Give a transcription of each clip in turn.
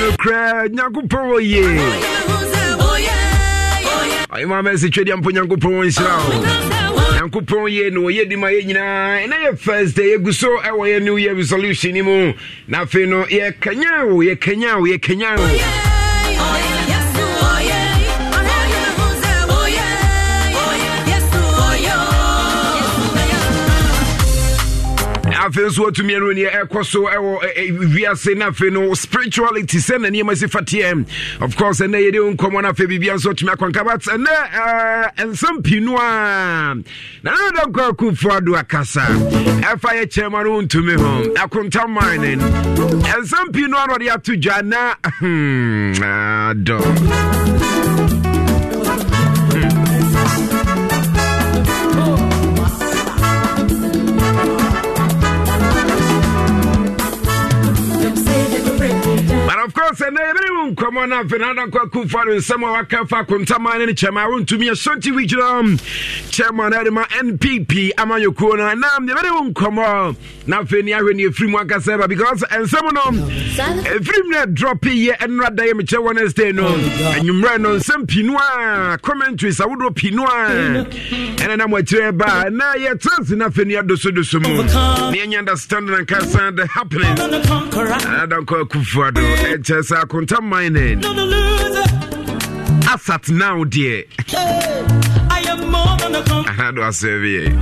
no koraa nyankopɔn wɔ yie ɔyɛma mɛse twɛdeɛ mpo nyankopɔn wɔ nhyira o nyankopɔn yɛ na wɔyɛ di ma yɛ nyinaa ɛna yɛ first yɛgu so ɛwɔ yɛ new year resolution mu na afei no yɛkanyaa o yɛkanyaa oh yeah. o afei nso watumi ɛno neɛ ɛkɔ so ɛwɔ wiase no afei no spirituality sɛ na nneɛma si fateɛ of course ɛnɛ yɛde nkɔmmɔ no afei biribia nso atumi akwanka but ɛnɛ ɛnsɛm pii no a nanada nkɔ akufo ado akasa ɛfa yɛ kyɛma no wontumi ho akonta mine ɛnsɛm pii no a na ɔde ato dwa na hmm, adɔ of course and come on ɛnɛ yɛbɛne wo nkɔmmɔ no afei no adankɔ akufa no nsɛm a waka fa akontaman to me a wontumi which wigyina Chairman, no my npp I'ma ama yɛkuo no nam yɛbɛne wo nkɔmmɔ na afei ne ahwɛ ne ɛfiri mu akasɛ ba because and some of them, a free drop here and no ɛdrɔpe yɛ ɛnora da yɛ mekyɛ wednesday no anwummerɛ no nsɛm pii no a commentaries awodoɔ I eh, no a ɛne nam akyirɛ ba na yɛtrans no afei no yɛdosodoso mu ne ɛnyɛ understanding ankasa the happening I don't adankɔ akufuado kyɛ sɛ akonta mining asat now deɛ do asɛbiɛ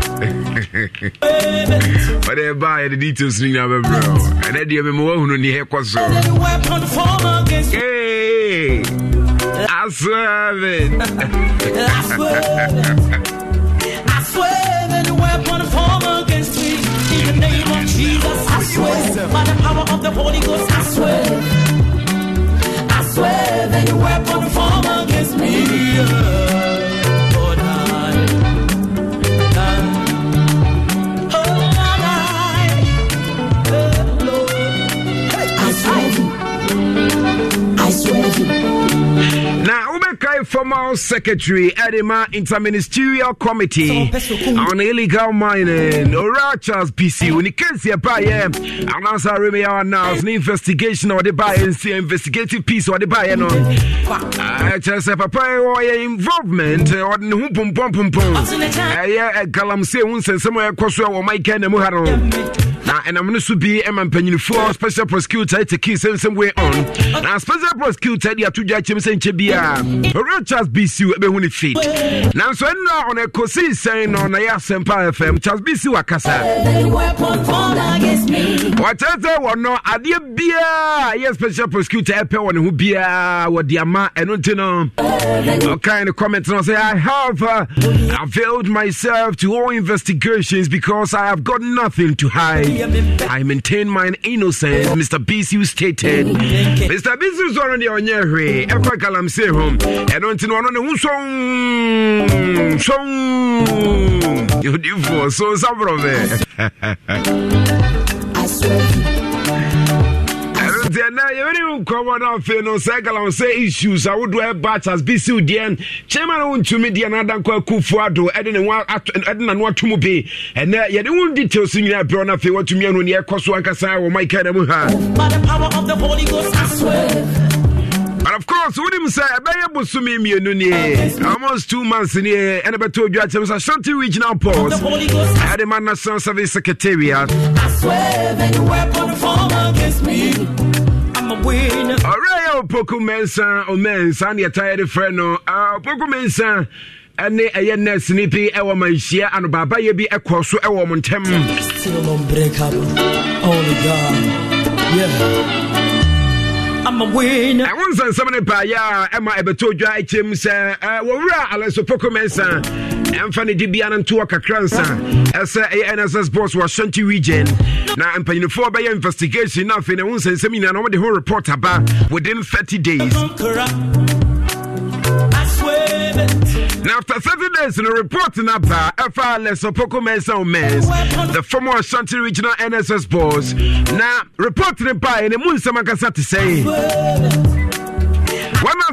ɔde ɛba yɛde details no nyinaa bɛbrɛ ɛnɛ deɛ mema woahunu ne ɛkɔ so the name of I swear. By the power of the Holy Ghost, I swear let any weapon form against me. Lord, I, I, oh, Lord, I, I swear you. I swear you. Now, Akai former secretary Edema interministerial committee on illegal mining Ora Charles PC when he can see a buyer announcer Remy announced the investigation or the buy and see investigative piece or the buyer no just a papa or involvement or the hum pum pum pum pum yeah a galamsey and somewhere across where my can and muharo na ɛnam no so bi ma mpanyinifoɔ special prosecutor ɛte kii sɛmsɛm wei on Now special prosecutor de ato dwa kyɛm sɛ nkyɛ biaa Richard BC ɛbɛhu ne fit nanso ɛnna ɔno ɛkɔsii sɛn no na ɛyɛ asɛmpa fm Charles BC wakasa wɔkyerɛ sɛ wɔno adeɛ biaa special prosecutor ɛpɛ wɔ ne ho biaa wɔde ama ɛno nti no kind of comment no sɛ I have uh, availed myself to all investigations because I have got nothing to hide I maintain my innocence Mr. BC stated Mr. BC sɔno deɛ ɔnyɛ hwee ɛfa galamsey ho ɛno nti no ɔno ne ho som som yɛdifoɔ so saborɔbɛ ɛno I swear of course wonim sɛ ɛbɛyɛ bosome mmienu nie almost two months ni ɛne bɛtɔ odwa kyerɛm sɛ ashanti regional pause ɛde ma national service secretariat ɔwerɛ yɛ opoku mɛnsa ɔmɛnsa ne yɛtaeɛ de frɛ no opoku mɛnsa ɛne ɛyɛ nurse ne bi ɛwɔ ma nhyia anobaabayɛ bi ɛkɔ so ɛwɔ mo ntɛm I'm a winner. I want to summon a paya, Emma Ebetoja, Chimsa, Wara, Alonso Pocomensa, and Fanny Dibian and Tuaka Cransa, SANSS Boss was Shanti Region. Now, I'm paying for by investigation, nothing. I won't send seminar, I want the whole report about within 30 days. Now, after 30 days in a report in Abba, FRLS or mesa Sound the former Ashanti Regional NSS boss, now reporting by the Munsa Makasati say.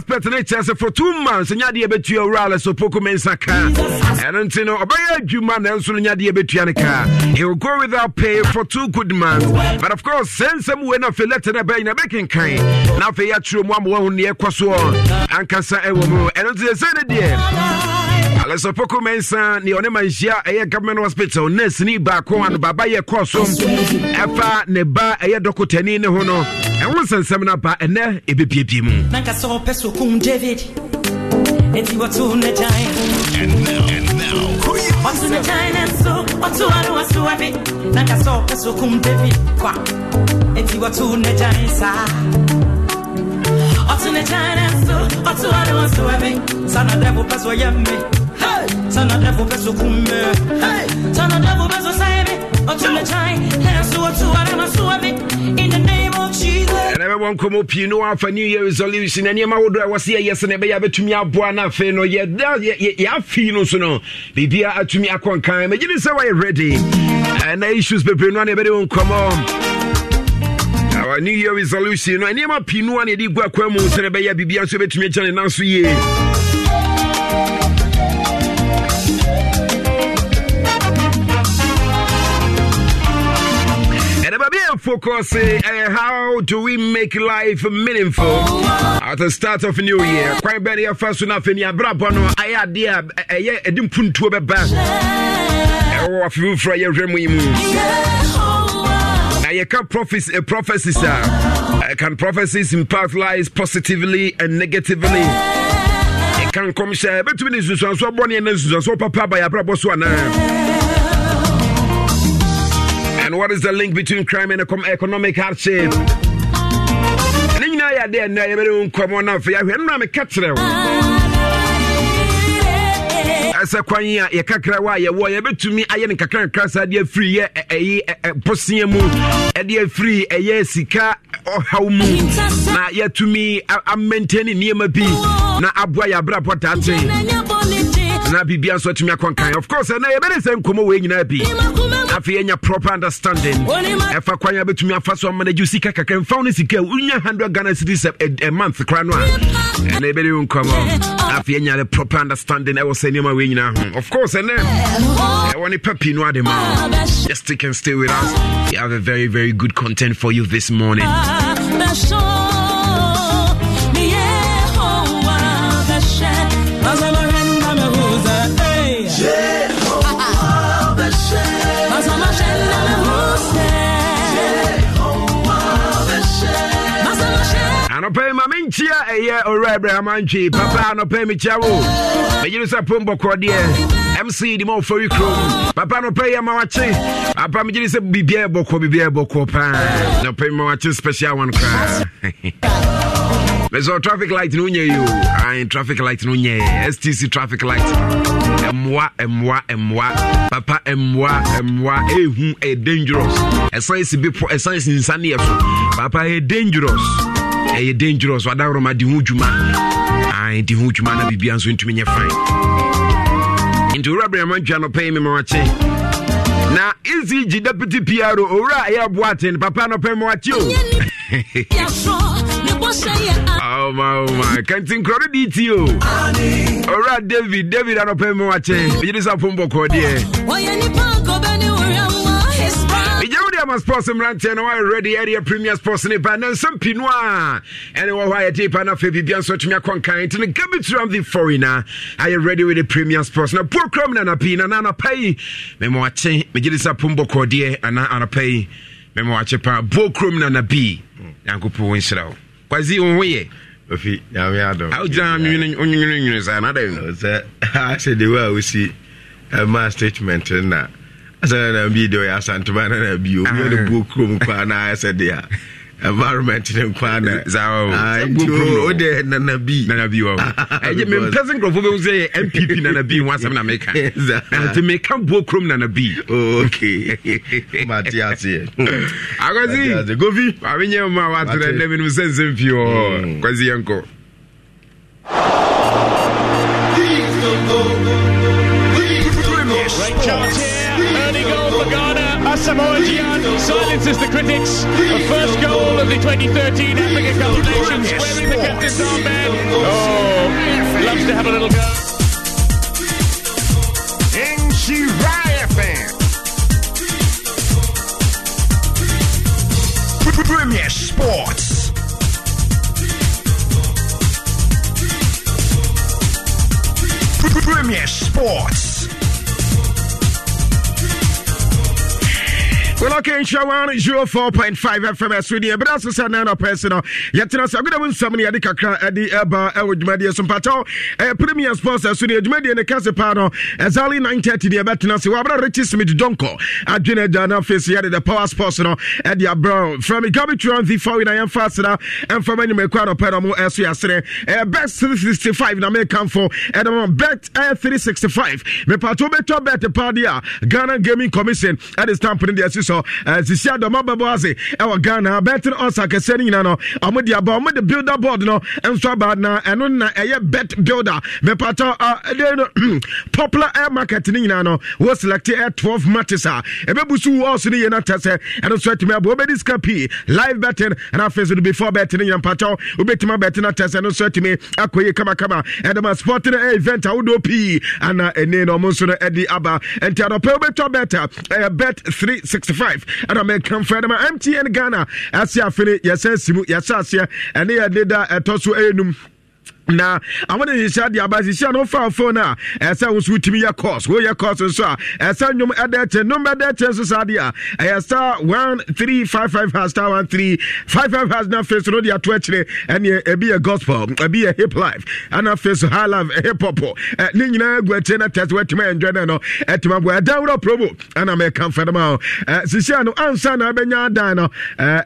prospect ne kyerɛ sɛ for two months nyadeɛ bɛtua wura alɛ so poko me nsa ka ɛno nti no ɔbɛyɛ adwuma nanso no nyadeɛ bɛtua ne ka he will go without pay for two good months but of course sɛ nsɛm wei no afei lɛte no ɛbɛyɛ nyina bɛkenkan na afei yɛakyerɛ mu ama wahu neɛ ɛkɔ soɔ ankasa ɛwɔ mu ɛno nti sɛ sɛ ne deɛ alesopoko mensa ne ɔne manhyia ɛyɛ government hospital nurseni baako ano baba yɛ kɔɔ so ɛfa ne ba ɛyɛ dɔkotani ne ho no ɛho nsɛnsɛm no aba ɛnɛ ɛbɛpiepie mu Ọtún ní China so, ọtún ọdún ọ̀sùn ẹ̀mí, sanadẹ́bù pẹ̀sọ̀ yẹn mi. Sana devu beso kume Sana devu beso sahibi Otule chai Hena suwa tuwa rama suwa bi In the name of Jesus everyone come up you know after new year resolution And yema wodo awasi ya yes And ebe ya betumi abwa na fe no Ye da ye ye afi no so no Bibia atumi akwa nkan Mejini se wa ye ready And the issues bebre no Ebe de unkomo our new year resolution no nneɛma pii no a na yɛde gu akwan mu sɛ ne bɛyɛ biribia nso bɛtumi akyɛ ne nanso yie focus uh, how do we make life meaningful at the start of a new year. Kwan bɛn yɛ fa so na afei ni abrabɔ no ayɛ adeɛ a ɛyɛ eh, ɛdi mpuntuo bɛba ɛwɔ afifoforo a yɛhwɛ mu yi mu. Na yɛka prophecies uh, prophecies uh, can prophecies impact lives positively and negatively. Yɛka nkɔmhyɛ ɛbɛtumi ne nsusuansoɔ bɔ ne yɛn na nsusuansoɔ papa aba yɛ abrabɔ so what is the link between crime and economic hardship? yɛ adeɛ yɛbɛde wo nkɔmmɔ afei ahwɛ meka kyerɛ wo ɛsɛ kwan a yɛkakra wɔ a yɛwɔ yɛbɛtumi ayɛ afiri yɛ ɛyi poseɛ mu ɛde afiri ɛyɛ sika ɔhaw mu na yɛatumi nneɛma bi na aboa yɛ na biribia nso atumi akɔnkan of course ɛna yɛbɛde sɛ nkɔmmɔ wei nyinaa bi afei ɛnya proper understanding ɛfa kwan a bɛtumi afa so amanagye sika kakra mfa wo no sika wonya 100 ghana cities a month kora no a ɛna yɛbɛde wo nkɔmmɔ afei ɛnya the proper understanding ɛwɔ sɛ nneɛma wei nyinaa ho of course ɛnɛ ɛwɔ ne papi no ade ma just stick and stay with us we have a very very good content for you this morning menkyia ɛyɛ owura abrahamantwe papa no pɛ mekyia wo megyere sɛ pombɔkɔdeɛ mc de ma ɔfɔwi kurom papa no pɛ yɛ ma wakye papa megyere sɛ biribia ɛbɔkɔ biribia ɛbɔkɔ paa na pɛ ma wakye special one koraa mesɛ traffic light no wonyɛ yo ae traffic light no nyɛ stc traffic light ɛmmoa ɛmmoa ɛmmoa papa ɛmmoa ɛmmoa ɛhu ɛyɛ dangerous ɛsan si bepɔ ɛsan si nsa so papa ɛyɛ dangerous ɛyɛ dangerous adaworoma de ho dwuma de ho dwuma na biribia nso ntumi nyɛ fine nti owura berɛ madwa no pɛi me na ecg deputy piaro owura ɛyɛ aboa aten papa no pɛ ma o ɔmaoma oh oh kantinkurɔre de ti o owura david david anɔpɛ mu wakyɛ megyere sa fom bɔkɔɔ deɛ Ija wudi ama sports mrantia na wae ready area premier sports ni ba na nsem pinwa. Ene wa wae ti pa na fe bibia nso tumi akwankan nti ne gabi tram the foreigner. Are you ready with the premier sports na poor krom na na pina na na pai. Me mo ache me gidi sa pombo ana ana pai. Me mo ache pa krom na na bi. Yankopo wonhyira wo. Kwazi wo ye. Ofi nyame ado Awo gyina nwene nwene nwene sa na da mu. Sɛ ahyɛ de wa a wosi ɛma statement na. asana na bi de ɔyɛ asantoma na na bi obi ɔde buo kurom ah. kwan na ayɛ sɛ deɛ environment ne nkwa na zawo ode nana bi nana bi wɔ ah, ah, ɛyɛ mɛ mpɛsɛ nkurɔfoɔ bɛ wusɛ yɛ npp nana bi ho asɛm na meka nti meka buo kurom nana bi okay mate aseɛ akɔsi govi amenyɛ ma watorɛ nnɛ menom sɛ nsɛm fie hɔ kwasi yɛnkɔ Right, Johnson. Samoa Gian silences the critics. The first goal of the 2013 Africa Cup of Nations, wearing the captain's armband. Oh, loves to have a little go. In Shiraya fan. Premier Sports. Premier Sports. Well, okay, Shawan, 04.5 FM, Sweden, but also send out a personal. Yet, I'm going to win some money at the Kakra, at the Eba, with Media Sumpato, a eh, premier sponsor, eh, Sweden, Media, and the Casipano, eh, as early 930, the Abatina, so I'm going to reach Smith Donko, at Jane Dana Face, here the power sponsor, at the Abroad, from the Gabitron, the foreign I am faster, and from any Mequano Panamo, as we are saying, best 365, now may come for, and I'm bet 365. Me Pato Beto Bet, the party, Ghana Gaming Commission, at this time, putting the assist. so eh, sisi adɔm abɛbɔ ase ɛwɔ ghana betting odds akɛseɛ no nyinaa no ɔmo de aba ɔmo de builder board no nso aba na ɛno na ɛyɛ bet builder mepata ɛde ah, no popular air market no nyinaa no wɔ select air twelve matches a ɛbɛbu so wɔ ɔso no yie na tɛ sɛ ɛno nso atumi abo obɛdi sika pii live betting ɛna afei so no before betting no nyinaa mpata obɛtumi abɛte na tɛ sɛ ɛno nso atumi akɔ yie kamakama ɛdama sport no ɛyɛ event ahodoɔ pii ana ɛne na ɔmo nso no ɛde aba nti adɔpɛ wobɛtwa bet a ɛyɛ bet three sixty five ɛna mɛka mfa ɛna ma mtn ghana ɛsi afei yɛsɛ si mu yɛsɛ aseɛ ɛne yɛde da ɛtɔ so ɛyɛ num. na amane nhyehyɛ deɛ aba nhyehyɛ no wofa wofo no a ɛsɛ wo so wotumi yɛ cos woyɛ cos nso a ɛsɛ nnwom ɛda kyɛ nnwom ɛda kyɛ nso saa deɛ a ɛyɛ star 1355 has star 1355 has na afei so no de ato akyerɛ ɛneɛ ɛbi yɛ gospel ɛbi yɛ hip life ɛna afei so high life hip hop ne nyinaa agu akyerɛ na tɛsɛ woatumi ɛndwɛ no no ɛtumi aboa ɛda worɔ promo ɛna mɛka mfa no ma hɔ nhyehyɛ no ansa na wobɛnya adan no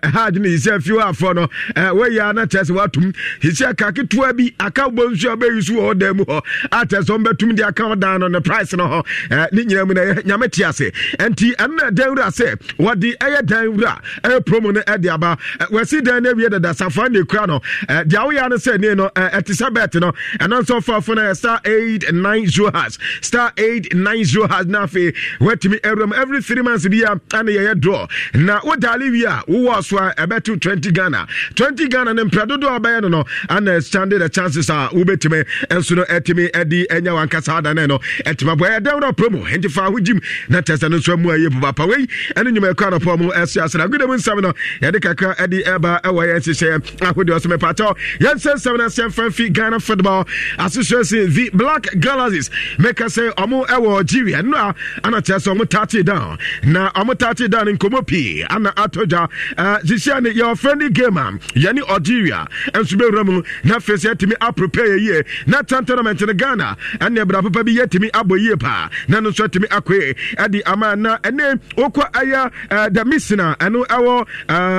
hage ne nhyehyɛ fie afoɔ no woyɛ a na tɛsɛ woatom nhyehyɛ bi aka bɔ nsu a bɛyi so wɔ ɔdan mu hɔ atɛ sɛ ɔmbɛtumi de aka ɔdan no ne price no hɔ ne nyina mu no nyame te ase ɛnti ɛno na dan wura sɛ wɔde ɛyɛ dan wura ɛyɛ promo no ɛde aba wɔasi dan no awie dada safoa ne kura no deɛ woyɛ no sɛ ne no ɛte sɛ bɛt no ɛno nso ɔfaafo no yɛ star 890 has star 890 has na afei woatumi awura mu every three months bi a ane yɛyɛ draw na wodale wie a wowɔ so a ɛbɛto 20 ghana 20 ghana no mprɛ dodoɔ a ɔbɛyɛ no no ana standard the chances resources a wobɛtumi nso no atumi de anya no atumi aboa promo fa ho gyim na tɛsɛ no nso amu wei ɛne nnwuma ɛkɔ anɔpɔ mu ɛso mu nsɛm no yɛde kakra de ɛba ɛwɔ nhyehyɛ ahodeɛ yɛnsɛ nsɛm no mfi ghana football the black galaxies mɛka sɛ ɔmo ɛwɔ algeria no a ana kyerɛ sɛ ɔmo tate down na ɔmo tate down nkɔmmɔ pii ana atɔ dwa hyehyɛ ne yɛwɔ friendly game a yɛne algeria nso bɛwura mu na afei sɛ Prepare yie na tam tournament no ghana ɛne bra papa bi yɛtumi abɔ yie paa na no nso atumi akɔe ɛde ama na ɛne wokɔ ɛyɛ the misina ɛno ɛwɔ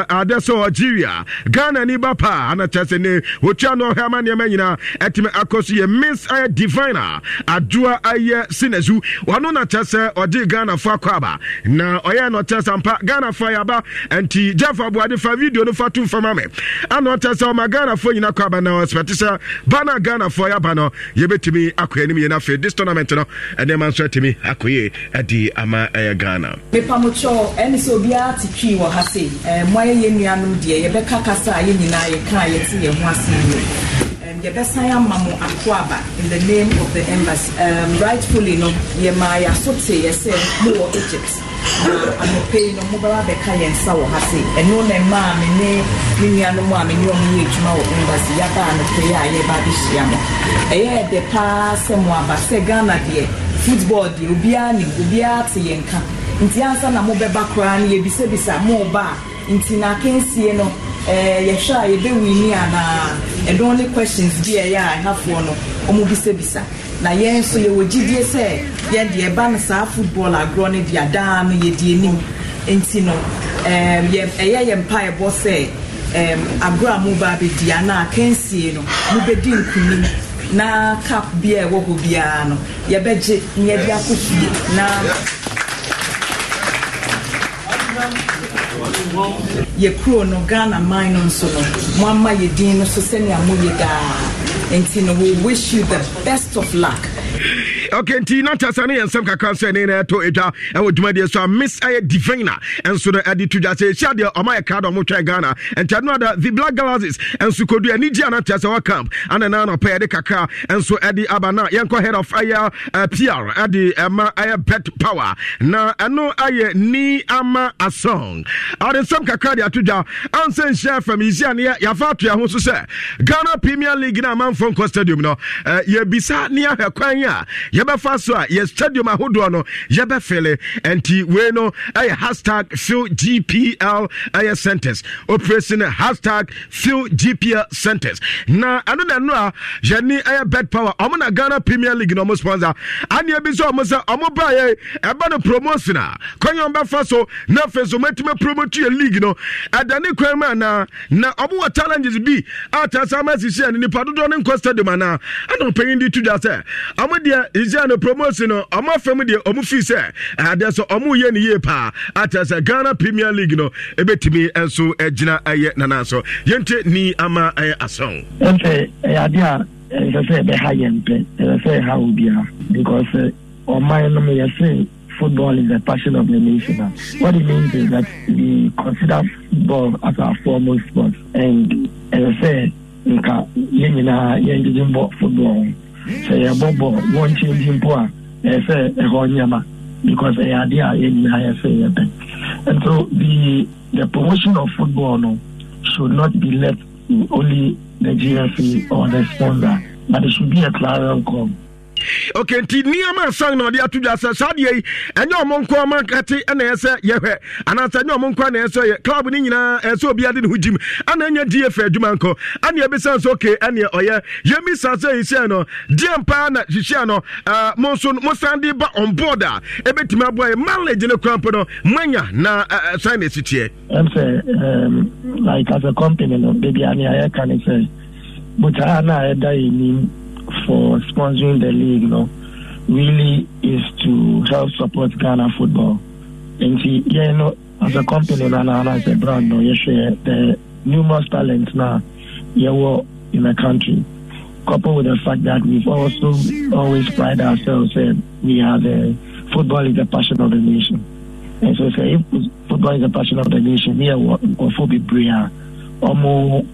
adɛ sɛ algeria ghana ni ba paa anakyɛ sɛ ne wɔtua no ɔhɛ ama nneɛma nyinaa ɛtumi akɔ so yɛ miss ayɛ divine adoa ayɛ sinasu wɔno na kyɛ sɛ ɔde ghanafoɔ akɔ aba na ɔyɛ na ɔkyɛ sampa ghanafoɔ yɛaba nti gyafo aboade fa video no fa to mfama me ana ɔkyɛ sɛ ɔma ghanafoɔ nyina kɔ aba na ɔspɛte sɛ bana ghanafoɔ yɛaba no yɛbɛtumi akɔ anim yɛ no afei this tournament no ɛnnoɛma nso atumi akɔyɛ adi ama ɛyɛ eh, ghana mepamotwɔ ɛne sɛ obiara te twii wɔ ha sei eh, moayɛ yɛ nnuanom deɛ yɛbɛka kasa a yɛ nyinaa yɛkaa yɛte yɛ ho ase eh, yɛbɛsan ama mo ako in the name of the embassy um, rightfully no yɛmaa yɛaso te yɛ sɛ mowɔ egypt anɔpɛyi no mobɛba bɛka yɛn nsa wɔ ha se ɛno na ɛmaa me ne me nuanom a me ne ɔmo yɛ adwuma wɔ embassy yɛbaa anɔpɛyi a yɛba abɛhyia mo ɛyɛ ɛdɛ paa sɛ mo aba sɛ ghana deɛ football deɛ obiara nim obiara te yɛn ka nti ansa na mobɛba koraa no yɛbisabisa moba a nti na akansie no eh, yɛhwɛ a yɛbɛwini anaa ɛdɔn ne questions bi ɛyɛ a ɛhafoɔ no wɔn bisabisa na yɛn nso yɛwɔ gyidie sɛ yɛn deɛ ɛba no saa football agorɔ no deɛ adaa no yɛde anim nti no eh, ɛyɛ yɛn mpa ɛbɔ sɛ eh, agorɔ a mo ba abɛdi anaa akansie no mo nkunim na cap bi a ɛwɔ hɔ biara no yɛbɛgye nyɛ de akɔ fie na yɛ kuro no ghana man no nso no mo ama din no so sɛnea moyɛ daa And we wish you the best of luck okay nti na kyɛ ne yɛnsɛm kakra sɛ ne na ɛtɔ adwa ɛwɔ dwumadeɛ so a miss ɛyɛ divina ɛnso no ɛde to dwa sɛ ɛhyia deɛ ɔma yɛ kra da ɔmotwɛn ghana ɛnti ada the black galaxies ɛnso kɔdu ani gye ana kyɛ sɛ camp ana na anɔpɛ yɛde kakra ɛnso ɛde aba na yɛnkɔ head of ɛyɛ eh, pr ɛde ɛma ɛyɛ pet power na ɛno ayɛ ni ama asong ɔde nsɛm kakra de ato dwa ansɛ nhyɛ fam yɛsia ne yɛafa ato ho so sɛ ghana premier league no afonko stadium no eh, yɛbisa ne ahwɛ kwan a yɛbɛfa so a yɛ stadium ahodoɔ no yɛbɛfele nti wei no ɛyɛ eh, hashtag fill gpl ɛyɛ eh, centers operation hashtag fill gpl centers na anu na ɛno a yɛne ɛyɛ bed power ɔmo na ghana premier league na ɔmo sponsor aneɛ bi nso ɔmo sɛ ɔmo na yɛ ɛba no promotion a kwan yɛn bɛfa so na afei so mɛtumi promote yɛ league no Adani ne kwan na ɔmo wa challenges bi a tasa si sisi ɛne nipa dodoɔ nkɔ stadium anaa ɛna ɔpanyin de tudwa sɛ ɔmo deɛ nsia no promotion no ɔmo afɛm deɛ ɔmo fi sɛ adeɛ sɛ ɔmo yɛ ne yie paa atɛ sɛ ghana premier league no ebɛtumi nso gyina ɛyɛ nana so yɛnte ni ama ɛyɛ asɔn. ɛfɛ ɛyɛ adeɛ a ɛsɛ sɛ ɛbɛha yɛn pɛ ɛsɛ sɛ ɛha obiara because eh, ɔman no mo yɛ sɛ football is the passion of the nation. What it means is that we consider football as our foremost sport. And as I said, nka yɛn nyinaa yɛn gyegye mbɔ football ho sɛ yɛbɔ bɔɔl wɔn nkyɛn bi mpo a ɛsɛ ɛhɔ nneɛma because ɛyɛ adeɛ a yɛn nyinaa yɛsɛ yɛpɛ and so the the promotion of football no should not be left to only the GFA or the sponsor but it should be a clarion call. okay nti nneɛma asan na ɔde ato dwa sɛ saa deɛ yi ɛnyɛ ɔmo nko ɔmo nkate ɛna yɛ yɛhwɛ anaasɛ ɛnyɛ ɔmo nko ɛna yɛ club ne nyinaa ɛsɛ obi ade ne ho gyim ɛna ɛnyɛ die fɛ adwuma nkɔ ɛna ebisa nso okay ɛna ɔyɛ yɛmi sa sɛ yi sɛ no na hyehyɛ no ɛɛ mo nso mo san de ba on board a ebetumi aboa yɛ mileage ne kwan po no na ɛɛ san na esi tiɛ. sɛ as for sponsoring the league, you know, really is to help support Ghana football. And see, yeah, you know, as a company and as a brand, you know, you share the numerous talents now yeah, know, in the country. Coupled with the fact that we've also always pride ourselves that we are the football is the passion of the nation. And so, say, if football is the passion of the nation, we are what we bring. Almost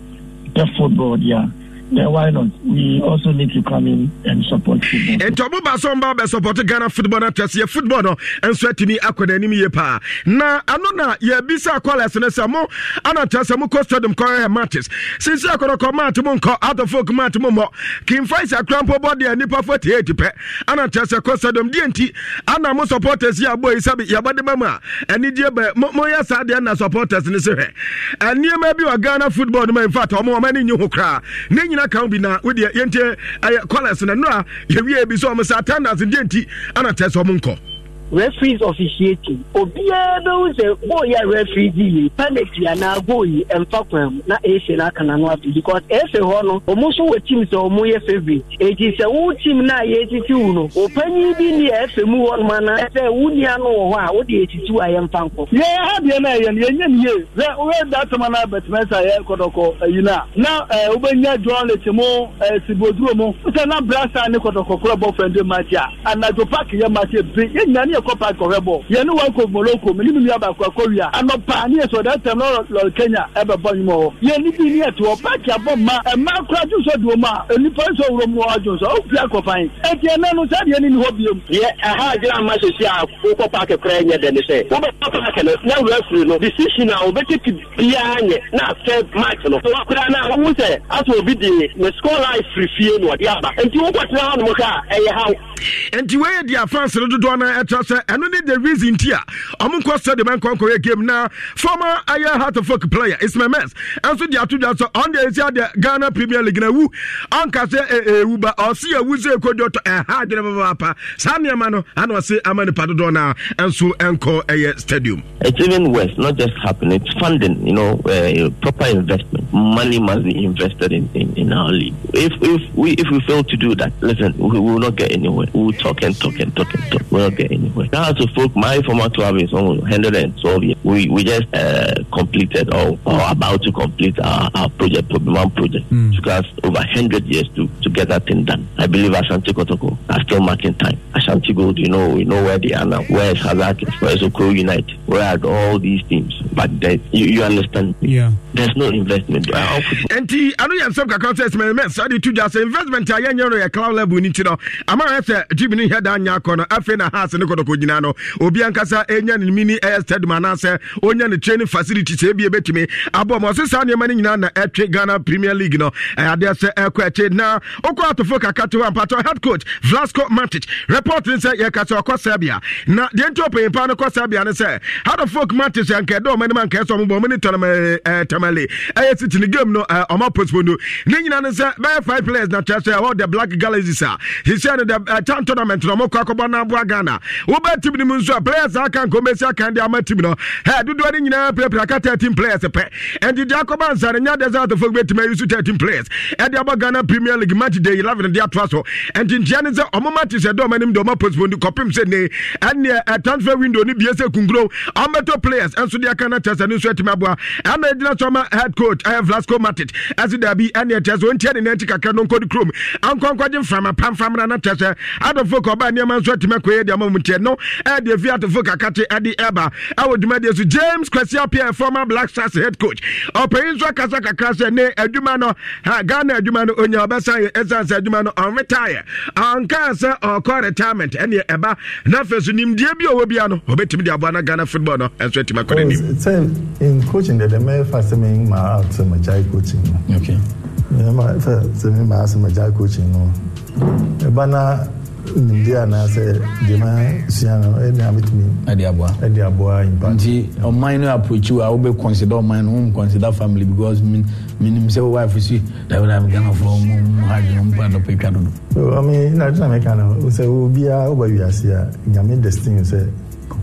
the football, yeah. then why not? We also need to come in and support football. And Tobo Basomba be support Ghana football na twese football no and sweat me akwada anim ye pa. Na ano na ye bisa sa kwala se na samo ana twese mo ko stadium ko e matches. Since akwada ko mat mo nko out of folk mat mo mo. Kim Faiz akrampo body anipa 48 pe. Ana twese ko stadium di enti ana mo supporters ya boy sabi ya bade mama. ani die be mo ya sa de na supporters ni se hwe. Ani ma bi wa Ghana football no in fact omo ma ni nyi ho ni nyina kan bi na wodeɛ yɛnti ɛyɛ collars na no a yɛwie bi sɛ ɔmo sɛ attendance deɛ nti ana tɛ sɛ ɔmo nkɔ referees officiating obiara bɛhu sɛ goal yɛ referee di yi penalty anaa goal yi ɛnfa kwan mu na ɛsɛ n'aka n'ano ato because ɛsɛ hɔ no wɔn nso wɔ team sɛ wɔn yɛ favourite eti sɛ wɔn team na yɛtiti wo no ɔpanyin bi ni ɛfɛ mu hɔ nom ana sɛ wo nua no wɔ hɔ a wode etiti wo a yɛmfa nkɔ. yɛn adeɛ no a yɛn yɛn nyɛ nie sɛ wɔyɛ da tɛmɛ na bɛtɛmɛ sa yɛ kɔtɔkɔ ayi na na ɛɛ wobɛnya john leti mu ɛɛ siboduro mu sɛ na brasa ne kɔtɔkɔ koro bɔ fɛn de ma ti a anadio park yɛ ma ti bi yɛ nyane ne kɔ paaki kɔhɛ bɔ yɛne wa kɔ gbolo ko mi ni mi nua baako akɔ wia anɔpa ne yɛ sɔ dɛtɛm lɔrɔ lɔri kenya ɛbɛ bɔ ɲuman wɔ yɛni bi ne yɛ paaki abɔ ma ɛma kura ju sɔ do ma nipa sɔ wuro mu wa ju sɔ o fila kɔ fan ye ɛtiɛ nanu sadi yɛni ni hɔ bi yɛ. yɛ ɛha jira ma sisi a ko kɔ paaki kura yɛ dɛ ne sɛ o bɛ kɔ paaki nɛ n'a wura firi no disisi na o bɛ ti ti biya ɲɛ n'a fɛ maaki nɔ wa kura na o sɛ aso obi di mɛ sikɔla firi fie nɔ di a ba nti o kɔ di a fan sere dodoɔ sɛ ɛno ne the reason ti a ɔmo nkɔ stadium nkɔnkɔyɛ game na former ayɛ hartfok player ismail mens ɛnso de ato dwa sɛ ɔnde ɛsi adeɛ ghana premier league na wu ɔnka sɛ eh, ɛwu eh, ba ɔsi ɛwu sɛ ɛkɔdi ɔtɔ ɛha adwene papaapa saa nneɛma no ana ɔse ama nipa dodoɔ no a ɛnso ɛnkɔ ɛyɛ stadium It's even worse, not just happening, it's funding, you know, eh, proper investment. Money must be invested in, in, in our league. If if we if we fail to do that, listen, we, we will not get anywhere. We will talk and talk and talk and talk. We will not get anywhere. Zimbabwe. Now, to folk, my former club is on 112 years. We, we just uh, completed or, or about to complete our, our project, Problem project. Mm. It took us over 100 years to, to get that thing done. I believe Ashanti Kotoko are still marking time. Ashanti Gold, you know, you know where they are now. Where is Hazak? Where is Okoro Unite? Where are all these teams? But you, you understand? Yeah there's no investment. Ah, Enti ano yɛn nsɛm kakra sɛ ɛsɛmɛ mɛ sadi tu gya sɛ investment a yɛn nyɛ no yɛ cloud level ni ti no ama yɛ sɛ jibi ni hɛ da nya akɔ no afei na house ne kɔtɔkɔ gyina no obi ankasa enya ne mini ɛyɛ stadium anaasɛ onya ne training facility sɛ ebi ebetumi abɔ ma ɔsi saa nneɛma ne nyinaa na ɛtwe Ghana Premier League no ɛyadeɛ sɛ ɛkɔ ɛkyi na okɔ foka kaka to ampatɔ head coach Vlasco Matic report ne sɛ yɛka sɛ ɔkɔ Serbia na deɛ nti ɔpanyinpa no kɔ Serbia ne sɛ hard folk Matic yɛn kɛ dɔw mɛnima nkɛ sɛ ɔmo family ɛyɛ city no game no ɔma uh, postpone no ne nyina no sɛ bɛyɛ five players na kyerɛ sɛ the black galaxies a hyehyɛ no the chan uh, tournament no ɔmɔkɔ akɔbɔ no aboa ghana wobɛ tim no mu nso a players a aka nkɔmmɛsi aka de ama tim no ɛ dodoɔ no nyinaa pirapira aka 13 players pɛ ɛnti de akɔba nsa no nya desert folk bɛtumi ayi so 13 players ɛde abɔ ghana premier league match day 11 and the so ɛnti ntia ne sɛ ɔmo match sɛ dɔm anim de ɔma postpone kɔpem sɛ transfer window no bie sɛ players ɛnso de aka no kyɛ sɛ no nso atumi Former head coach ɛyɛ Vlasco Matic ɛsi dabi ɛni ɛkyɛ so ntiɛ ne nɛnti kakra no nkɔdi kurom ankɔnkɔgye mframa pamfamra na kyɛ sɛ adɔfo ka ɔbaa nneɛma nso atumi akɔyɛ deɛ ama mu ntiɛ no ɛde efi atɔfo kaka te ɛde ɛba ɛwɔ dwumadie so James Kwesi Appiah former Black Stars head coach ɔpanyin nso akasa kakra sɛ ne adwuma no ha Ghana adwuma no onya ɔbɛsan yɛ sɛ adwuma no ɔnretire ɔnkaa uh, sɛ ɔkɔ retirement ɛne ɛba na afei so nimdeɛ bi ɔwɔ bia no ɔbɛtumi de aboa na Ghana football no ɛnso atumi akɔ n'anim temi ma out ma jai coaching no okay me ma fa temi ma out ma jai coaching no e ba na nimdi ana sɛ dema sua no ɛne a metumi ɛde aboa ɛde aboa impact nti ɔman no approach wo a wobɛ consider ɔman no wom consider family because menim sɛ wo wife si dawda mekanafoɔ mu hadwene mpo adɔpɛ twa dodo ame na adwena meka no sɛ o woba wiase a nyame destiny sɛ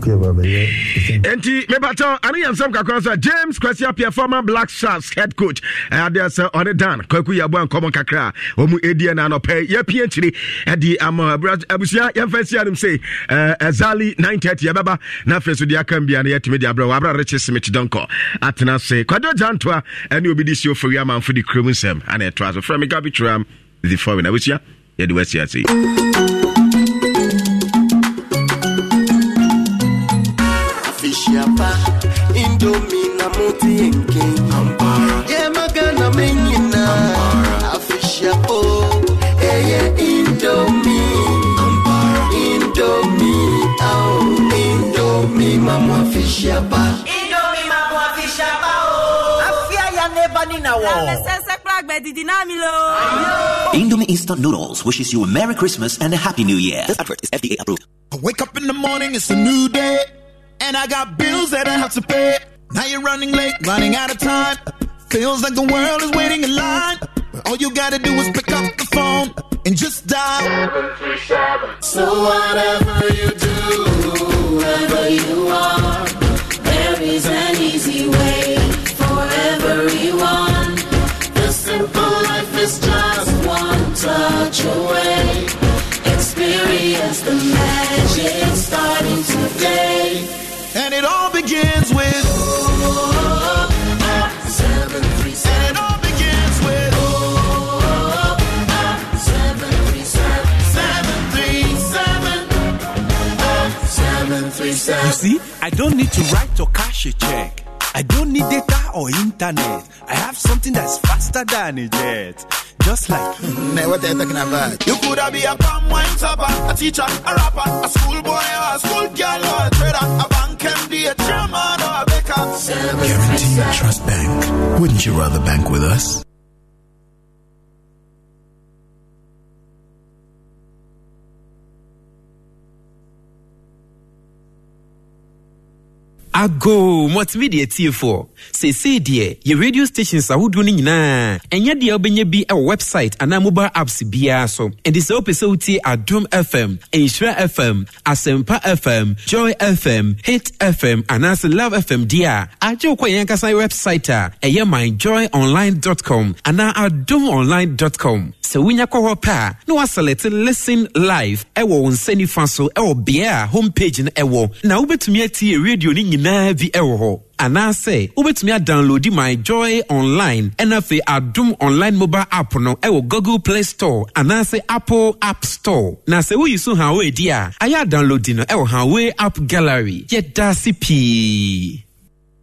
enti mepatɛ ane yɛ nsɛm kakra sɛ james kwasia pia former black sharks head coach eh, adeɛ sɛ ɔne dan kwaku yɛaboa nkɔmmɔ kakra a ɔmu ɛdiɛ no anɔpɛ yɛpia nkyiri ɛde ama abusua yɛmfa sia nom sɛ ɛzali 930 yɛbɛba na afei so deɛ aka bia no yɛtumi de aberɛ wɔabrɛ rekye smit dɔnkɔ atena se kwadwo gyantoa ɛne obi de si ofori amanfo de kurom nsɛm ana ɛtoa so frɛ me gabi the foreign abusua yɛde wasiasei na muti enke ye magana menyina afisha o eye indomi indomi ao Indomie, mama afisha ba Indomie, mama afisha ba oh. afia ya neba ni na wo Indomie Instant Noodles wishes you a Merry Christmas and a Happy New Year. This advert is FDA approved. I wake up in the morning, it's a new day, and I got bills that I have to pay. Now you're running late, running out of time. Feels like the world is waiting in line. All you gotta do is pick up the phone and just dial So whatever you do, wherever you are, there is an easy way for everyone. The simple life is just one touch away. Experience the magic starting today. And it all begins with. you see, I don't need to write or cash a check. I don't need data or internet. I have something that's faster than a jet just like. Man, what they talking about? You could have be a palm wine topper, a teacher, a rapper, a schoolboy, or a school girl, or a trader, a bank MD, a chairman, or a baker. Guaranteed Trust Bank. Wouldn't you rather bank with us? ago multimedia tiefoɔ seesei deɛ yɛ radio stations ahodoɔ no nyinaa ɛnyɛ deɛ wobɛnya bi wɔ website anaa mobile apps biara so ɛnti sɛ wopɛ sɛ wotie adom fm nhyira fm asɛmpa fm joy fm hit fm anaasɛ love fm deɛ a agye wo kɔ yɛn ankasa website a ɛyɛ man joy online com anaa adom online com sɛ wonya kɔ hɔ pɛ a na woasɛlɛte listen live ɛwɔ wo nsa nifa so ɛwɔ beɛ a home page no ɛwɔ na wobɛtumi atie radio no nyinaa nyinaa bi wɔ hɔ anaasɛ wobɛtumi adownloadi my joy online ɛna afei adom online mobile app no ɛwɔ google play store anaasɛ apple app store na sɛ woyi so hawwei di a ayɛ adownloadi no ɛwɔ hawwei app gallery yɛda ase pii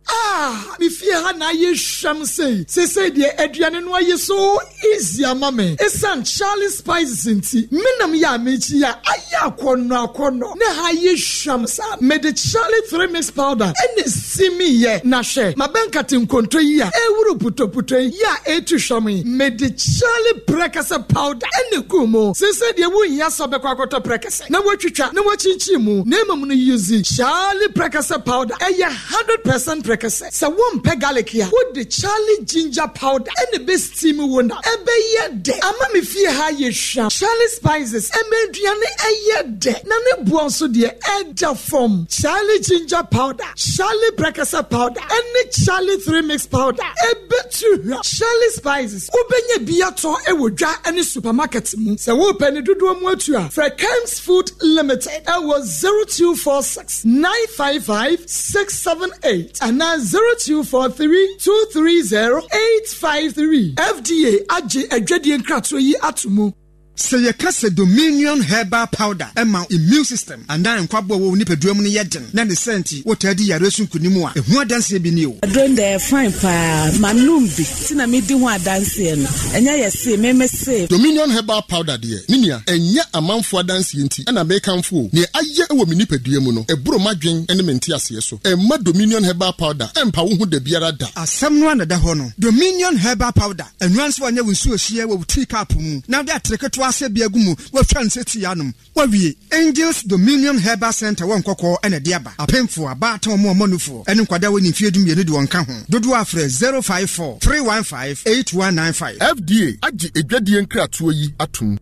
Ah, mefie ha na ayɛ hwam say, say deɛ aduane no ayɛ so easy ama me ɛsiane charlie spices ya me yɛ a mekyi a ayɛ akɔnnɔ akɔnnɔ ne ha ayɛ hwam me de charlie three mix powder ɛne ye na hwɛ mabɛnkate nkonto E wuru ɛwuru putoputo yi a ɛtu shami. Me de charlie prɛkɛsɛ powder ɛne kuu mu seesei deɛ wonhia sɛ bɛkɔ akɔtɔ prɛkɛsɛ na woatwitwa na woakyinkyin mu na mmom no use charlie prɛkɛsɛ powder ɛyɛ 100 percent prekasa. sɛ sɛ wompɛ garlic a wode charlie ginger powder ɛne bɛsteam wo na ɛbɛyɛ dɛ ama me fie ha yɛ hwa charlie spices ɛma aduane ɛyɛ dɛ na ne boɔ nso deɛ ɛda fam charlie ginger powder charlie brekasa powder ɛne charlie three mix powder ɛbɛtu hwa charlie spices wobɛnya bi atɔ ɛwɔ dwa ne supermarket mu sɛ wopɛ ne dodoɔ mu atu a frɛ cams food limited ɛwɔ 0246 955 678 ɛna na zero two four three two three zero eight five three fda agye adwadie nkratoɔ yi ato mu sɛ yɛka sɛ dominion herbal powder ma immune system anaa nkwaboa wɔ nipadua mu no yɛ den na ne sɛ nti wotaa di yare so nkonim a ɛho adanseɛ bi ne o adurom dɛ fine paa manom bi nti na medi ho adanseɛ no ɛnyɛ yɛsee memesee dominion herbal powder deɛ me nua ɛnyɛ amanfoɔ adanseɛ nti ɛna meekamfo o neɛ ayɛ wɔ me nipadua mu no ɛboro m'adwen ne me nteaseɛ so ɛmma dominion herbal powder ɛmpa wo ho da biara da asɛm no a na da hɔ no dominion herbal powder ɛnoa nso a nyɛ wo nsuo hyia wɔ wo tii kap mu na wode atere amanfoɔ asɛbi agu mu wɔatwa ne sɛti anom wɔawie angels dominion herbal center wɔ nkɔkɔɔ ɛna de aba apemfo aba ata wɔn ɛne nkwadaa wɔ nimfie dumienu de wɔn ka ho dodoɔ afrɛ 054 315 8195 fda agye edwadie nkratoɔ yi atom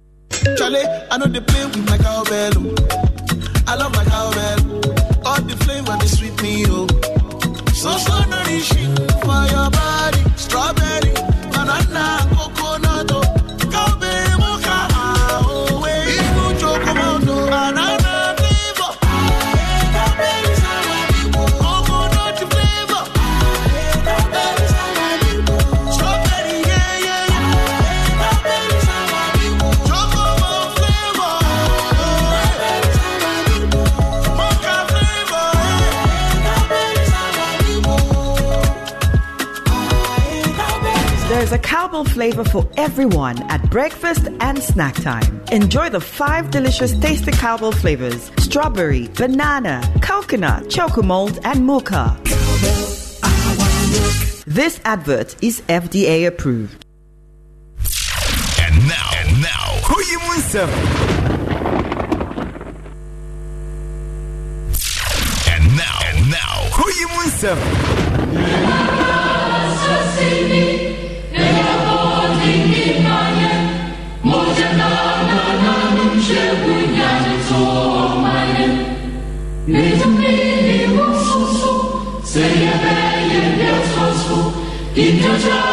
Charlie, I know they play with my cowbell. Oh. I love my cowbell. All the flavor they sweet me, oh. So, so nourishing. There's a cowbell flavor for everyone at breakfast and snack time. Enjoy the five delicious tasty cowbell flavors strawberry, banana, coconut, chocomold, and mocha. This advert is FDA approved. And now, and now, you Musa. And now, and now, you Musa. Future.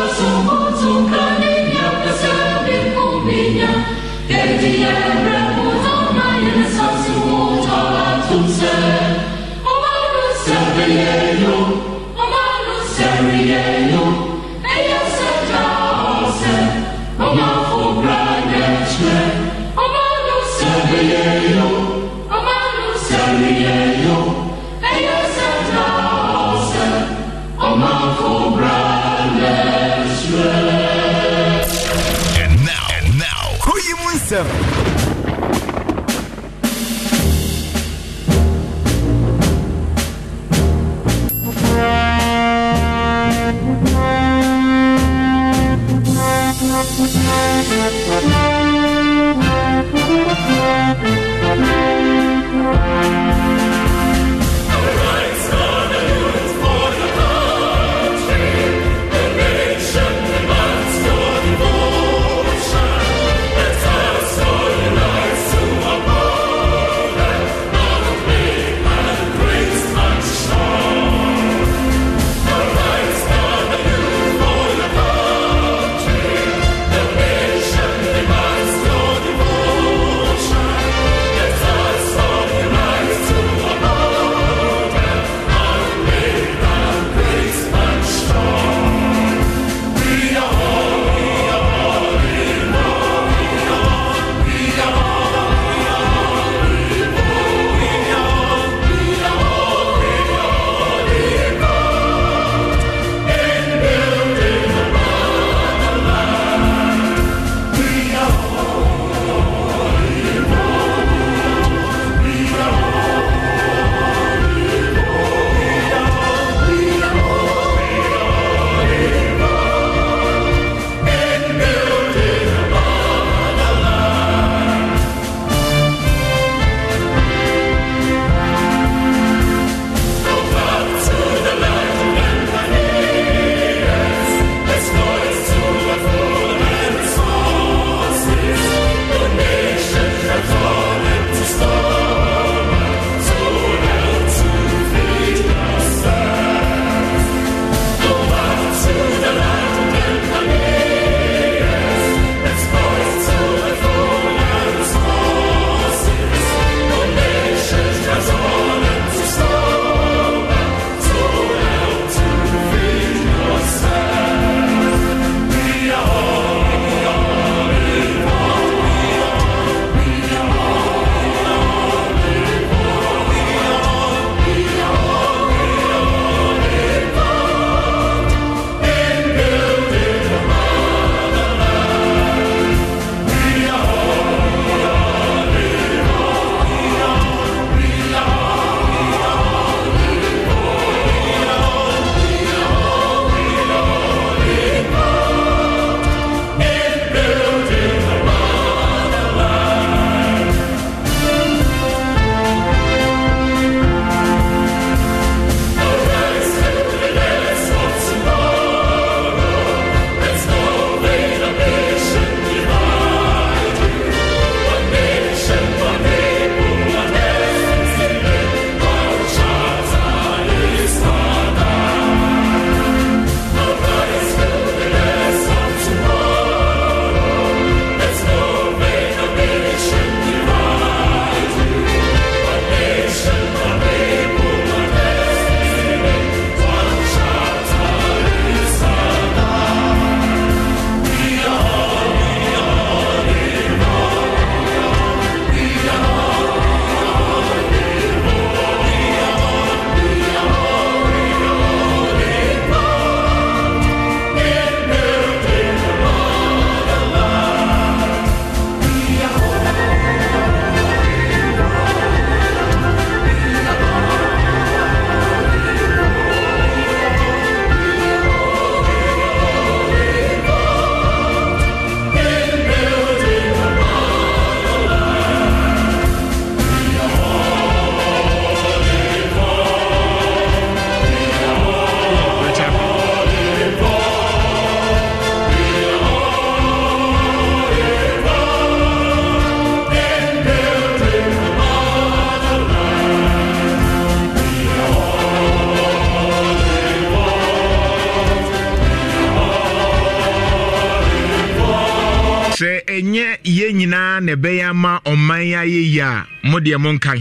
mo deɛ monkan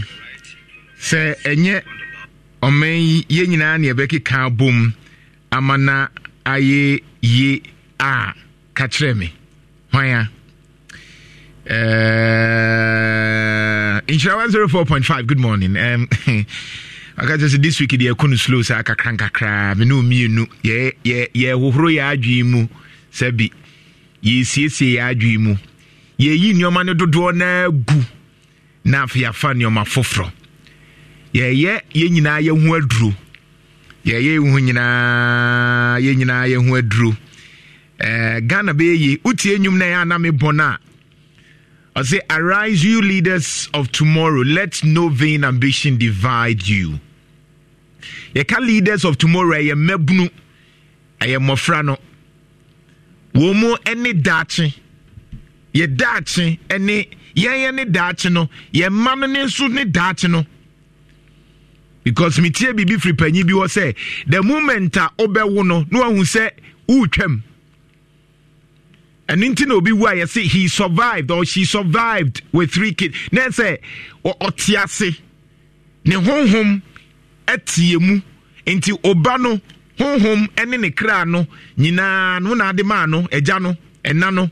sɛ ɛnyɛ ɔman yi yɛn nyinaa ne ɛbɛkeka bom ama na ayɛ yie a ka kyerɛ me hwan a uh, nhyira 104.5 good morning um, aka sɛ this week deɛ ɛkɔ no slow saa kakra nkakraa me ne ɔmmienu yɛhohoro yɛ adwee mu sɛ bi yɛsiesie yɛ adwee mu yɛyi nneɔma no dodoɔ naa gu na afei afa nneɛma foforɔ yɛyɛ yɛn nyinaa yɛn ho aduro yɛyɛ yɛn ho nyinaa yɛn nyinaa yɛn ho aduro ɛɛ eh, ghana bɛyɛ yie wotie nnwom na yɛn anam bɔ a ɔsɛ arise you leaders of tomorrow let no vain ambition divide you yɛka leaders of tomorrow ɛyɛ mmabunu ɛyɛ mmɔfra no wɔn mu ne daakye yɛ daakye ne yɛnyɛ ne daakye no yɛn mma no ne nso ne daakye no because metie biribi firi panyin bi wɔ sɛ the moment a wobɛwo no na wahu sɛ woretwam ɛno nti na obi wu a yɛse he survived or she survived with three kids na sɛ ɔte ase ne honhom atie mu nti ɔba no honhom ne ne kra no nyinaa no na ade maa no agya no ɛna no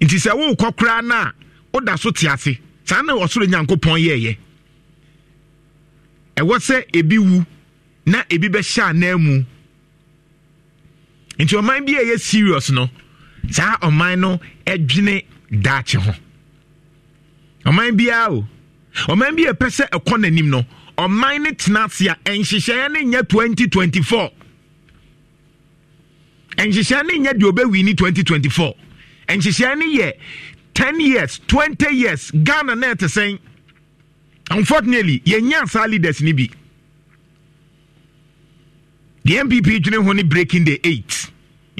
nti sɛ worekɔ koraa no a woda so te ase saa na ɔsoro nyankopɔn yɛɛyɛ ɛwɔ sɛ ebi wu na ebi bɛhyɛ anan mu nti ɔman bi a ɛyɛ serious no saa ɔman no ɛdwene daakye ho ɔman biara o ɔman bi a ɛpɛ sɛ ɛkɔ n'anim no ɔman ne tena ase a nhyehyɛeɛ ne nyɛ 2024 nhyehyɛeɛ ne nyɛ deɛ ɔbɛwi ne 2024 nhyehyɛeɛ ne yɛ Ten years twenty years ghana na ɛte sɛn unfortunately yɛnya saa leaders no bi the mpp dwene ho ne breaking the eight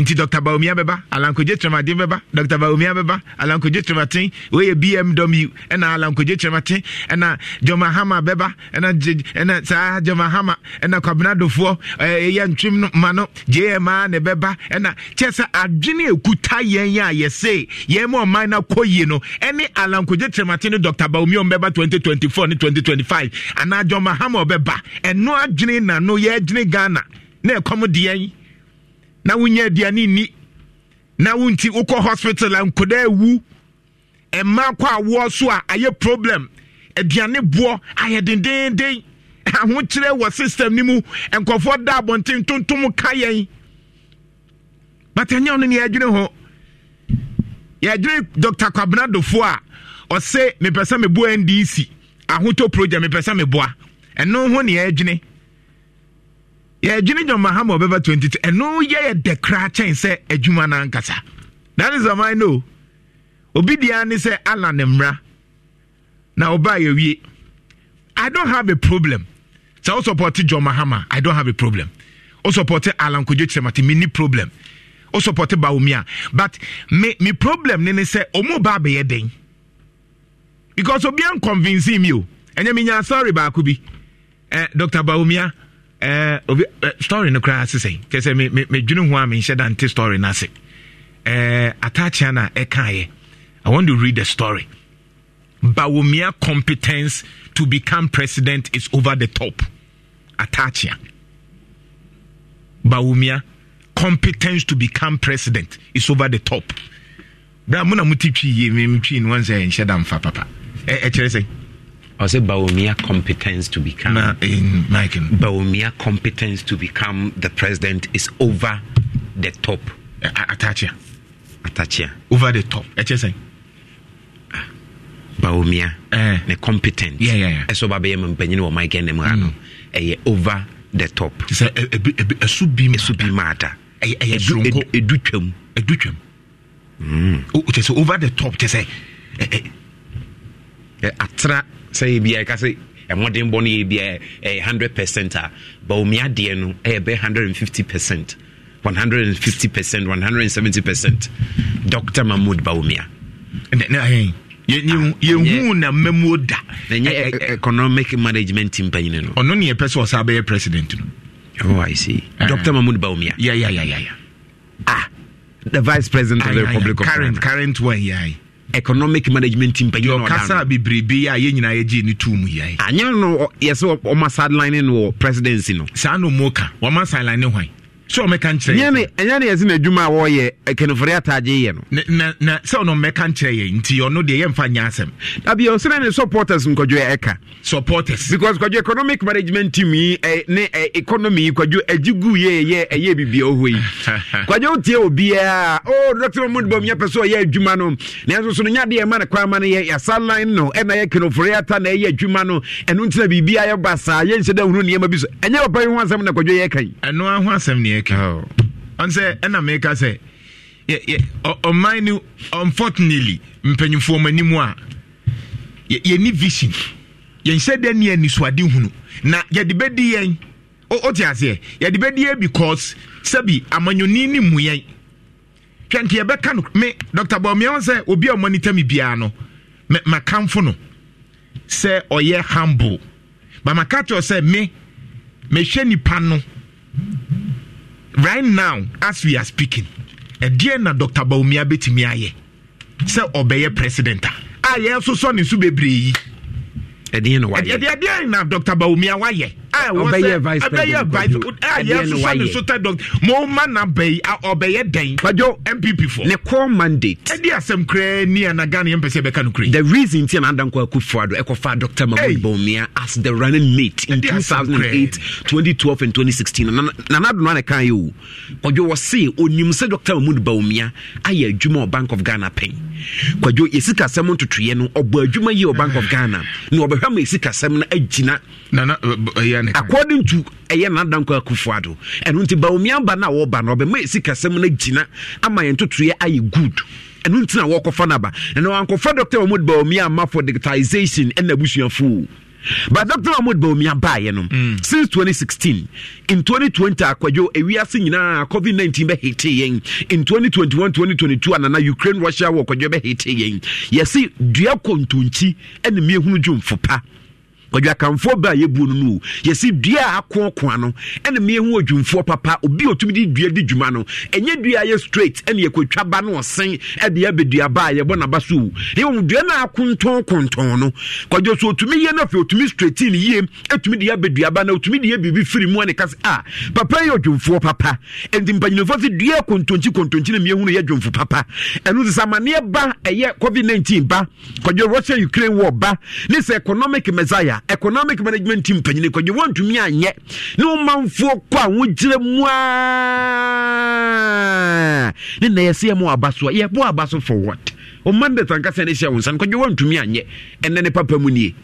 nti dr baomia bɛba alankogye tramaden bɛba dr baomia bɛba alankogye tramaten wɔyɛ bmw ɛna alankogye tramaten ɛna joma hama bɛba ɛna ɛna saa joma hama ɛna kwabena dofoɔ ɛyɛ eh, ntwem ma no jma ne bɛba ɛna kyɛ sɛ adwene ekuta yɛn yɛ a yɛse yɛn mu ɔman na kɔ yie no ɛne alankogye tramaten ne dr baomia bɛba 2024 ne 2025 anaa joma hama ɔbɛba ɛno adwene na no yɛadwene ghana na ɛkɔm deɛ yi na wonya aduane nni na wonti wokɔ hospital a nkodaa wu mmaa kɔ awoɔ so a ayɛ problem aduane boɔ ayɛ dendenden ahokyerɛ wɔ system no mu nkurɔfoɔ da abɔnten tontom ka yɛn but ɛnyɛ no ne yɛadwene ho yɛadwene dr kwabena dofoɔ a ɔse mepɛ sɛ meboa ndc ahotɔ project mepɛ sɛ meboa ɛno ho ne yɛadwene yɛdwene john mahama ɔbɛba 22 ɛno yɛ yɛ dɛkra kyɛn sɛ adwuma no ankasa that is am i know obi deɛ ne sɛ ala ne mmra na ɔbaa yɛwie i don't have a problem sɛ wo support john mahama i don't have a problem wo support alan kodwo kyerɛmate menni problem wo support baomi a but me me problem ne ne sɛ ɔmo ba abɛyɛ den because obiara nconvincing me o ɛnyɛ menya asɔre baako bi eh, dr baomia Eh, obi eh, story no koraa sesɛ me, me, medwene ho a menhyɛ da nte story no ase eh, atachia no a ɛkaeɛ i want to read the story bawomia competence to become president is over the top atachia bawomia competence to become president is over the top bra mo na motitwii yie metwii no wansɛ ɛnhyɛ da mfa papa ɛkyerɛ sɛ ɔsɛ baomia competence to become Na, in Michael. baomia competence to become the president is over the top atachia atachia over the top ɛkyɛ sɛn baomia eh. ne competent. ɛsɛ yeah, yeah, yeah. ɛsɛ ɔba bɛyɛ mpanyini wɔ mike ne mu ano ɛyɛ mm. over the top sɛ ɛsu bi ɛsu bi ma ada ɛyɛ soronko ɛdu twam ɛdu twam kyɛ sɛ over the top kyɛ sɛ e, e, e, atra sɛ yɛ bia ɛka sɛ ɛmmɔden bɔ no yɛ bia ɛyɛ 100 percent a baomia deɛ no ɛyɛ bɛ 150 percent 150 percent 170 percent dr mahmood baomia yɛhu na mmamuo da ɛnyɛ economic management team panyine no ɔno ne yɛpɛ sɛ ɔsa bɛyɛ president no oh i see uh, dr mahmood baomia yeah yeah yeah yeah ah the vice president aye, of the ah, republic aye, of current current one yeah economic management team pɛnyɛ ɔkasa bebrebe a yɛ nyinaa yɛgye ne to mu yɛe anyɛ ah, no yɛ sɛ ɔma sideline no wɔ presidency no saa no mu ka wɔma sideline ne hwan sɛ ɔmɛka nkyerɛ yɛnyɛ ɛnyɛ ne yɛse n'adwuma a wɔyɛ kenefore atagye yɛ no na na sɛ ɔno mmɛka nkyerɛ yɛ nti ɔno deɛ yɛmfa nyɛ asɛm abi ɔsene ne supporters nkwadwo ɛka supporters because kwadwo economic management team yi eh, ne eh, economy yi kwadwo agye gu yɛ yɛ ɛyɛ eh, bibia ɔhɔ yi kwadwo wotie obiaa o oh, dr mudbom yɛpɛ sɛ ɔyɛ adwuma no nanso so no nyadeɛ ɛma no kwan ma no yɛ yɛsa line no ɛna yɛ kenofore ata na ɛyɛ adwuma no ɛno ntina biribiaa yɛba saa yɛnhyɛ dɛ hunu nneɛma bi so ɛnyɛ papa yi ho asɛm na kwadwo yɛka yi ɛno ho asɛm neɛ making. Oh. And say, and I make say, yeah, yeah. On my new, unfortunately, mpanyinfoɔ mu anim a yɛni vision yɛnhyɛ dɛ ne anisoade hunu na yɛde bɛdi yɛn ɔte aseɛ yɛde bɛdi yɛn because sɛbi amanyɔni ne mu yɛn hwɛ nti yɛbɛka no me dr bɔmiɛn sɛ obi a ɔmɔnita mi biara no makamfo no sɛ ɔyɛ humble but maka kyerɛ sɛ me mehwɛ nipa no right now as we are speaking ɛdeɛ na dr baumia bɛtumi ayɛ sɛ ɔbɛyɛ president a a yɛn nso sɔ ne nso bebree yi ɛdeɛ na dr baumia wayɛ ɔbɛyɛ ah, vice president ɛdeɛ no wayɛ mo ma na bɛyi ɔbɛyɛ dɛn kwadwo npp fo ne core mandate ɛdi asɛm koraa ni a na ghana yɛn pɛ sɛ ɛbɛka kure the reason ti a na adanko akufo ado ɛkɔfa dr mahmood bawumia as the running mate in 2008 2012 and 2016 nana adono ana kan yi o kwadwo wɔ se onim sɛ dr mahmood bawumia ayɛ adwuma wɔ bank of ghana pɛn kwadwo yɛsikasɛm ntotoyɛ no ɔbɔ juma yi o bank of ghana na ɔbɛhwɛ ma yɛsikasɛm na agyina Eh, eh, according to ɛyɛ eh, nadankɔ akufo ado ɛno nti baomi aba no a wɔba no ɔbɛma ɛsi kasɛm no gyina ama yɛn ntotoeɛ ayɛ good ɛno nti na wɔkɔfa no aba ɛno wankɔfa doctor mahmud baomi ama for digitalization ɛna abusuafoɔ but dr mahmud baomi abaeɛ no mm. since 2016 in 2020 akwadwo ewiase nyinaa covid-19 bɛhete yɛn in 2021 2022 anana ukraine russia wɔ akwadwo bɛhete yɛn yɛse dua kɔntonkyi ɛne miehunu dwomfo pa ɔdwakamfoɔ baa yɛbuo no no o yɛsi dua a akoakoa no ɛna meɛhu odwumfoɔ papa obi a ɔtumi de dua di dwuma no ɛnyɛ dua yɛ straight ɛne yɛkɔtwa ba no ɔsen ɛde abɛdua ba a yɛbɔ n'aba so o na yɛwɔ dua no akontonkɔntɔn no kwadwo so ɔtumi yɛ no afei ɔtumi straight ne yie ɛtumi de ba na ɔtumi de yɛ biribi firi mu ɛne kase a ah, papa yɛ odwumfoɔ papa ɛnti mpanyinfoɔ sɛ dua kontonkyi kontonkyi na meɛhu yɛ dwumfo papa ɛno sɛ samanneɛ ba ɛyɛ covid nineteen ba kwadwo russia ukraine war ba ne sɛ economic messiah economic management team panyini kwadwo wɔntumi anyɛ ne womanfoɔ kɔ a wogyerɛ mu a ne na yɛsɛ yɛ ma aba so a yɛbɔ aba so for what ɔma ne de tankasa ne hyɛ wo nsa no kwadwo wɔntumi anyɛ ɛnɛ ne papa mu nie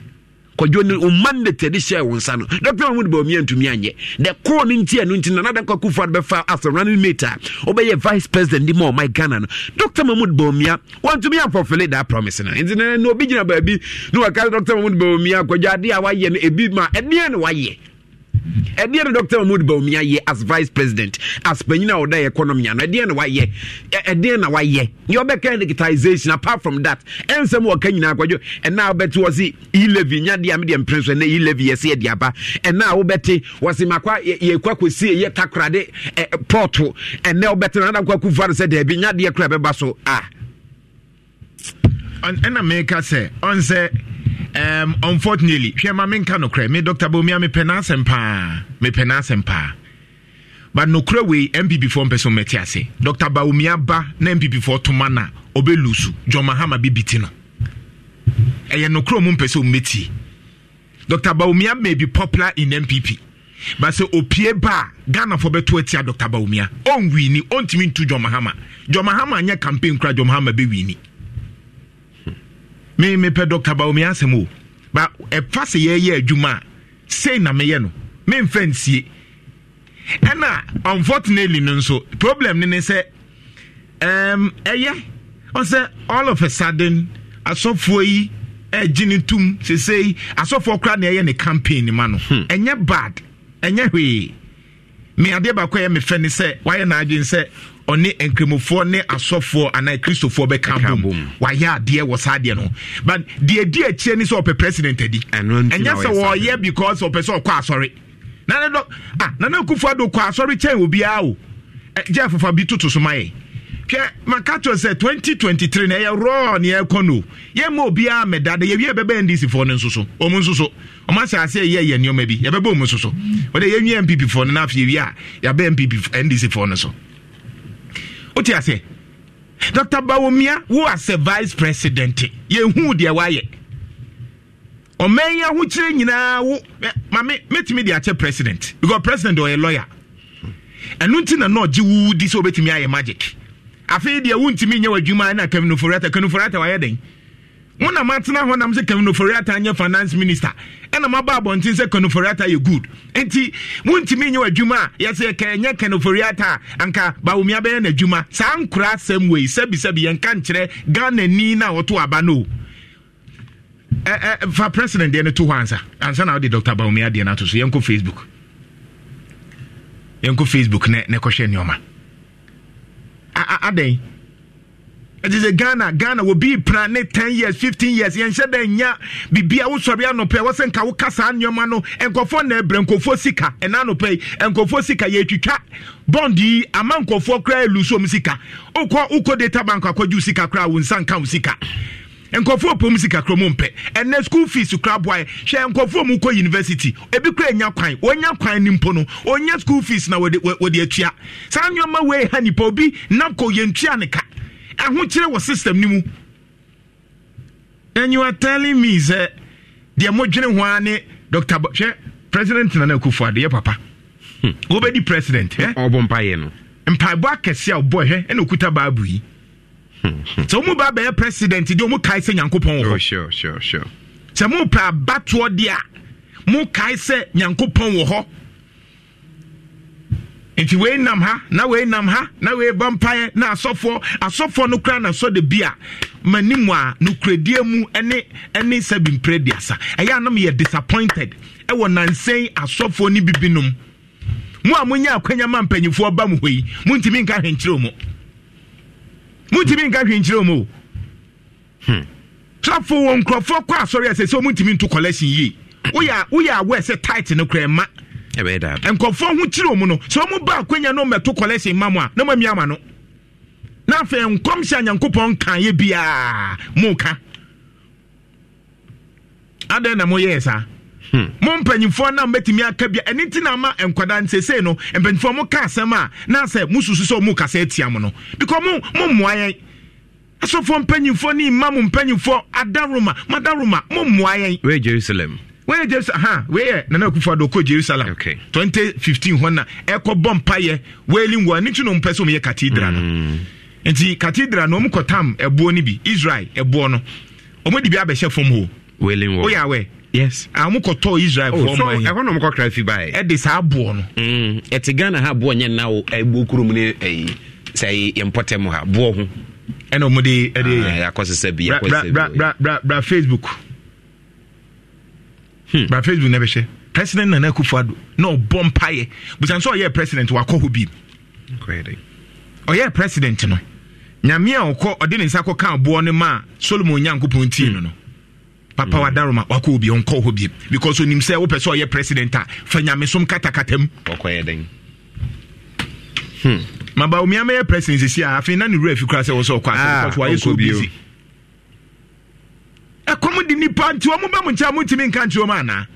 kɔdwo ne o mandate de hyɛ wɔn nsa no dɔkita wɔn mu de bɔ omi antumi anyɛ de koro ne nti ɛnu nti nana adakɔ kufu adi bɛfa asɔ running mate a ɔbɛyɛ vice president di ma ɔman e ghana no dɔkita mahmud bɔnmia wɔntumi afɔfele da promise na nti na obi gyina baabi ne wakari dɔkita mahmud bɔnmia kɔdwo adi a wayɛ no ebi ma ɛdeɛ na wayɛ ɛdeɛ no dr mahmood baumia yɛ as vice president as panyin a ɔda yɛ economy ano ɛdeɛ na wayɛ ɛdeɛ na wayɛ yɛ ɔbɛka digitization apart from that ɛnsɛm wɔka nyinaa kwadwo ɛna wobɛte wɔ se elevi nya deɛ medeɛ mpere so ɛnɛ elevi yɛsɛ yɛde aba ɛna wobɛte wɔ se makwa yɛkwa kɔsie yɛ takorade pɔto ɛnɛ wobɛte na adakwa kufa no sɛ daabi nya deɛ kora bɛba so a ah. ɛna meka sɛ ɔn sɛ um, unfortunately hwɛ ma menka nokorɛ me dr bomia mepɛ n'asɛm paa mepɛ n'asɛm paa but nokorɛ wei mppfoɔ mpɛ sɛ mɛte ase dr baomia ba na mppfoɔ toma na ɔbɛlu so john mahama bi bi ti no ɛyɛ nokorɛ mu mpɛ sɛ ɔmmɛtie dr baomia may be popular in mpp but sɛ opie ba a ghanafoɔ bɛto atia dr baomia ɔnwiini ɔntumi ntu john mahama john mahama anyɛ campaign kora john mahama bɛwiini me mepɛ dɔkta baomi asɛm o ba ɛfa sɛ ye adwuma a sei na meyɛ no memfa nsie ɛna unfortunately no nso problem ne ne sɛ um, ɛyɛ ɔsɛ all of a sudden asɔfoɔ yi ɛgye ne tum sesei asɔfoɔ koraa na ɛyɛ ne campaign ma no hmm. ɛnyɛ bad ɛnyɛ hwee me adeɛ baako a ɛyɛ mefɛ ne sɛ wayɛ n'adwene sɛ ɔne nkramofoɔ ne asɔfoɔ anaa kristofoɔ bɛka bom wayɛ adeɛ wɔ saa deɛ no but deɛ di akyire ne sɛ ɔpɛ president adi ɛnyɛ sɛ wɔyɛ because ɔpɛ sɛ ɔkɔ asɔre nana dɔ ah nana kufu ado kɔ asɔre kyɛn obiara o gye afafa bi toto so ma yɛ hwɛ maka to sɛ 2023 na ɛyɛ raw ne ɛkɔ no yɛma obiara mɛda de yɛwie bɛbɛ NDC no nso so ɔmo nso so ɔmo asase ɛyɛ yɛ nneɔma bi yɛbɛbɛ ɔmo nso so wɔde yɛwie mpp foɔ no na afei wie a yɛabɛ mpp ndcfoɔ no so wote ase dr bawomia wo asɛ vice president yɛnhuu deɛ woayɛ ɔman yi ahokyere nyinaa wo mame mɛtumi de akyɛ president because president ɔyɛ lawyer ɛno nti na na ɔgye wo di sɛ wobɛtumi ayɛ magic afei deɛ wontumi nyɛ w'adwuma ne akaminoforata kaminoforata wayɛ dɛn mo na matena hɔ nam sɛ kanoforiata nyɛ finance minister ɛna maba abɔnten sɛ kanoforiata yɛ good nti wontumi nyɛ w'adwuma a yɛsɛ yɛkɛnyɛ kanoforiata a anka baomia bɛyɛ n'adwuma saa nkora asɛm wei sɛbisɛbi yɛnka nkyerɛ ghanani no a wɔto aba no o fa president deɛ no to hɔ ansa ansa na wode dr baomia deɛ no ato so yɛnkɔ facebook yɛnkɔ facebook ne a nneɔma adɛn ɛti sɛ ghana ghana obi pra ne ten years fifteen years yɛnhyɛ dɛ nya biribia wosɔre anɔpɛ wɔ sɛ nka woka saa nneɔma no nkɔfoɔ na ɛbrɛ nkɔfoɔ sika ɛna anɔpɛ yi nkɔfoɔ sika yɛtwitwa bond yi ama nkɔfoɔ koraa ɛlu so m sika wokɔ wokɔ data bank akɔgye sika koraa wo nsa nka wo sika nkɔfoɔ pom sika kuro mu mpɛ ɛnɛ school fees kura boaɛ hwɛ nkɔfoɔ mu kɔ university ebi kura nya kwan wɔnya kwan ne mpo no wɔnya school fees na wɔde wɔde atua saa nneɛma wei ha nipa obi nam kɔ yɛntua ne ka ahokyerɛ wɔ system no mu and you are telling me sɛ deɛ modwene ho a ne dr hwɛ president nana akufo ade papa hmm. wobɛdi president ɔbɔ mpayɛ no mpaebɔ akɛse a wobɔ hwɛ ɛna ɔkuta bible yi hmm, hmm. sɛ womu ba bɛyɛ president deɛ ɔmu kae sɛ nyankopɔn wɔ hɔ oh, sɛ mopɛ abatoɔ deɛ a mokae sɛ nyankopɔn wɔ hɔ nti wei nam ha na wei nam ha na wei ba mpaeɛ na asɔfoɔ asɔfoɔ no kora na sɔ de bi a m'anim a nokoredie mu ne ne sɛbi mpere de asa ɛyɛ a nam yɛ disappointed ɛwɔ nansɛn asɔfoɔ ne bibinom mo a monyɛ akwanya ma mpanyinfoɔ ba mu hɔ yi ntumi nka hwenkyerɛw mu ntumi nka hwenkyerɛw mu o trafo hmm. wɔ nkurɔfoɔ kɔ asɔre a sɛ sɛ ɔmuntumi nto collection yie woyɛ woyɛ awɔ ɛsɛ tight no kora ɛma. nkɔfoɔ ho kyerɛ mu no sɛ ɔmu ba akwanya no mmɛto kɔlɛsin ma mu a na mami ama no na afei nkɔm hyɛ nyankopɔn nkaeɛ biaa moka adɛn na moyɛɛ saa hmm. mo mpanyimfoɔ nam bɛtumi aka bia ɛne nti na ama nkwadaa nsesei no mpanyimfoɔ mo ka asɛm a na sɛ mosusu sɛ ɔmo kasa atia mo no because mo mo mmoa yɛn asɔfoɔ mpanyimfoɔ ne imam mpanyimfoɔ adaroma madaroma mo mmoa yɛn. wɛ jerusalem wɔyɛ jerusa ha wɔyɛ nana akufa do kɔ jerusalem okay. 2015 hɔ na ɛkɔ bɔ mpayɛ wɔyɛli wɔ ne tunu mpɛ sɛ ɔmo yɛ cathedral no mm. nti cathedral no ɔmo kɔ tam ɛboɔ no bi israel ɛboɔ no ɔmo de bi abɛhyɛ fam hɔ wɔyɛli wɔ wɔyɛ awɛ yes ah, ɔmo kɔ tɔ israel fɔ ɔmo yɛ ɛhɔ na ɔmo kɔ kra fi ba yɛ ɛde saa boɔ no. Hmm. ɛte ghana ha boɔ nyɛ naw ɛbɔ kurom ne ɛyi sɛ yɛ ha boɔ ho ɛna ɔmo de ɛde ah, yɛ facebook. Hmm. ba facebook na bɛhyɛ president nana akufo ado na ɔbɔ mpaeɛ busan sɛ ɔyɛ president wakɔ hɔ bi ɔyɛ president no nyame a ɔkɔ ɔde ne nsa kɔ ka aboɔ no ma a solomon nyankopɔn tii no no papa mm. wadaroma wakɔ obi ɔnkɔ hɔ bi because onim sɛ wopɛ sɛ ɔyɛ president a fa nyamesom katakatam ɔkɔyɛ den hmm. maba omiama yɛ president sisi a afei na ne wura afi kora sɛ wɔ sɛ ɔkɔ asɛ ɔkɔ ayɛ sɛ obisi ɛkɔm de nipa nti wɔn bɛ mu nkyɛn mu ntumi nka nkyɛn mu ana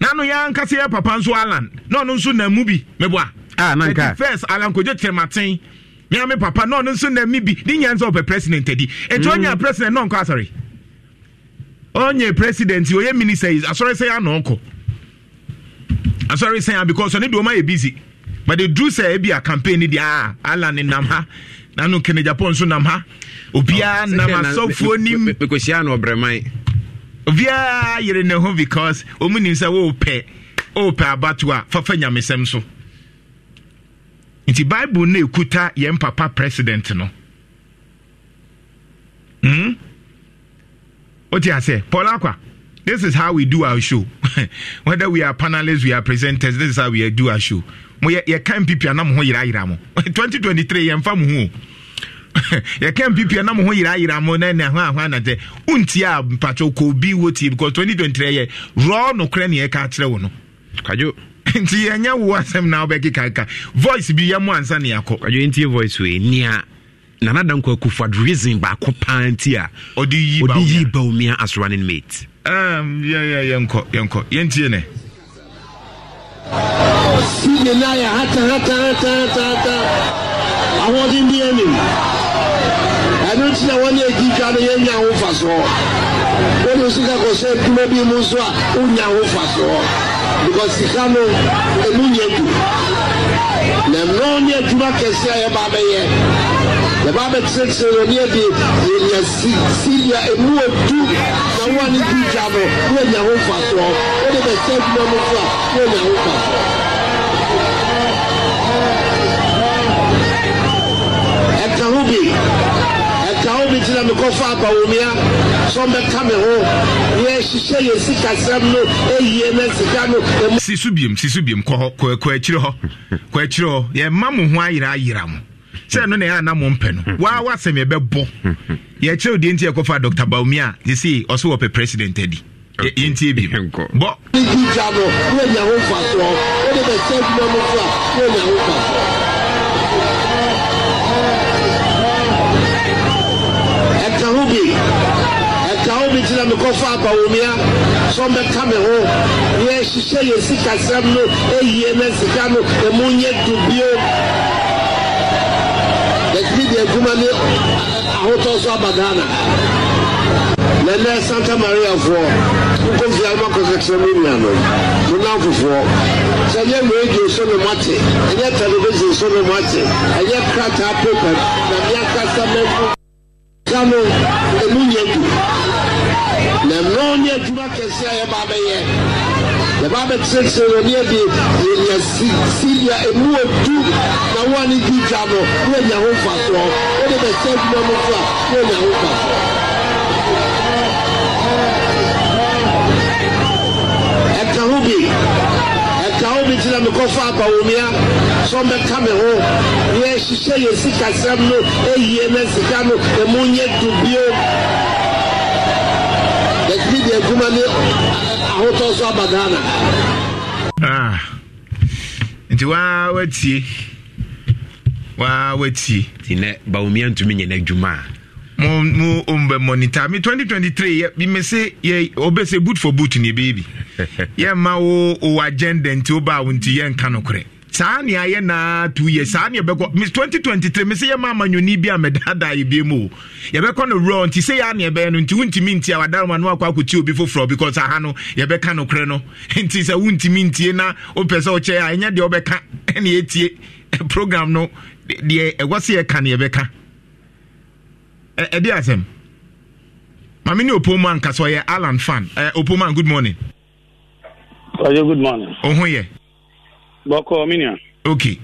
nanu yɛ ankasa yɛ papa nso alan na ɔno nso nam mu bi mɛboa. a nanka first alan kojú tẹmaten mi ame papa na ɔno nso nam mi bi ne nya nsa ɔpɛ president adi etu mm. ɔnya president na ɔnkɔ asɔre ɔnya president ɔyɛ minister yi asɔre sɛ ana ɔnkɔ asɔre sɛ ya because ɔne deɛ ɔma busy but the drew sɛ ebi a campaign ni di a alan nam ha nano kene japan nso nam ha obiaa oh, nam asɔfoɔ nim mekɔhyia no ɔbrɛman obiaa yere ne ho because ɔmu nim sɛ wopɛ wopɛ abato a fafa nyamesɛm so nti bible no ɛkuta yɛn papa president no hmm? wote asɛ paul akwa this is how we do our show whether we are panelists we are presenters this is how we do our show mo yɛ yɛ kan pipi anam ho yira yira mo twenty twenty three yɛn fa mo ho yɛ kan pipi anam ho yira yira mo na ɛna ho aho anatɛ unti a mpatsɛ ko bi wo tie because twenty twenty three yɛ rɔɔ nokorɛ ni yɛ ka akyerɛ wo no. kwadwo. nti yɛnyɛ wo asɛm na wobɛkeka ka voice bi yɛ mo ansa ne yɛakɔ kwadwo ntie voice wei nea nana danko akufuad reason baako paa nti a ɔde yi baomia asorane no mate um, yɛnkɔ yɛnkɔ yɛntie ne See Sige naya hata hata hata hata hata. Àwọn ọdún bí ẹni. Ẹnu tí àwọn ní èjì ká ni yẹn ní àwọn fà sọ. Ó ní sika kò sẹ́ dúró bí mu sọ à ó ní àwọn fà sọ. Because sika nù ẹnu yẹ kù. Nà ẹ̀rọ ní ẹ̀dúrà kẹsí ayé bá bẹ yẹ yɛba abɛkyerɛkyerɛ w'ani adi yɛnya silia emu odu na wɔne di gya no ne anya ho mfasoɔ wode bɛsɛ adwuma no so a ne anya ho mfasoɔ ɛka ho bi ɛka ho bi gyina mekɔfa abawomia sɔm bɛka me ho yɛhyehyɛ yɛ sikasɛm no ɛyie na sika no si so biom si so biom kɔ hɔ kɔ akyiri hɔ kɔ akyiri hɔ yɛma mo ho ayera ayera sɛ no ah, na ɛyɛ ana mo mpɛ no waa wasɛm yɛbɛbɔ yɛkyerɛ odeɛ nti yɛkɔfa e dr baomi a yɛsei ɔsɛ wɔpɛ president adi e yɛntie bi bɔ ɛka ho bi ɛka e ho bi gyina mekɔfa abaomia sɔn bɛ ka mi ho yɛ no eyie na sika no emu dị edwumadị ahụtọ ọsọ abadana nene santa maria fụọ nkomfi almakọsịtịrị mmiri anọ mụna fụfụọ sɛ ɛnyɛ radio so ne mo ate ɛnyɛ television so ne mo ate ɛnyɛ krataa paper na ne akasa mɛfo ka no ɛmu nyɛ du na mmerɛ ne adwuma kɛseɛ a yɛba bɛyɛ yɛba abɛkyerɛkyerɛ w'aniɛ de yɛnyɛ si deɛ ɛmu odu na wɔne di dwa no na anya ho mfasoɔ wode bɛsɛ adwuma no so a na anya ho mfasoɔ ɛka ho bi ɛka ho bi gyina mekɔfa abawomia sọ bɛka me ho yɛhyehyɛ yɛ sikasɛm no ɛyie na sika no ɛmu nyɛ dubio de adwuma ne ahotɔ so aba ghana nti waa watie waa watie nti nɛ bawomia ntumi nyɛ n'adwuma a mo mo mbɛ monitor mi 2023 yɛ bi mese yɛ se boot for boot ni baby. ebi yɛ ma wo o agenda nti o ba awo nti yɛ nka saa nea yɛ naa two years saa nea bɛkɔ miss twenty twenty yɛ maa ma bi a mɛdaadaa ebi mu yɛbɛkɔ no wrɔ nti sɛ yɛ anea bɛyɛ no nti wuntumi nti a wadaruma no akɔ akɔti obi foforɔ because aha no yɛbɛka no korɛ no nti sɛ wuntumi ntie na opɛ sɛ ɔkyɛ a ɛnyɛ deɛ ɔbɛka ɛna etie program no deɛ ɛwɔ se yɛka na yɛbɛka ɛde asɛm maame ne opoman kasa ɔyɛ alan fan ɛ opoman good morning. ɔyɛ good morning. ohun yɛ. bɔkɔ minia. ok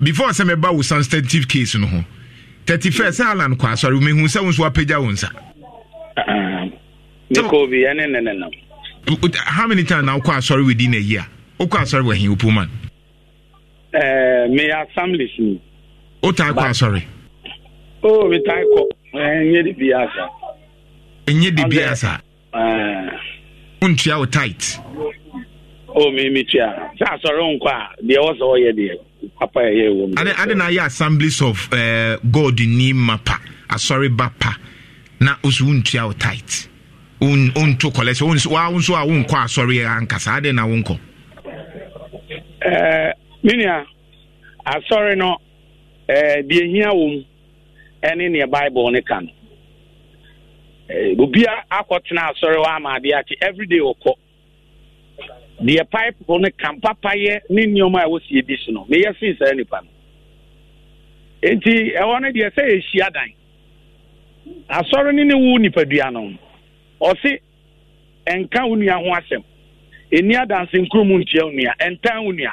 before sɛ mɛba wo substantive case no ho thirty first sɛ alan kɔ asɔre mehu sɛ wo nso apagya wo nsa. Ah, ah. mekɔ bi ɛne ne nenam. how many times na wokɔ asɔre within a year wokɔ asɔre wɔ hen opoman. May I eh, assemblies ni. o oh, taa kɔ asɔre. o mi taa kɔ ɛnyɛ de bi asa. ɛnyɛ de bi asa. Ah. ntua o tight. Oh, o sɛ asɔre nkɔ a deɛ wɔsɛ ɔyɛ deɛ papa ɛyɛ wɔ na ayɛ assemblies of uh, god ni mapa asɔre ah, ba pa na o tight onto kɔlɛsɛ wa nso eh, ah, eh, e, e, a wonkɔ asɔre ankasa na wonkɔ. ɛɛ asɔre no deɛ hia wɔ mu ɛne neɛ bible ka no akɔtena asɔre ama adeɛ everyday deɛ pipe hɔ no kampapayɛ ne nneɛma a wɔsi edi so no meyɛ sen saa nipa no nti ɛwɔ no deɛ sɛ yɛhyia dan asɔre ne ne wo nipadua no ɔse ɛnka wo ho asɛm ɛni adanse nkurom ntua wo nua ɛntan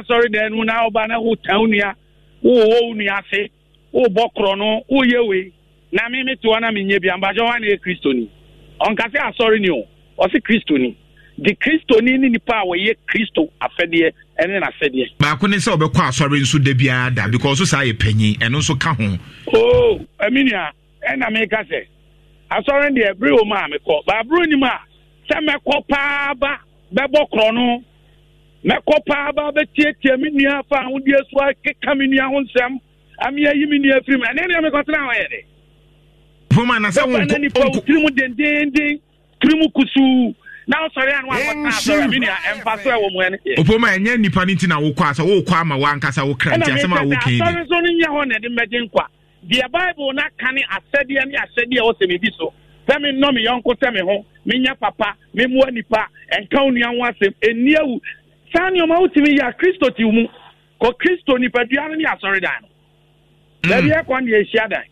asɔre dan no mu na wɔba na wotan wo nua wowowɔ ase wobɔ korɔ no wei na na yɛ kristoni asɔre ni de kristoni ne nipa a wɔyɛ kristo afɛdeɛ ɛne n'asɛdeɛ. baako ne sɛ ɔbɛkɔ asɔre nso da biara da because o saa yɛ panyin ɛno nso ka ho. oo oh, aminia ɛna meka sɛ asɔre deɛ bere wɔ mu a mekɔ baaburo nim a sɛ mɛkɔ paaba bɛbɔ korɔ no mɛkɔ paaba bɛtiatia me nua fa ahodeɛ so akeka me nua ho nsɛm ameayi me nua firi mu ɛne deɛ mekɔtena hɔ yɛ de. foma na sɛ wo nkɔ nkɔ nipa wo tirimu dendenden tirimu kusuu. na ɔsɔre anu akɔta asɔre mi ni ɛnfa ɛnyɛ nipa ni ti na wokɔ asa wokɔ ama wankasa wokra nti asɛm a wokɛ yi. asɔre nso ni nyɛ hɔ na ɛdi mɛgye nkwa na ka ni asɛdeɛ ni asɛdeɛ di so sɛmi nnɔ mi yɔnko sɛmi ho mi papa mi nipa ɛnkaw nua ho asɛm eni ewu saa nneɛma wotumi yɛ kristo ti mu kɔ kristo nipadua ni asɔre mm. dan no. baabi ɛkɔ ni ehyia dan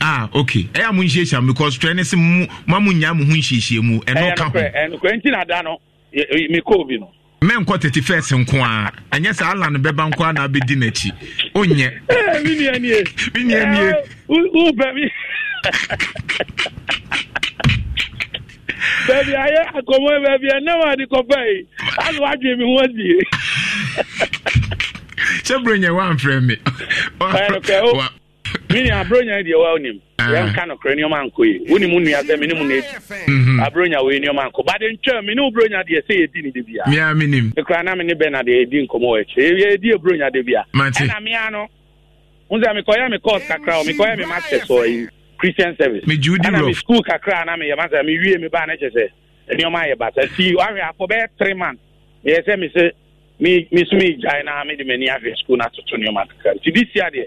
ah okay ɛyɛ mo nhyiahyia mu because twɛ ne se mo ma mo nyaa mo ho mu ɛno ka ho ɛnokora nti na da no mekɔɔ bi no mɛnkɔ tete fɛs nko a ɛnyɛ sɛ alan bɛba nko a na abɛdi n'akyi onyɛ menuanie menuanie wobɛ me baabi ayɛ akɔmmɔ baabi ɛnam ade kɔpɛe ase woadwene me ho adie sɛ berɛ nyɛ woamfrɛ me mini abronya deɛ wa onim ah. yɛnka nokora nneɔma ankɔ yi wonim nnua sɛ mene mu na ɛdi abronya wei nneɔma ankɔ bade ntwa mene wo bronya deɛ sɛ yɛdi ne da bia mea menim ɛkora na mene bɛ na deɛ yɛdi nkɔmmɔ wɔ akyirɛ yɛdi abronya da bia ɛna mea no wo sɛ mekɔyɛ me cos kakra o mekɔyɛ me masters ɔ yi christian service ɛna me school kakra na meyɛ masa mewie me baa no kyɛ sɛ nneɔma ayɛ basa ti ahwɛ akɔ bɛyɛ tre month meyɛ sɛ me sɛ me so megyae na mede m'ani ahwɛ school no atoto nneɔma kakra nti de sia deɛ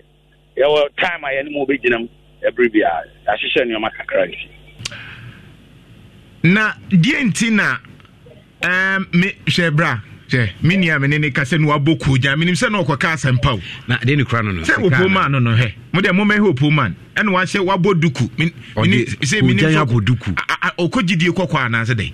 yɛwɔ time a yɛne mu wobɛgyina ɛberɛ biaa yɛahyehyɛ nneɔma kakra nti na deɛ nti na me hwɛ bra ne ka no wabɔ kuu gya menim sɛ na ɔkɔka asɛmpa na sɛ wɔpo ma no no hɛ wahyɛ wabɔ duku ɔkɔgyidie kɔkɔ anaasɛ dɛn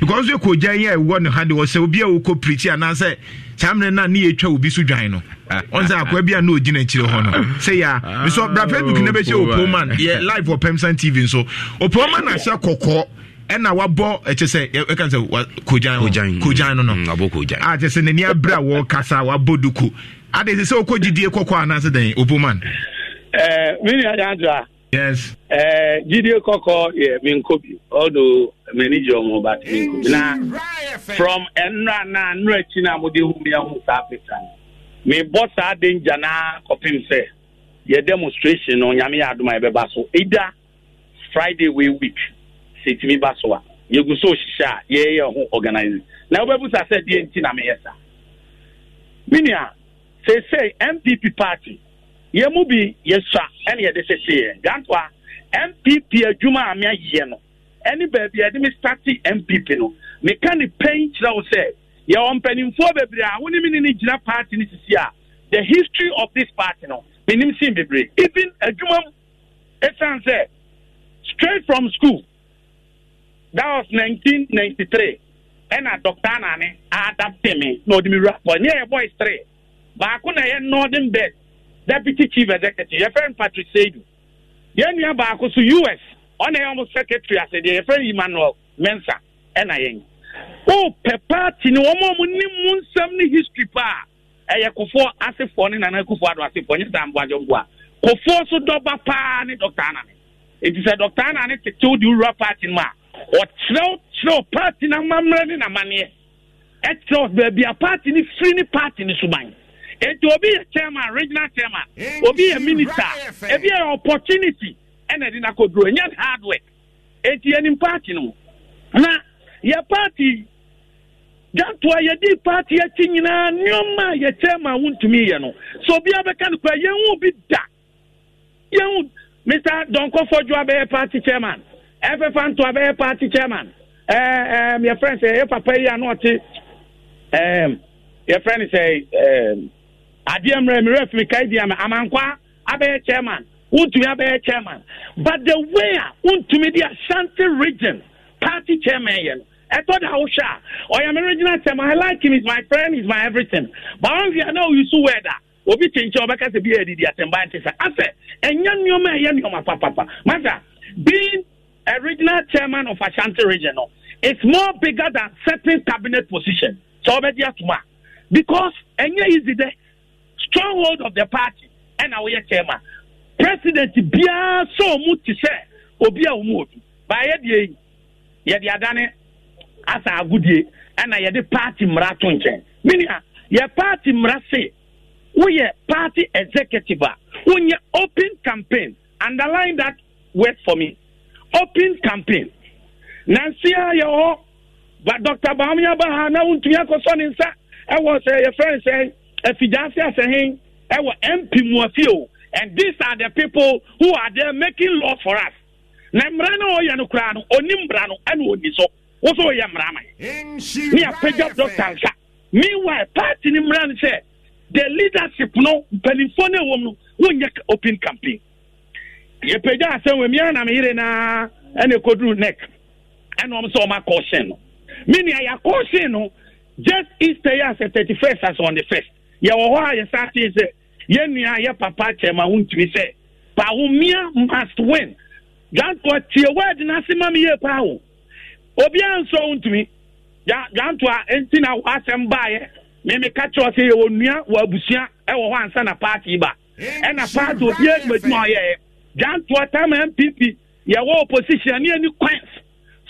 because yɛ kɔ gya yɛ ɛwɔ ne ha de wɔ sɛ obi a wɔkɔ pirikyi anaasɛ saa mmerɛ no a ne yɛtwa obi so dwan no ɔn akoa bi a na ɔgyina akyire hɔ no sɛ yɛ a nso na bɛhyɛ opoman yɛ live wɔ tv nso opoman ahyɛ kɔkɔɔ ɛna wabɔ ɛkyɛ sɛ ɛka sɛ kogyan no no sɛ n'ani abere a wɔrekasa wabɔ duku ade ah, sɛ wokɔ gyidie kɔkɔɔ anaasɛ ah, dɛn opoman eh, me a Yes. Uh, Gideon Koko, yeah, Minkobi, although many John but Minkobi. Now, from Enrana, Nrechina, Mudi, whom you are African. Me bossa are danger now, Kopim say, your demonstration on Yami Aduma Bebaso. Either Friday we week, sit me Basoa. You go so shisha, yeah, yeah, who organizing. Now, Webus, I said, Yentina Mesa. Minia, say, say, MPP party. yɛn mu bi yɛsua ɛna yɛde sɛsɛɛ gantoa npp adwuma a meayɛ no ɛne baabi a yɛde me starte npp no meka ne pɛn kyerɛ wo sɛ yɛwɔ mpanimfoɔ bebree a wo ne me ne no gyina party no sisi a the history of this party no menim sin bebree even adwuma mu ɛsiane sɛ straight from school that was 1993 ɛna dr anane adapte me na ɔde me wura pɔ ne yɛ boys three baako na ɛyɛ northern bed deputy chief executive yɛfrɛ no patrick seidu yɛn nua baako so us ɔna yɛn ɔmo secretary ase deɛ yɛfrɛ no emmanuel mensa ɛna yɛn o pɛ paati ni wɔn a wɔn ni mu nsɛm ne history pa, ɛyɛ kofoɔ asefoɔ ne nana kofoɔ ado asefoɔ nye saa mboa jɔmboa kofoɔ so dɔba paa ne dɔkta anane eti sɛ dɔkta anane tetew di wura paati mu a ɔkyerɛw kyerɛw paati n'amammerɛ ne n'amanneɛ ɛkyerɛw baabi a paati ni firi ni paati ne suban nti obi yɛ chairman regional chairman obi yɛ minister ebi yɛ opportunity ɛna ɛde n'akoduro ɛnyɛ hard work eti yɛ ni paati no na yɛ paati jantoa yɛdi paati akyi nyinaa nneɛma a yɛ chairman wuntumi yɛ no so obi abɛka no kora yɛn ho bi da yɛn ho mr dɔnkɔfɔdwo abɛyɛ paati chairman ɛfɛfa nto abɛyɛ paati chairman ɛɛ ɛɛ yɛ friend sɛ yɛ papa yi a na ɔte ɛɛ yɛ friend sɛ ɛɛ adeɛ mmerɛ mmerɛ fi kae di ama amankwa abɛyɛ chairman wontumi abɛyɛ chairman but the way a wontumi de ashanti region party chairman yɛ no ɛtɔ da wohwɛ a ɔyɛ me regional chairman i like him he's my friend he's my everything but ɔnhwɛ na ɔyi so wɛda obi kyenkyen ɔbɛka sɛ bi yɛ didi asɛmba nte sa afɛ ɛnyɛ nneɔma ɛyɛ nneɔma papapa masa being a regional chairman of ashanti region no it's more bigger than certain cabinet position sɛ ɔbɛgye atoma because ɛnyɛ easy dɛ stronghold of the party ɛna woyɛ chairman president biara sɛ ɔmo te sɛ obi a ɔmo obi baayɛ deɛ yi yɛde adane asa agudie ɛna yɛde party mmara to nkyɛn minia yɛ party mmara se woyɛ party executive a wonyɛ open campaign underline that word for me open campaign nansi a yɛ hɔ ba dr bahamia baha na wontumi akɔsɔ ne nsa ɛwɔ sɛ yɛfrɛ ne sɛ efigyase asɛhen ɛwɔ mp muafio and these are the people who are there making laws for us na mmara no ɔyɛ no koraa no ɔni mmara no ɛna ɔni so wosɛ ɔyɛ mmara ma ne apagya dɔkta nsa meanwhile party no mmara no sɛ the leadership no mpanimfoɔ no ɛwɔ mu no wonyɛ open campaign yɛpagya asɛm wɔ mia na meyere naa ɛna ɛkɔduru neck ɛna ɔm sɛ ɔma kɔɔhyɛn no menea yɛakɔɔhyɛn no just easter yɛ asɛ 31st as on the first yɛwɔ hɔ a yɛsa te sɛ yɛn yɛ papa kyɛma ho ntumi sɛ paahomia must win dwantoa tie word no ase ma me yie paa wo obiara nsɔ wo ntumi dwantoa nti na w'asɛm baeɛ memeka kyerɛ sɛ yɛwɔ nnua wɔ abusua ɛwɔ hɔ ansa na paati ba ɛna paati obiara dwumadwuma ɔyɛɛ dwantoa tam mpp yɛwɔ opposition ne ani kwan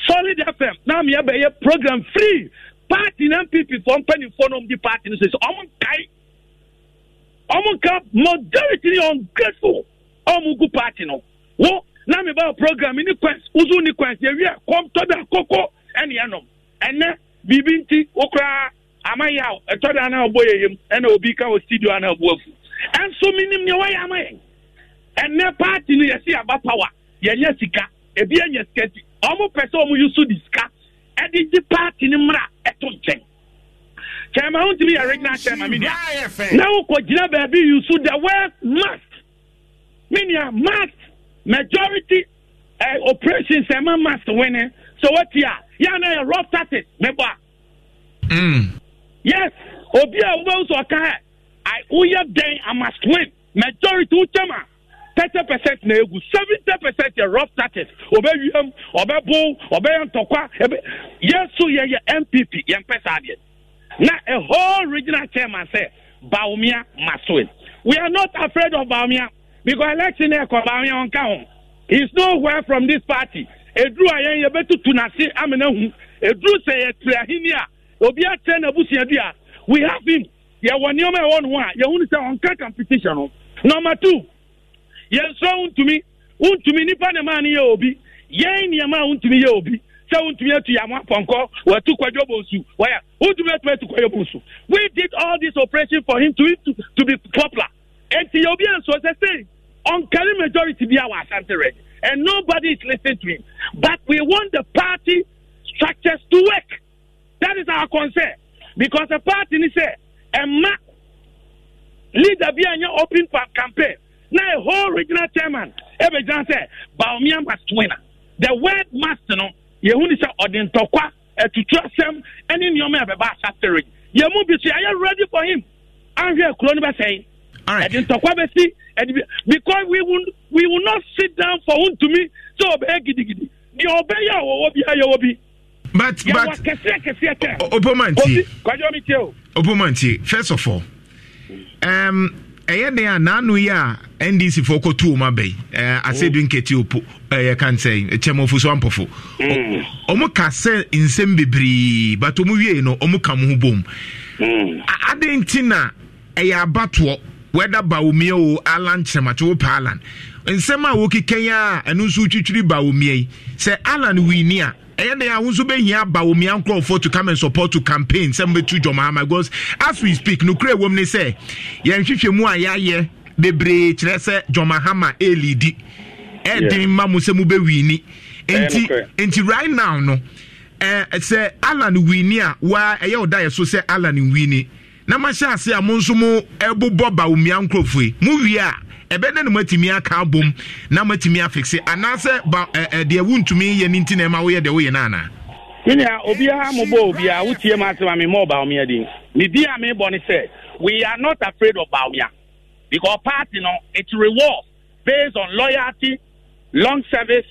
solid fm na meyɛbɛyɛ program free party na mpp fɔ mpanimfoɔ no ɔmde party no sɛ sɛ ɔmo nkae ọmụ ọmụnka majority ni ungrateful ọmụnku party nọ wụ na meba program ni kwens uzu ni kwens ewi a kọm tọda koko ẹni ẹnọm ẹnẹ biribi nti okura amaghị ahụ ẹtọda anaghị ọgbọ ya ehem ẹna obi ka ọ studio anaghị ọgbọ efu ẹnso minim ni ọwaghị ama ya ẹnẹ party ni yasi aba power yẹnyẹ sika ebi yẹnyẹ sika ti ọmụ pẹ sẹ ọmụ yusu di sika ẹdi di party ni mmiri a ẹtọ nkyɛn. chairman wọ́n ti mi yẹ regional chairman mi ni na wọ́n kò you so the word must mi must majority uh, eh, operations ẹ̀ must win eh. so what? ti yeah, na a yẹ rough thirty mẹ́bọ̀ a. yes obi a wọ́n sọ ọ̀ka ẹ̀ i wúyẹ dẹ́n i must win majority wọ́n tẹ́ ma thirty percent na egu seventy percent yɛ rough starters ɔbɛ wiem ɔbɛ bo. ɔbɛ yɛ ntɔkwa ɛbɛ yɛ MPP. yɛ yɛ npp Now, a whole regional chairman say Baumia must win. We are not afraid of Baumia because election here, Baumia on count. He's nowhere from this party. Edru ayen yebetu tunasi amenehu. Edru say etrahini a obi atre na busi dia. We have him. Ye wani ome won wa. Ye hunu say on ka competition. Number 2. Ye so untumi untumi nipa ne ma ne ye obi. Ye ni ma untumi ye obi. sɛ wontumi atu yɛ amoapɔnkɔ watu kwadwo bonsu wɔyɛ wontumi atumi atu kwadwo bonsu we did all this operation for him to to, to be popular enti yɛ obi anso sɛ sei ɔnkari majority bi a wɔ asante rɛ and nobody is listening to him but we want the party structures to work that is our concern because the party ni sɛ ɛma leader bi a nyɛ open campaign na a whole regional chairman ɛbɛgyina sɛ baomia must win the word must know. yɛhu ni sɛ ɔde ntɔkwa ɛtutu asɛm ɛne nneɛma ɛbɛba asatiri yɛn mu bi so yɛayɛ ready for him ahwɛ kuro no bɛsɛn ɛde ntɔkwa bɛsi ɛde bi because we will we will not sit down for ntumi sɛ ɔbɛyɛ gidigidi deɛ ɔbɛyɛ a wɔwɔ bi ayɛ wɔ bi. but but kɛseɛ kɛseɛ kɛ. opomanti opomanti first of all. Um, ɛyɛ den a n'ano yi a ndc fo kɔtu wɔn abɛyi ɛɛ asɛdu nkete opo ɛyɛ kansɛn kyɛmɔfo so ampɔfo mm. ɔmo ka sɛ nsɛm bebree but ɔmo wie no ɔmo ka mo ho bom mm. adan ti na ɛyɛ abatoɔ wɛda bawomia o alan kyerɛmakye wo pɛ alan nsɛm a wɔkeka yi a ɛno nso twitwiri bawomia yi sɛ alan wini a. ɛyɛ dɛn awo nso bɛhia aba wɔ mia nkurɔfoɔ to come and support to campaign sɛ mbɛtu dwɔmaama because as we speak nokura wɔm ne sɛ yɛn hwehwɛ mu a yɛayɛ bebree kyerɛ sɛ dwɔmahama ɛɛlidi e ɛɛden ma mu sɛ mo bɛwiini nti nti right now no ɛɛ sɛ alan wiini a waa ɛyɛ ɔda yɛ so sɛ alan wiini na ma hyɛ ase a mo nso mo ɛbobɔ ba wɔ mia nkurɔfoɔ yi mo wie a ɛbɛ ne no matumi aka abom na matumi afixe anaasɛ deɛ wontumi yɛ no nti na ɛma woyɛ deɛ woyɛ no anaa nyinaa obiara mobɔ obiara wotie m asɛm a memmɔ baomea din medi a mebɔ ne sɛ we are not afraid of baomea because party no it rewards based on loyalty long service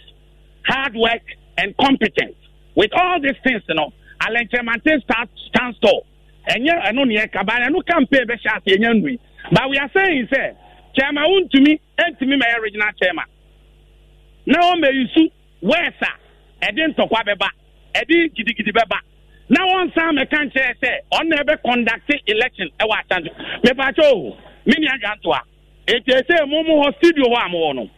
hard work and competence with all these things you know alɛnkyɛmante stands tall ɛnyɛ ɛno neɛ kaba ɛno campaign bɛhyɛ ase ɛnyɛ nnui but we are saying sɛ chairman wontumi ntumi ma yɛ regional chairman na wɔn ma yusu west a ɛde ntɔkwa bɛba gidigidi beba na wɔn san mɛka nkyɛn sɛ ɔno ɛbɛ conduct election ɛwɔ asante mɛpàtɛ o mi ni adwantoa eti ese mu mu hɔ studio hɔ a mo wɔ no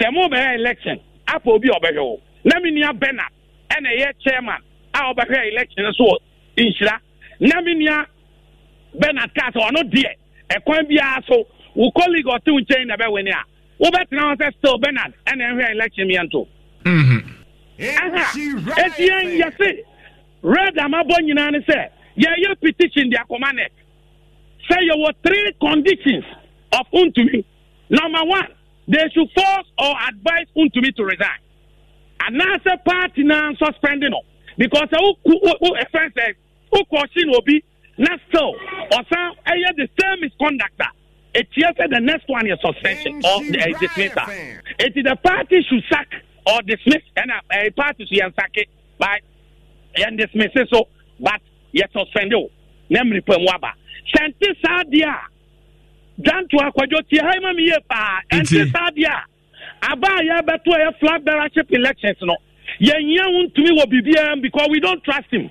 sɛ mo bɛyɛ election apɔ obi a ɔbɛhwɛ o na mi nia bernard ɛna ɛyɛ chairman a ah, election so na mi nia bernard kaa die ɔno deɛ ɛkwan biara so. Mm-hmm. wo colleague ɔte wo nkyɛn na ɛbɛwe ne a wobɛtena hɔ sɛ still bernard ɛna ɛhwɛ election yɛn to ɛha ɛti yɛn yɛse red amabɔ nyinaa ne sɛ yɛyɛ petition de akɔma nɛ sɛ yɛwɔ three conditions of untumi number one they should force or advise untumi to resign anaasɛ party na suspending no because ɛwo wo ɛfɛn sɛ wo kɔ ɔsi na obi na still ɔsan ɛyɛ e the same misconduct a. It's here said the next one is suspension or uh, dismissal. It is the party should sack or dismiss, and a, uh, a party should sack it by and dismiss it so, but yet suspend it. Namely, Pemwaba. Sente Sadia. Dan to Akwajo Tihaima Miepa. Sente Sadia. Aba Yabetu a flag bearership elections. No. Yenya won't to me will be um, because we don't trust him.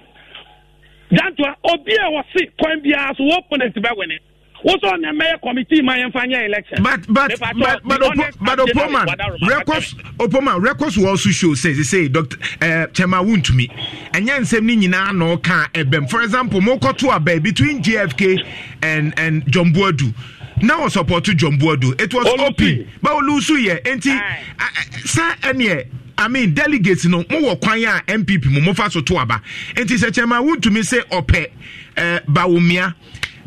Dan to Obia oh, was sick, Coimbia, so opponent by winning. wosɔ ne mɛyɛ committee ma yɛn fa nyɛ election. but but but but opoma records opoma records wɔ so show say say doctor ɛɛ kyɛma wuntumi ɛnyɛ nsɛm ne nyinaa na ɔka ɛbɛm for example mo kɔto abɛ eh, between jfk and and john buadu na wɔ support john buadu it was open but olusu yɛ nti sɛ ɛneɛ. I mean delegates no mo wɔ kwan a NPP mo mo fa so to aba nti sɛ kyɛn ma wuntumi sɛ ɔpɛ ɛɛ bawumia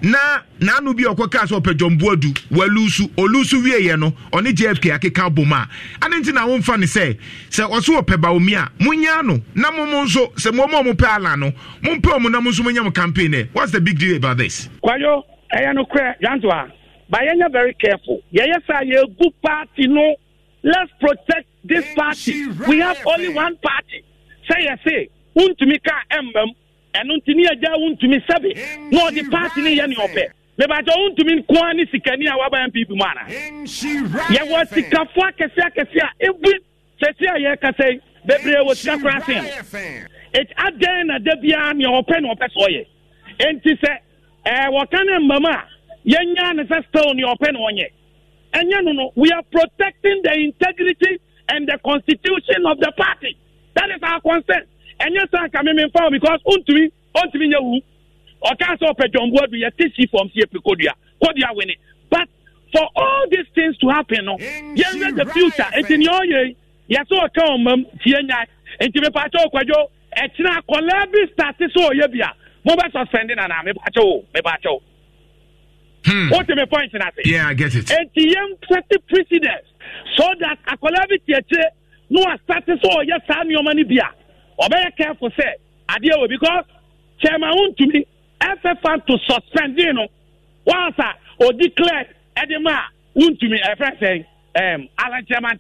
na n'ano bi ɔkɔ kaa sɛ ɔpɛ jɔnbuadu walusu olusu wieɛ no ɔne jfk akeka bom a ane nti na womfa ne sɛ sɛ ɔso ɔpɛ baomi a monya no na momo nso sɛ moma mo pɛ ala no mompɛ mu na mo nso monya mo campaign ɛ e. what's the big deal about this kwayo ɛyɛ no korɛ yanto a ba yɛnyɛ very careful yɛyɛ sɛ yɛgu party no let's protect this party we have only one party sɛ yɛse wontumi ka ɛmmam ɛno nti ne yɛgya wontumi sɛbe na ɔde party ne yɛ ne ɔpɛ mebakyɛ wontumi nkoa ne sikani a woaba mpp mu ana yɛwɔ sikafo akɛse akɛse a ɛbi sɛsi a yɛrekasa yi bebree wɔ sika kora sen adɛn na da biara nea ɔpɛ na ɔpɛ sɛ ɔyɛ enti sɛ wɔka ne mmam yɛnya ne sɛ still nea ɔpɛ na ɔnyɛ ɛnyɛ no no we are protecting the integrity and the constitution of the party that is our concern ɛnyɛ saa nka me memfa wo because wontumi ɔntumi nyɛ wu ɔka sɛ ɔpɛ dwɔmboa du yɛte si fam sɛ yɛpɛ kodua kodua wene but for all these things to happen no yɛnwɛ the future enti neɛ ɔyɛ yɛsɛ ɔka ɔmam tie nya enti mepakyɛ ɔkwadwo ɛkyena akɔlaa bi starte sɛ ɔyɛ bi a mobɛsuspɛnde nanaa mepakyɛ wo mepakyɛ wo Hmm. What am I pointing at? Yeah, I get it. And the young set precedents so that a collaborative no a status or yes, I'm your money beer. ɔbɛyɛ careful sɛ adeɛ wɔ because chairman wontumi fan to suspend you no know, once a odi clear ɛde ma a wontumi ɛfrɛ sɛn um, alan chairman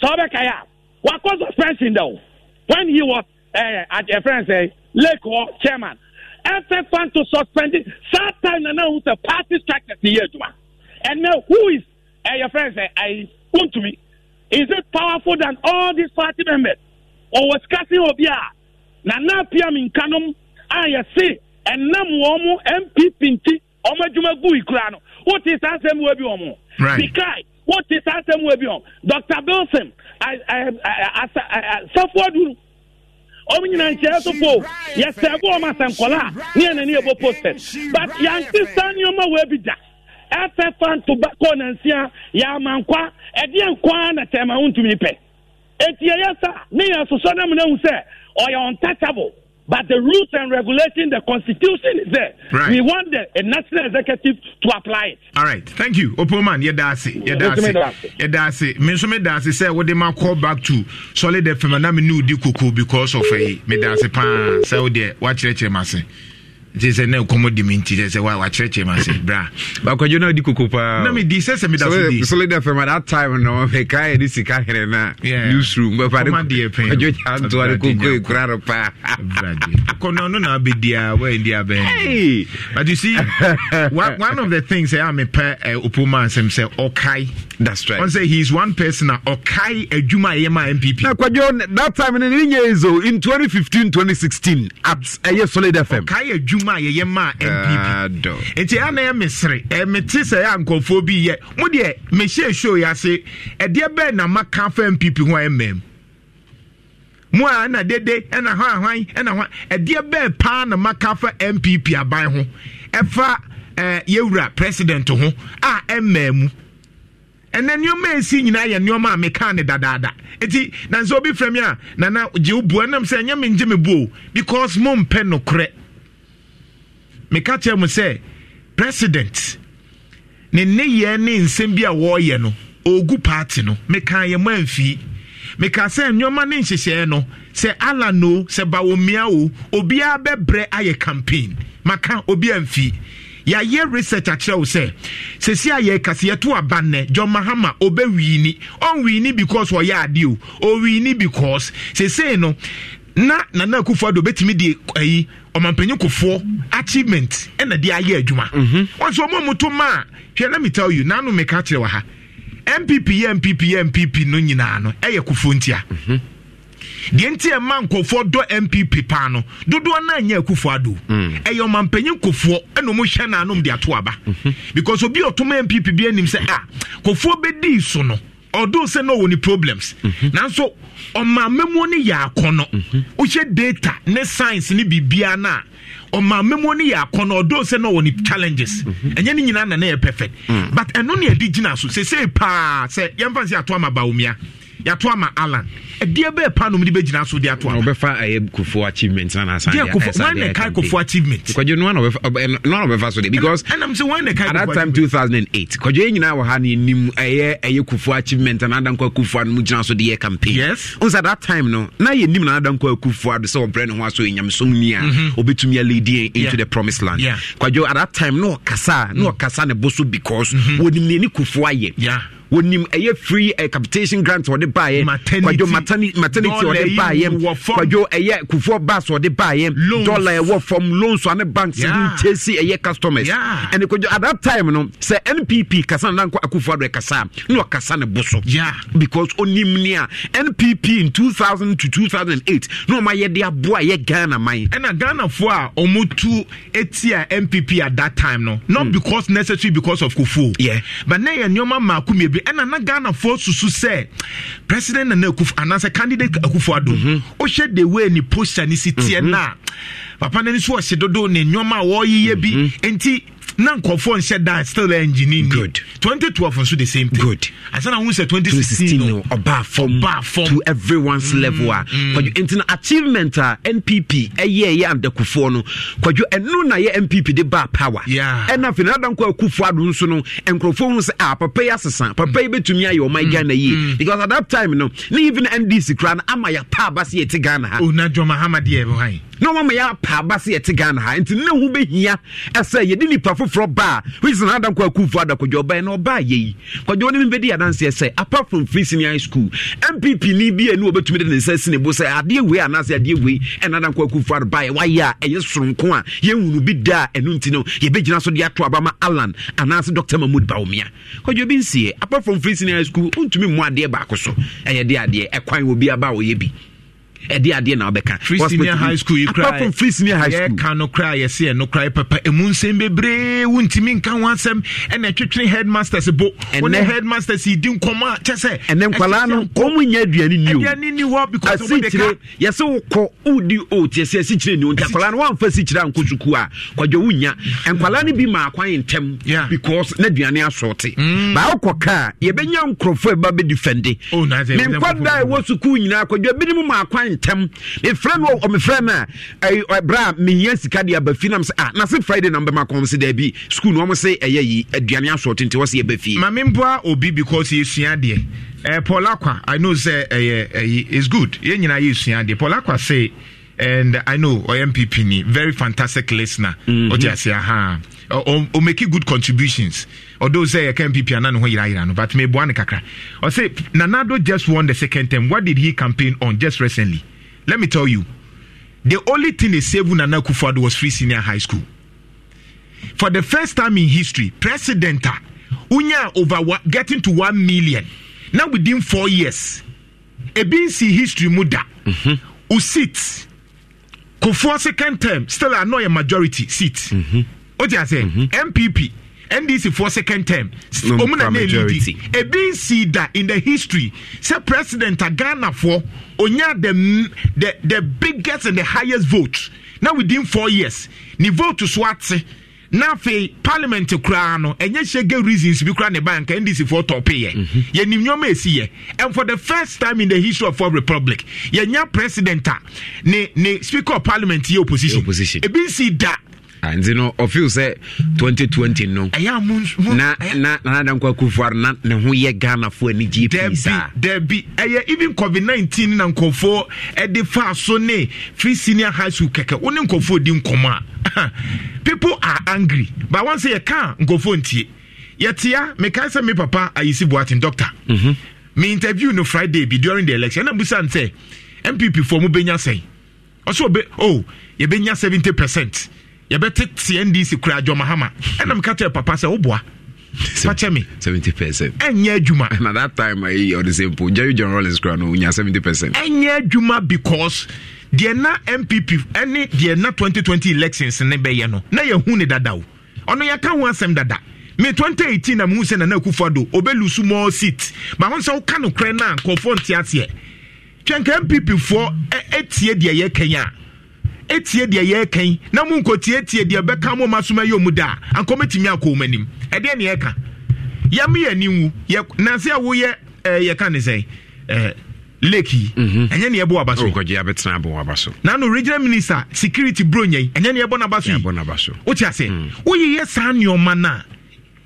So sɛ ɔbɛkae a wakɔ suspension dɛ o when he was ɛɛ uh, a friend say, lake hɔ chairman fan to suspend saa time nana ho sɛ party structures ni yɛ And now who is ɛyɛ uh, friend sɛ ayi wontumi is it powerful than all these party members. ɔwɔ sika se obi a nana piam nkanom a yɛse ɛnam wɔn mu npp nti wɔn adwuma gu ikura no wote saa nsɛm wo bi wɔn sikai wote saa nsɛm wo bi wɔn dr bilson asafo aduru wɔn nyinaa nkyɛn so po yɛsɛɛbo wɔn asɛnkɔla a ne yɛn nani ɛbɔ posters but yɛnte saa nneɛma wo bi da ɛfɛ fan tobacco nansia yɛ ɛdeɛ nkwa na tɛma ho pɛ eti ɛyɛ sa ne yɛn soso ne mu ne mu sɛ ɔyɛ untouchable but the rules and regulating the constitution is there. Right. We want the a national executive to apply it. All right. Thank you. Opoman, yedase, yedase, yedase. Menso me dase say what they might call back to solid FM and I'm new di kuku because of a eh, me dase pan say what they watch it nti sɛ kɔmɔ di mi sɛ wa wakyerɛkyerɛ ma sɛ bra wakɔdwo na wodi koko paa na medi sɛ sɛ meda so di solid fm at that time no mekae ne sika hene no newsroom bɛfadeadwo kyantoa ne kokoi kora no paa kɔnɔ no na abɛdi a woandi abɛn but you see one of the things ɛa mepɛ eh, opoma asɛm sɛ ɔkae That's right. Once he is one person now. Uh, okay, Ejuma Yema MPP. Now, Kwajon, that time in Ninyezo in 2015, 2016 at a solid FM. Okay, Ejuma Yema MPP. Ah, It's an emissary. Eh, a metis a uncophobia. Yet, Mudia, Michelle Show, I say, a eh, dear Ben, a Macan for MPP, who I am. mo a na dede ɛna hwan hwan ɛna hwan ɛdeɛ bɛɛ paa na maka fa eh, npp aban ho ɛfa ɛɛ yɛwura president ho a ɛmmaa mu ɛnɛ nneɛma a ɛsi nyinaa yɛ nneɛma a meka ne dadaada eti na nso obi fira mi a nana gye o bu ɛnam sɛ ɛnyɛ mi ngye mi bu o because mo mpɛ nokorɛ meka kyerɛ mo sɛ president ne ne nneyɛɛ ne nsɛm bi a wɔreyɛ no ogu party no meka yɛ mo amfii meka sɛ nneɛma ne nhyehyɛɛ no sɛ alano o sɛ bawomia o obiara bɛbrɛ ayɛ campaign maka obi amfii yɛayɛ research akyerɛ wo sɛ sɛsi a yɛkase yɛto aba nnɛ john mahama ɔbɛwiini ɔnwiini because ɔyɛ ade o ɔwiini because sɛsei no na nana akufo ado bɛtumi de ayi ɔmampanyin kofoɔ achievement ɛna de ayɛ adwuma mhm. ɔnso ɔmo mu to ma a let me tell you nanu meka kyerɛ wɔ ha npp yɛ npp yɛ npp no nyinaa no ɛyɛ kofo ntia. Mm -hmm deɛ nti ɛma nkɔfoɔ dɔ npp paa no dodoɔ no anyɛ akufo ado mm. ɛyɛ ɔmampanyin kɔfoɔ ɛna ɔmo hyɛ n'anom de ato aba mhm. because obi ɔtoma npp bi anim sɛ a ah, kɔfoɔ bɛdii so no ɔdo sɛ na ɔwɔ ne problems mhm. nanso ɔmaamamuo no yɛ akɔnɔ mhm. wohyɛ data ne science ne biribia no a ɔmaamamuo no yɛ akɔnɔ ɔdo sɛ na ɔwɔ ne challenges ɛnyɛ ne nyinaa na na yɛ perfect mm. but ɛno ne yɛde gyina so sesei paa sɛ yɛmfa sɛ ato ama baomia yàtọ̀ ama alan ɛdeɛ bɛɛ pa nom de bɛgyina so de ato ama. ɔbɛfa ɛyɛ eh, kofo achievement eh, na eh, na asan deɛ kofo wọn na ɛka kofo achievement. kɔjɔ nua na ɔbɛfa nua so de because at that time two thousand and eight kɔjɔ yɛn nyinaa wɔ ha ne nim ɛyɛ ɛyɛ kofo achievement na adankwa kofo anum gyina so de yɛ campaign. yes n that time no na yɛ nim na adankwa kofo ado sɛ ɔbrɛ ne ho aso enyamsom ni mm-hmm. a obetumi alidi into the promised land. kɔjɔ at that time na ɔkasa na ɔkasa ne bo so because wɔnim ne ni kofo ayɛ wɔnim ɛyɛ free uh, capitation grant wɔde baayɛ kwadwo maternity wɔde baayɛ kwadwo ɛyɛ kufuɔ bus wɔde baayɛ dollar ɛwɔ fam loans ane banks ne nkyɛsi ɛyɛ customers ɛne kwadwo at that time no sɛ npp kasa no nankɔ akufo ado ɛkasa na ɔkasa ne bo so because onim ni a npp in two thousand to 2008 na ɔma yɛde aboa yɛ ghana man ɛna ghanafoɔ a ɔmo tu eti a npp at that time no not mm. because necessary because of kufu, yeah. but na yɛ nneɛma mmaako mmienu bebree ɛna na ghanafoɔ susu sɛ president nana akufo anaasɛ candidate akufo ado mhm. wohyɛ de wei ne posta ne si teɛ mhm. no a papa no so ɔhye dodo ne nneɔma a wɔreyeyɛ bi enti mhm na nkɔfoɔ nhyɛ da still engineering good 2012 nso the same thing good asana ho sɛ 2016 no ɔbaa fam ɔbaa fam to everyone's mm, level a mm. kwadwo nti achievement a npp ɛyɛ ɛyɛ adakofoɔ no kwadwo ɛno na yɛ npp de baa power yeah. ɛna afei na adankɔ akufo ado nso no nkurɔfoɔ hu sɛ a ah, papa yi asesa papa mm. yi bɛtumi ayɛ ɔma mm, ghana yie mm. because at that time no ne even ndc koraa no ama yɛpa aba sɛ yɛte ghana ha ɔna dwɔmahama deɛ ɛbɛhan na ɔma ma yɛapa aba sɛ yɛte ghana ha nti ne ho bɛhia ɛsɛ yɛde nipa ɔba foforɔ ba a which is another nkɔ akufo adɔ kɔdwa ɔba na ɔba ayɛ yi kɔdwa ne mbɛdi adanseɛ sɛ apart from free senior high school npp ni bi ɛnu obetumi de ne nsa si ne bo sɛ adeɛ wei anaasɛ adeɛ wei ɛna ada nkɔ akufo adɔ ba yɛ wayɛ a ɛyɛ soronko a yɛnwunu bi da a ɛnu nti no yɛbɛgyina so de ato aba ma alan anaasɛ dr mahmood baomia kɔdwa bi nsie apart from free senior high school ntumi mu adeɛ baako so ɛyɛ de adeɛ ɛkwan wɔ bi aba a ɔyɛ bi ɛde adeɛ na wobɛka free senior high school yi kra from free senior high school yɛka no kra yɛse ɛno kra papa ɛmu nsɛm bebree wontumi nka ho asɛm ɛna ɛtwetwe headmasters bo wone headmasters yi di nkɔmɔ a kyɛ sɛ ɛnɛ nkwalaa no kɔmu nyɛ aduane ni o aduane ni hɔ because asikyire yɛse wokɔ wodi o tiɛ sɛ asikyire ni o nti akwalaa no wamfa asikyire ankɔ suku a kɔdwa wonya nkwalaa no bi maa kwan ntɛm because na aduane asɔɔte mm. baa wokɔ kaa yɛbɛnya nkurɔfoɔ a ɛba bɛdifɛnde oh, menkwa da ɛwɔ sukuu nyinaa kɔdwa binom maa kwan yɛ ntɛm mefrɛ no ɔmefrɛ me a ɛberɛ a mehia sika de aba fie nam sɛ a ah, na se friday na mbɛma kɔm sɛ daabi skul no ɔm sɛ ɛyɛ yi aduane asɔɔte nti wɔ sɛ yɛba fie ma memboa obi because yɛsua deɛ uh, Paul Akwa, I know say uh, uh, is good. Yen nyina yi sua de Paul Akwa say and I know OMPP ni very fantastic listener. Mm-hmm. Oja say aha. O, o, make good contributions although say yɛka npp ana ne ho yerayera no but meboa ne kakra ɔse nanado just won the second term what did he campaign on just recently let me tell you the only thing they saved nana kufuado was free senior high school for the first time in history president unya over one, getting to one million now within four years ebi nsi history mu da mm-hmm. usit kufuor second term still anɔ a majority seat o ti a sɛ npp ndc for second term ɔmu na ne lead ebi nsi da in the history sɛ president a ghana for onya the the the biggest and the highest vote Now within four years ne vote to swat. na afei parliament koraa no ɛnyɛ hyɛge reasons bi koraa ne bank ndc foɔ tɔpe yɛ mm-hmm. yɛnim nneɛma esi yɛ and for the first time in the history of our republic yɛnya president a ne ne speaker of parliament yɛ opposition ebi nsi da. Ah, nti no ɔfeel sɛ 2020 no na na nanadanko akufoar na ne ho yɛ ghanafoɔ ani gyee pii saa dabi ɛyɛ even covid-19 na nkɔfoɔ ɛde faa so ne free senior high school kɛkɛ wo ne nkɔfoɔ di nkɔmmɔ a people are angry but once yɛka a nkɔfoɔ ntie yɛtea mekae sɛ me papa ayisi boaten doctor mm-hmm. me interview no friday bi during the election na busa n sɛ mpp foɔ mu bɛnya sɛn ɔsɛ o oh, yɛbɛnya 70 percent yɛbɛte tndc kura adwɔmahama ɛna meka kyerɛ papa sɛ woboa fakyɛ me percent ɛnyɛ adwuma time ayi ɔde sɛ mpo jerry john rollins kura no percent ɛnyɛ adwuma because deɛ na mpp ɛne deɛ na 2020 elections ne bɛyɛ no na yɛhu ne dada o ɔno yɛka ho asɛm dada me 2018 na mehu sɛ nana akufado ɔbɛlusu more seat ma ho sɛ woka nokorɛ no a nkɔɔfoɔ nte aseɛ twɛnka mpp ɛtie deɛ yɛkɛn a etie deɛ yɛ kɛn na mu nkɔtie tie deɛ bɛka mo ma soma yɛ mu da ankɔmɛtumi akɔ wɔn anim ɛdeɛ ne yɛka yɛmi yɛ ani wu yɛ nansi a woyɛ ɛɛ yɛka ne sɛn ɛɛ lake mhm. ɛnyɛ ne yɛbɔ aba so na no regional minister security bro nyɛ yi ɛnyɛ ne yɛbɔ n'aba so yi wote ase mm. woyɛ yɛ saa nneɛma naa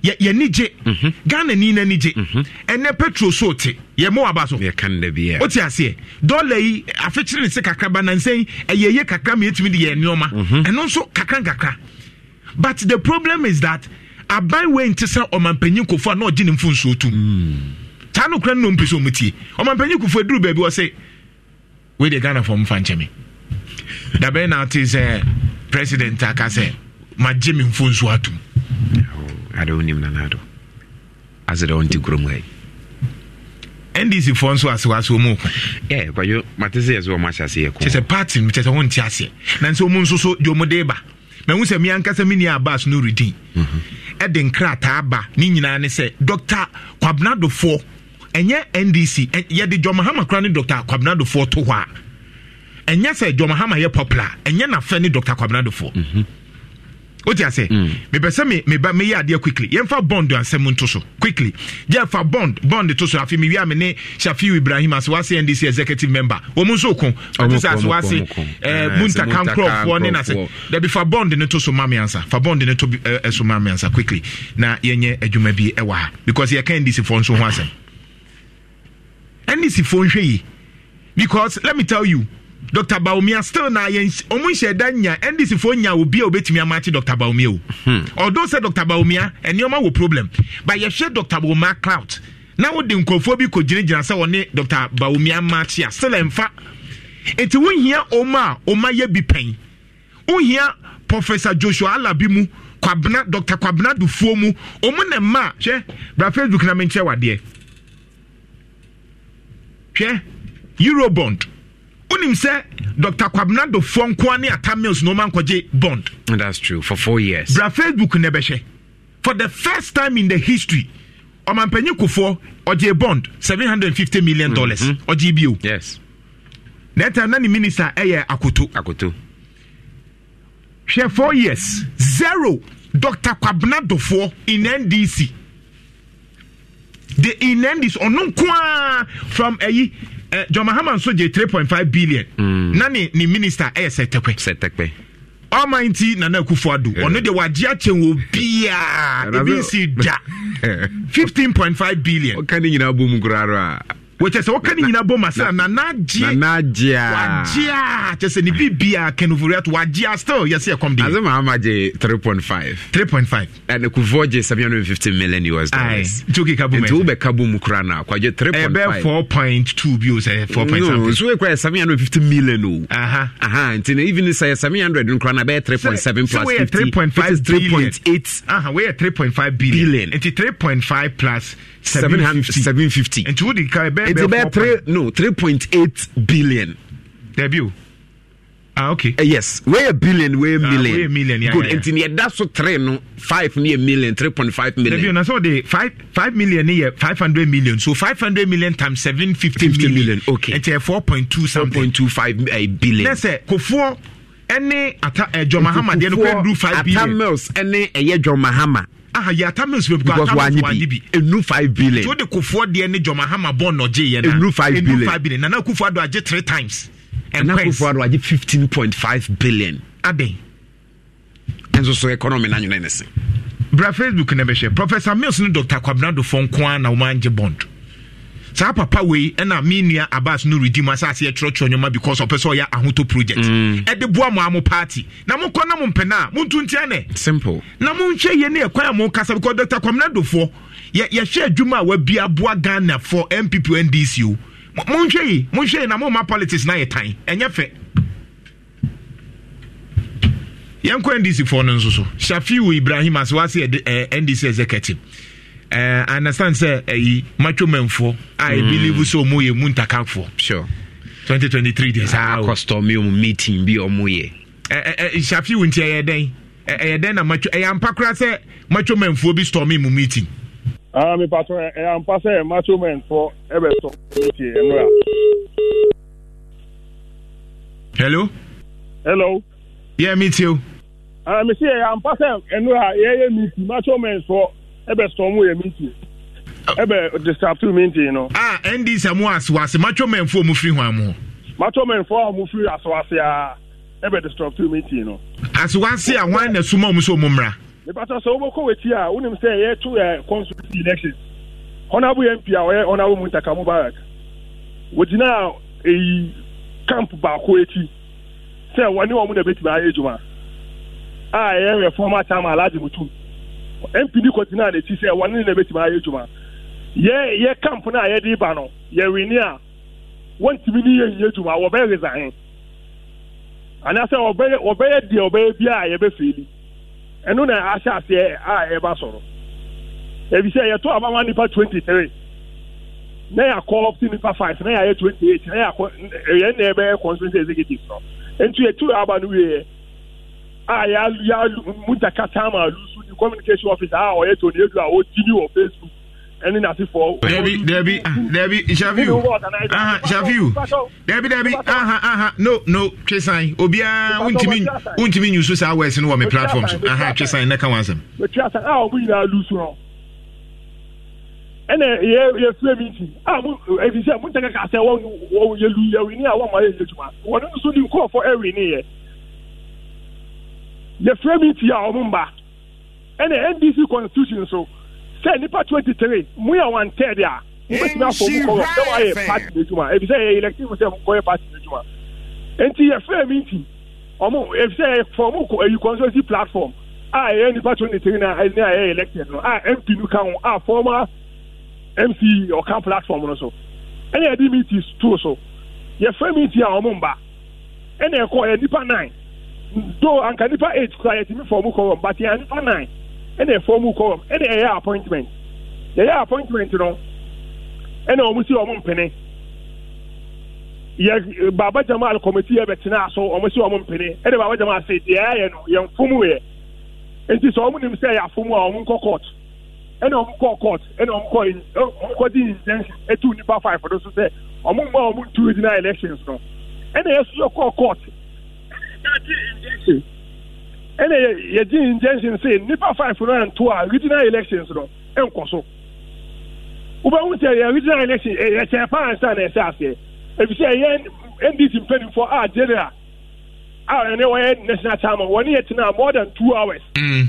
yɛni gye mhm. ghana ni na ni gye ɛnɛ mhm. petro so te yɛmɔ aba so o ti aseɛ dɔla yi afekyere ne se kakra ba nansɛn ɛyɛ yɛ kakra mi etumi de yɛ nneɛma ɛno mhm. nso kakra nkakra but the problem is that aban wei nti sɛ ɔmampanyin kofo a na ɔgye ne mfonsuo tum saa mm. no kura no mpɛ sɛ ɔmu tie ɔmampanyin kofo aduru baabi ɔsɛ wei de ghana fɔ mfa nkyɛn mi dabɛn na ate sɛ president aka sɛ ma gye me mfonsuo atum. ade wonim nanado ase dɛ wonte kurom hai ndc foɔ nso asewaase ɔmu kwadwo mate sɛ yɛ sɛ ɔma ahyɛ aseɛ ko party no kyɛ sɛ wonte aseɛ mm-hmm. nanso ɔmu nso so deɛ ɔmu de ba mahu sɛ meankasa me nia abas no redin ɛde nkrataa ba ne nyinaa ne sɛ dɔkta kwabenadofoɔ ɛnyɛ ndc yɛde dwamahama kora ne dɔkta kwabenadofoɔ to hɔ a ɛnyɛ sɛ dwamahama yɛ popular ɛnyɛ nafɛ ne dɔkta kwabenadofoɔ mm -hmm. wote ase mm. mepɛ sɛ meba meyɛ adeɛ quickly yɛmfa bond ansɛm nto so quickly gyɛmfa bond bond to so afei mewia me ne shafiu ibrahim ase wase ndc executive member wɔm nso ko ate sɛ ase wase eh, eh, muntaka nkurɔfoɔ ne nase dabi fa bond no to so ma me ansa fa bond no to eh, so ma me ansa quickly na yɛnyɛ adwuma bi ɛwɔ ha because yɛka ndc foɔ nso ho asɛm ndc foɔ nhwɛ yi because let me tell you dr baumia still na yɛn ɔmo nhyɛ da nya ndc fo nya obi a obetumi ama ate dr baumia o ɔdo hmm. sɛ dr baumia nneɛma wɔ problem ba yɛhwɛ dr baumia clout na wɔde nkurɔfoɔ bi kɔ gyinagyina sɛ wɔne dr baumia ma ate a still ɛnfa nti wohia ɔmo a ɔmo ayɛ bi pɛn wohia professor joshua alabi mu kwabena dr kwabena dufuo mu ɔmo na mma hwɛ bra facebook na menkyerɛ wadeɛ hwɛ eurobond wonim sɛ dr kwabena nkoa ne ata mills na ɔma nkɔgye bond that's true for four years bra facebook na ɛbɛhwɛ for the first time in the history ɔmampanyin kofoɔ ɔgye bond 750 million dollars mm -hmm. ɔgye bio yes na ɛtam na ne minister ɛyɛ akoto akoto hwɛ four years zero dr kwabena dofoɔ in ndc the in ndc ɔno nkoa from ɛyi eh, john mahama nso gye 3.5 billion mm. na ne ne minister ɛyɛ eh, sɛtɛpɛ sɛtɛpɛ ɔman ti nana akufo ado eh. ɔno deɛ wagye akyɛn wɔ biaa eh, ebi nsi da 15.5 eh. billion ɔka ne nyinaa bɔ mu koraa a wɔkyɛ sɛ wɔka ne nyina bɔ ma sɛ nanagyewagye a kyɛ sɛ ne biribia kanuforiat wagye a still yɛsɛ yɛkɔm de asɛ maama gye 3.5 3.5 ɛne kufoɔ gye 750 million us dollars nti wobɛka bɔ mu kora no kwagye 3.5 4.2 bio sɛ 4.so wekora yɛ 750 million o aha nti no even sɛ 700 no kora no bɛyɛ 3.7 plus 50 3.8 aha wɔyɛ 3.5 billion nti 3.5 plus 750 nti wodi ka ɛbɛ ɛbɛ four point no billion dɛbi ah okay eh, yes wey a billion wey a ah, million wey a million good yeah, yeah. nti yɛ three no five ne yɛ million 3.5 million dɛbi o na so five five million ne yɛ 500 million so 500 million times 750 million, million okay nti yɛ 4.2 something 4.25 uh, eh, billion nɛsɛ kofoɔ ɛne ata ɛjɔ eh, mahama deɛ no kɔ du 5 billion atamels ɛne ɛyɛ jɔ mahama aha yɛ ata mills bɛ because wanyi bi enu five billion tí o de kofoɔ deɛ ne jɔnma hama bɔn nɔgye yɛ na enu five billion enu five billion nana do agye three times nana kofoɔ do agye fifteen point five billion aden nso so ekonomi na nyina ne se. bra facebook na bɛhwɛ professor mills ni dr kwabena dofo nko ara na wɔn angye bond saa papa wei ɛna me nua abas no redi mu asase ɛtwerɛtwerɛ nnwoma because ɔpɛ sɛ ɔyɛ ahoto project mm. ɛde boa mo a mo party na mokɔ na mo mpɛna a monto ntia simple na monhwɛ yɛ ne ɛkwan a mokasa because dr kwamena dofoɔ yɛhwɛ adwuma a wabi aboa ghanafoɔ mpp ndc o monhwɛ yi monhwɛ yi na moma politics na yɛ tan ɛnyɛ fɛ yɛnkɔ ndc foɔ no nso so shafiu ibrahim asewase ndc executive uh, I understand sɛ ɛyi eh, macho manfoɔ mm. ah, eh, a ebi live ah, so ɔmo yɛ mu ntakafoɔ. sure. 2023 deɛ saa o. akɔstɔmi ɔmo meeting bi ɔmo yɛ. ɛ ɛ nsafi wo nti ɛyɛ dɛn ɛyɛ dɛn na macho ɛyɛ ampa kura sɛ macho manfoɔ bi stɔmi mu meeting. aa mi pato ɛyɛ ampa sɛ macho manfoɔ ɛbɛ stɔ meeting ɛnu hello. hello. yɛ yeah, mi ti o. aa mi si ɛyɛ ampa sɛ ɛnu a yɛyɛ meeting macho manfoɔ ɛbɛ storm yɛ meeting ɛbɛ disrupt meeting no. a ndc mu asewase matwa mɛnfo mu firi hwan mu. matwa mɛnfo a mu firi asewase a ɛbɛ disrupt meeting no. asewase a hwan na suma mu sɛ ɔmo mmra. nípasẹ̀ sọ wọ́n kọ́ wẹ̀tí a wọ́n nim sẹ́ yẹ́ tó yẹ constituency election honourable mp a ɔyɛ honourable muntaka mubarak wɔgyina eyi camp baako akyi sɛ wɔne wɔn na bɛtumi ayɛ adwuma a ah, ɛyɛ reformer chairman alhaji mutum npd kɔtena a n'ekyi sɛ wɔn ne na ebetumi ayɛ adwuma yɛ yɛ camp na yɛde ba no yɛwini a e e wɔntumi ne yɛ nyɛ adwuma wɔbɛyɛ resign anaasɛ wɔbɛyɛ wɔbɛyɛ deɛ wɔbɛyɛ a yɛbɛfiri na ahyɛ aseɛ a yɛba soro ebi sɛ yɛtɔ abama nipa twenty three na ya akɔ up nipa five na yɛ twenty na yɛ akɔ yɛn na executive ntu aba a yɛ deputy communication officer a ɔyɛ tony edu a ɔdi bi wɔ facebook ɛne n'asefo. dɛbi dɛbi dɛbi shafiu aha shafiu dɛbi dɛbi aha aha no no twesan obiara wuntumi wuntumi nyusu saa wɛsi no wɔ mi platform so aha twesan ne ka wɔn asɛm. metwi asan a ɔmo nyinaa lu so no ɛna yɛ yɛ fure mi ti a mo ebi sɛ mo tɛgɛ k'a wɔn wɔn yɛ lu yɛ wini a wɔn ma yɛ yɛ juma wɔn nso ni nkɔɔfɔ ɛwini yɛ yɛ fure mi ti a ɔmo mba ɛna ndc constitution so sɛ nipa twenty three mu yɛ one third a mubɛtumi afɔ mu kɔrɔ sɛ wayɛ party n'edwuma ebisɛ yɛ elective sɛ mu kɔyɛ party n'edwuma nti yɛfrɛ mi nti ɔmo efisɛ fɔmu eyi eh, consultancy platform a ɛyɛ nipa twenty three na ɛni a ɛyɛ elected no a mp nu ka a former mc ɔka platform no so ɛna yɛde meeting too so yɛfrɛ meeting a ɔmo mba ɛna ɛkɔ yɛ nipa nine do anka nipa eight kura yɛtumi fɔmu kɔrɔ but yɛ nipa nine ɛna ɛfɔ mu kɔ ɛna ɛyɛ appointment yɛyɛ appointment no ɛna wɔn si wɔn mpene yɛ baba jamal committee yɛ bɛtena so wɔn si wɔn mpene ɛna baba jamal sɛ deɛ ayɛ no yɛn fumu yɛ nti sɛ wɔn nim sɛ yɛ afumu a wɔn nkɔ court ɛna wɔn kɔ court ɛna wɔn kɔ wɔn kɔ di intention etu nipa five do so sɛ wɔn mma wɔn ntu gyina elections no ɛna yɛ so yɛ kɔ court ɛna di intention ɛna yɛgye injunction sɛ nnipa five no anto a regional elections no ɛnkɔ so wobɛhu sɛ yɛ regional election yɛkyɛn paa nsa na ɛsɛ aseɛ ɛfisɛ ɛyɛ ndc mpanimfoɔ a general a ɛne wɔyɛ national chairman wɔne yɛtena more than two hours mm.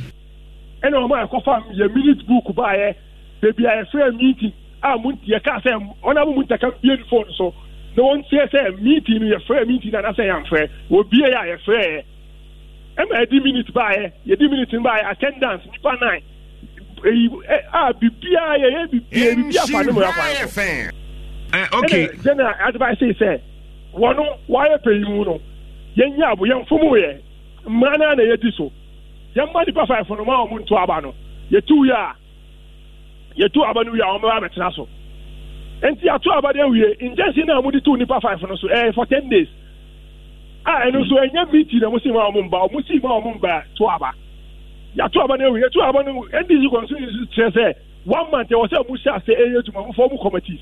ɛna ɔma ɛkɔfa yɛ minute book baayɛ baabi a yɛfrɛ meeting a yɛka sɛ ɔna mo mu ntaka bie ne phone so na wɔntiɛ sɛ meeting no yɛfrɛ meeting no anasɛ yɛmfrɛ wɔbie yɛ a yɛfrɛɛ ɛma yɛdi minute baayɛ yɛdi minute baayɛ attendance nipa nine eyi a bibiara yɛyɛ bibiara bibi afa ne mu afa ne ho ɛna general advice yi sɛ wɔn wɔayɛ pɛyimu no yɛnyɛ abo yɛn fom yɛ mmaa naa na yɛdi so yɛn mma nipa five no maa wɔn nto aba no yɛtu yɛ a yɛtu aba no wie a wɔn bɛ abɛtena so nti ato aba deɛ wie injection naa wɔde tu nipa five no so ɛyɛ for ten days. Ah, a ɛno nso ɛnyɛ meeting na mo si ma ɔmo mba ɔmo si ma ɔmo mba to aba yato aba no ewu yato aba no ndc constitution kyerɛ sɛ one month ɛwɔ sɛ mo hyɛ ase ɛyɛ adwuma mo fɔ mo committees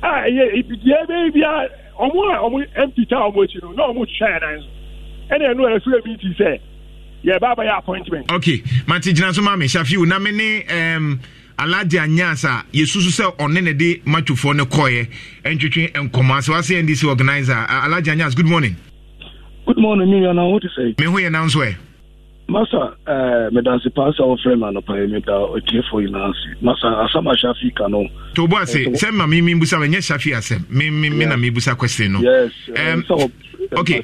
a ɛyɛ ibidie bɛyɛ bi a ɔmo a ɔmo mp ta ɔmo akyi no na ɔmo twɛ ɛdan so ɛna ɛno ɛfiri meeting sɛ yɛba abɛyɛ appointment. okay mate gyina so maa mi shafiu na mi ni. Um... alagye anyaasa a yɛsusu sɛ ɔne ne de matwofoɔ no kɔeɛ ntwetwe nkɔmmɔ ase wase ndc organizer alagye anyaasa good morning good morning mi nua na o you say? mi hu yɛ nan so ɛ. masa ɛɛ mɛdansi paasa ɔfrɛ mi anapa yi mi da ɔtiefo yi na ase masa asama shafi kano. to bɔ ase sɛ maa mi mi busa ma n yɛ shafi asɛm mi mi mi na mi busa question no. yes ɛm sɛ ɔ okay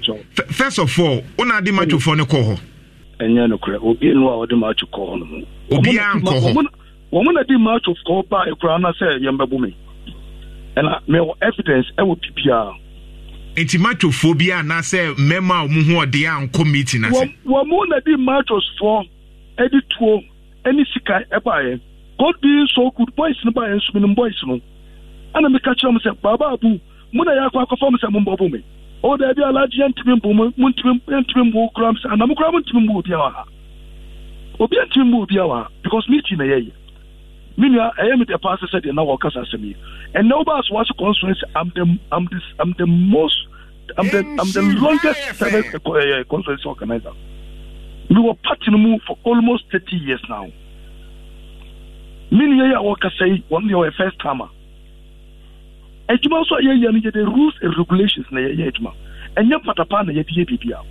first of all o na adi mm. macho fɔ ne kɔ hɔ. ɛnyɛ eh, nukurɛ obi nu a ɔdi macho kɔ hɔ nomu. obiara nkɔ hɔ. wɔn na di macho kɔ ba ekura na sɛ yɛn bɛ bu mi ɛna mɛ evidence ɛwɔ bibiara nti matwofoɔ bi anaasɛ mmarima a wɔn ho ɔde a nkɔ meeting ase. wɔn mu na di matwosfoɔ ɛde tuo ɛne sika ɛbaayɛ god be so good boys no baayɛ nso ne boys no ɛna meka kyerɛ mo sɛ baaba abu mu na yɛ akɔ akɔfa mo sɛ mo mbɔ bo me ɔwɔ daabi alaagye yɛntumi mbu mu mu ntumi mbu kura mo sɛ anam mo ntumi mbu obi awa ha obi yɛntumi mbu obi awa because meeting na yɛyɛ menua ɛyɛ me deɛ paa sɛ sɛdeɛ na wɔkasa asɛm yi ɛnɛ wobaa so wase constituency am the, am the, am the most I'm the, I'm the longest service uh, uh, constituency organizer. We were party no move for almost thirty years now. Many a, I work say one year first timer. Ejuma so yeah yeah the rules and regulations na yeah ejuma. Enya patapa na yeah yeah bibia.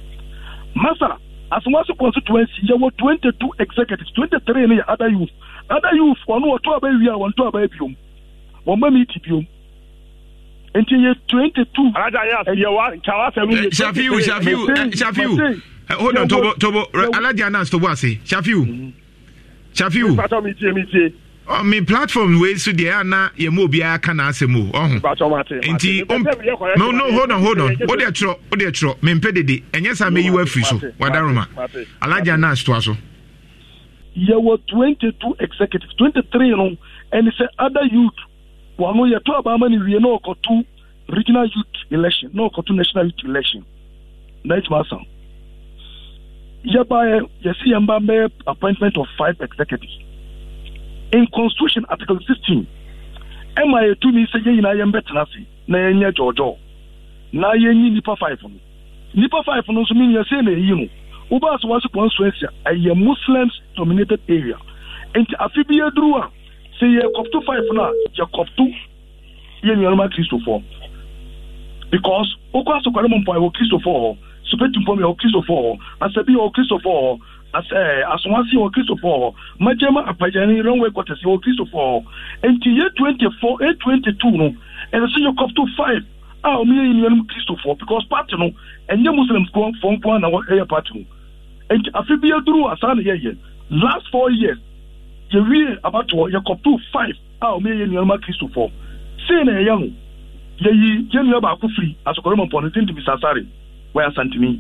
Masa as one constituency there were twenty-two executives, 23 in the other youth ada youth ɔno wɔtɔ aba wie a wɔntɔ aba biom wɔmma mi ti biom nti yɛ twenty two. alaja yɛ aseyɛ wa nkawa sɛmu yɛ twenty eh, three. shafiu shafiu eh, shafiu eh, hold on tobo tobo alaja anans tobo ase shafiu mm-hmm. shafiu. nípa tó mi tie mi tie. Oh, me platform wei so deɛ ana yɛ mu obiara ka n'asɛm o ɔho nti no no hold on hold on wode ɛtwerɛ wode ɛtwerɛ mempɛ dede ɛnyɛ saa mɛyi wo afiri so wadaroma alagya nas toa so yɛwɔ 22 executive 23 no ɛne sɛ other youth wɔno to abaama no wie na ɔkɔto regional youth election na ɔkɔto national youth election na ɛtumi asa yɛbaɛ yɛsi yɛn ba bɛyɛ appointment of five executives in constitution article 16 ɛma yɛtumi sɛ yɛn nyinaa yɛn bɛtena ase na yɛnyɛ gyɔɔgyɔɔ na yɛnyi nipa five no nipa five no nso mi yɛsɛ na ɛyi no Ubas constituency ɛyɛ Muslims dominated area nti afi bi yɛ duru a sɛ yɛ kɔpto five na yɛ kɔpto yɛ nuanoma kristofoɔ because okɔ asɔkɔrɔ mu mpɔn ɛwɔ kristofoɔ hɔ supɛti mpɔn ɛwɔ kristofoɔ hɔ asabi ɛwɔ kristofoɔ hɔ asɛɛ eh, asomasi ɛwɔ kristofoɔ hɔ magyɛma apagyani runway quarters ɛwɔ kristofoɔ hɔ nti yɛ twenty four yɛ twenty two no ɛna sɛ yɛ kɔpto five a wɔn yɛ nuanoma kristofoɔ because party no ɛnyɛ muslims kɔn fɔnkɔn na wɔyɛ party no nti afe bi aduru asaa na yɛyɛ last four years yɛwie abatoɔ yɛkɔpto five a ɔmo yɛyɛ nuanoma kristofoɔ sei na yɛyɛ ho yɛyi yɛn nua baako firi asokɔrɔ mɔpɔ ne tinti bisasare wɔyɛ asantini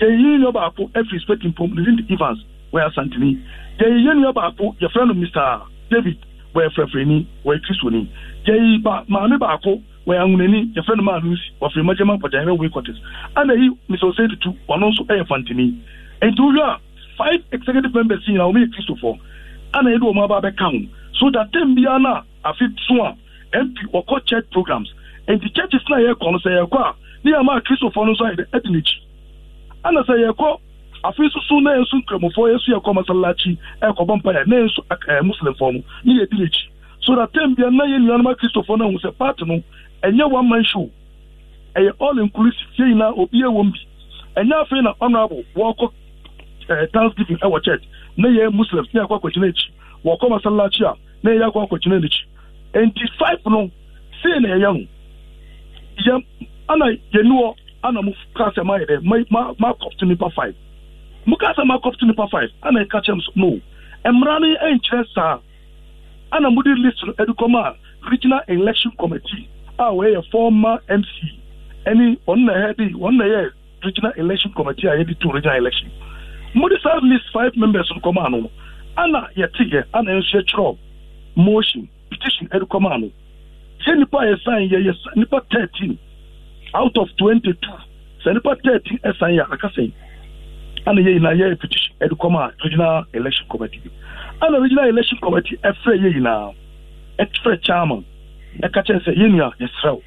yɛyi yɛn nua baako efiri spetin pom ne tinti evans wɔyɛ asantini yɛyi yɛn nua baako yɛfrɛ no mr david wɔyɛ fɛfɛni wɔyɛ kristoni yɛyi ba maame baako wɔyɛ anwunani yɛfrɛ no maa lucy wɔfiri mɛgyɛmɛ nkɔgya yɛrɛ wei kɔtis ɛna yi mr osetutu ɔno nso ɛyɛ fantini. nti wohwɛ a five executive members nyinaa wɔn yɛ kristofoɔ ana yɛde wɔn aba abɛka ho so that term na afi so a mp church programs nti churches na yɛkɔ no sɛ a ne yɛ ma kristofoɔ no nso ana sɛ na yɛn nso nkramofoɔ yɛn nso yɛkɔ na yɛn nso ɛɛ muslimfoɔ no so that na nuanom no ahu sɛ paati no ɛnyɛ one man show ɛyɛ all inclusive nyinaa obi ɛwɔ mu bi ɛnyɛ afei na honourable wɔkɔ Eh, thanksgiving ɛwɔ eh, church na yɛ muslims na yɛkɔ akɔgyina akyi wɔkɔ masalachi a na yɛ akɔ akɔgyina n'akyi nti five no sei na yɛyɛ ho yɛ ana yɛni ana mo ka sɛ ma dɛ ma ma ma kɔpto nipa five mo ka ma kɔpto nipa five ana yɛka kyerɛ mo no mmara e no ɛnkyerɛ saa ana mo de list no ɛde kɔm a regional election committee a wɔyɛ former mc ɛne ɔno na ɛyɛ de ɔno na ɛyɛ regional election committee a yɛde to regional election mode saa list five members no kɔmaa no ana yɛteyɛ ana nso yɛtwerɛ motion petition ɛde kɔmaa no sɛ nipa a yɛsan yɛ nipa thirteen out of twenty two sɛ nipa thirteen ɛsan yɛ akasɛn ana yɛ nyinaa yɛ petition ɛde kɔmaa regional election committee ana regional election committee ɛfrɛ e, yɛ nyinaa ɛfrɛ e chairman ɛka kyɛn sɛ yɛnua yɛsrɛw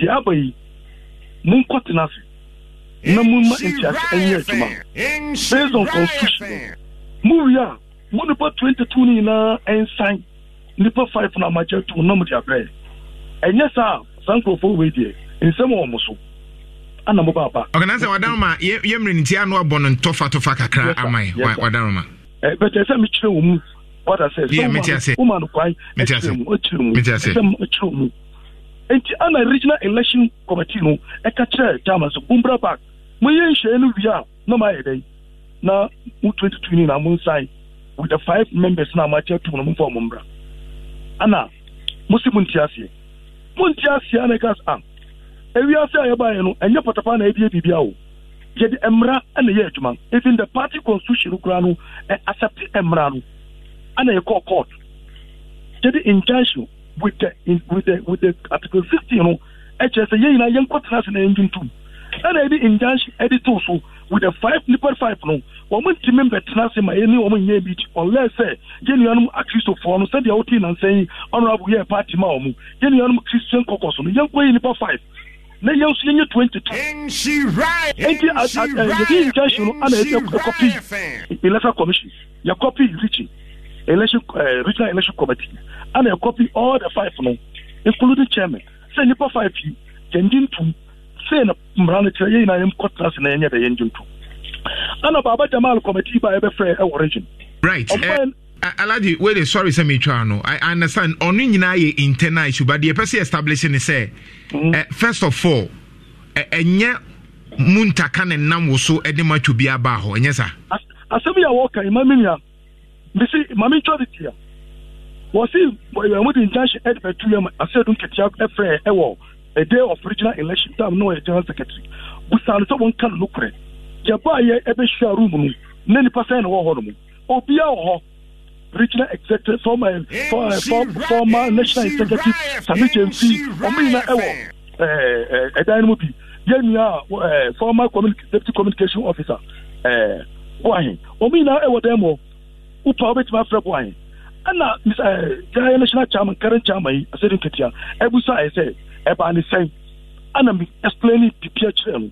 deɛ aba yi monkɔtena ase na mumma ntiase ɛnyɛ adwuma based on constitution muwie a mo nipa twenty two no nyinaa ɛnsan nipa five na amakyɛ two na mo de abrɛ ɛnyɛ saa saa nkurɔfoɔ wei deɛ nsɛm wɔ mo so ana mo baaba. ɔkana sɛ wadaroma yɛmmerɛ ne nti ano abɔ no ntɔfatofa kakra ama ɛ wadaroma bɛtɛ sɛ mekyerɛ wɔ mu wada sɛ woma no kwae kyerɛ mu ɛkyerɛ mu enti ana regional election committee no ɛka kyerɛ german sɛ bombra back monyɛ nhyiaeɛ no wie a na mayɛ dɛn na mo twenty two na mo with the five members na mo akyɛ tum na mo mfa mo mbra ana mo si mo nti aseɛ mo nti aseɛ na a ewiase a yɛbaeɛ no ɛnyɛ na ebie biribi awo yɛde mmara na ɛyɛ adwuma even the party constitution no ɛ e accept mmara no ana court yɛde injunction with the with the with the article sixteen no sɛ nyinaa yɛn kɔ tena ɛna yɛde injunction ɛde to so with the five nipa five no wɔn ntumi mbɛtena ase ma ɛni wɔn nyɛ bi unless sɛ yɛn nuanom akristofoɔ no sɛdeɛ wɔte nansan yi honourable yɛ party ma wɔn yɛn nuanom christian kɔkɔso no yɛn kɔ yɛ nipa five na yẹn nso yẹn yẹ twenty two. eti yẹdi injection no ana yẹ kọpi election commission yẹ kọpi region election eh, regional election committee ana yẹ kọpi all the five no including chairman sẹ nipa five yi yẹn di ntum sai na mmara no kyerɛ yɛyina yɛm kɔtena se na yɛnyɛ dɛ yɛngye nto ana baaba jamal committee ba yɛbɛfrɛ ɛwɔ region right Open, uh, aladi wait sorry sɛ i understand ɔno nyinaa yɛ internal issue but deɛ ɛpɛ sɛ establish ne sɛ mm. uh, first of all ɛnyɛ uh, mu ntaka ne nam wo so de ma twobi aba hɔ ɛnyɛ sa asɛm yɛ wɔka ma me nua mesi ma mentwa de tia wɔ se mode injunction ɛde bɛtu yɛ ma asɛ du nketea ɛfrɛ ɛwɔ a day of regional election time na ɔyɛ general secretary busa no sɛ wɔnka no nokorɛ yɛbaa yɛ ɛbɛhyia room no na nipa sɛn na wɔhɔ no mu obiaa wɔ hɔ regional executive former former national executive sami jemfi ɔmo nyinaa ɛwɔ ɛɛ ɛdan no mu bi yɛn nua ɛɛ former deputy communication officer ɛɛ eh, buahin ɔmo nyinaa ɛwɔ eh, dan oh, mu oh. upa ɔbɛtumi afrɛ buahin ɛna ɛɛ yɛn national chairman current chairman yi asɛde nketewa ɛbusa ayɛ sɛ ɛbaa ne sɛn ana mi explain biribi akyerɛ no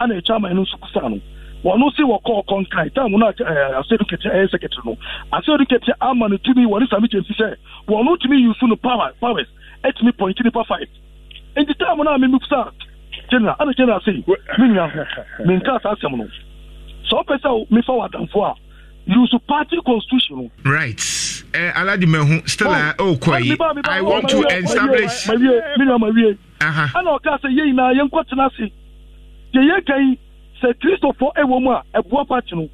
ana chairman no nso kusa no wɔn si wɔ kɔɔ kɔnkan time no ɛɛ asɛdukɛtɛ ɛyɛ sɛkɛtɛ no asɛdukɛtɛ ama no tumi wɔn sami kyɛn fi sɛ tumi use no power powers ɛtumi point nipa five nti time no mi mi kusa general ana general sɛ mi nya mi nka saa asɛm no sɛ ɔpɛ sɛ mi fa wɔ adanfo a use party constitution right. Eh, aladimahu stella eh, okwayi oh, i want to establish. ana ɔka sɛ sɛ mu a pati no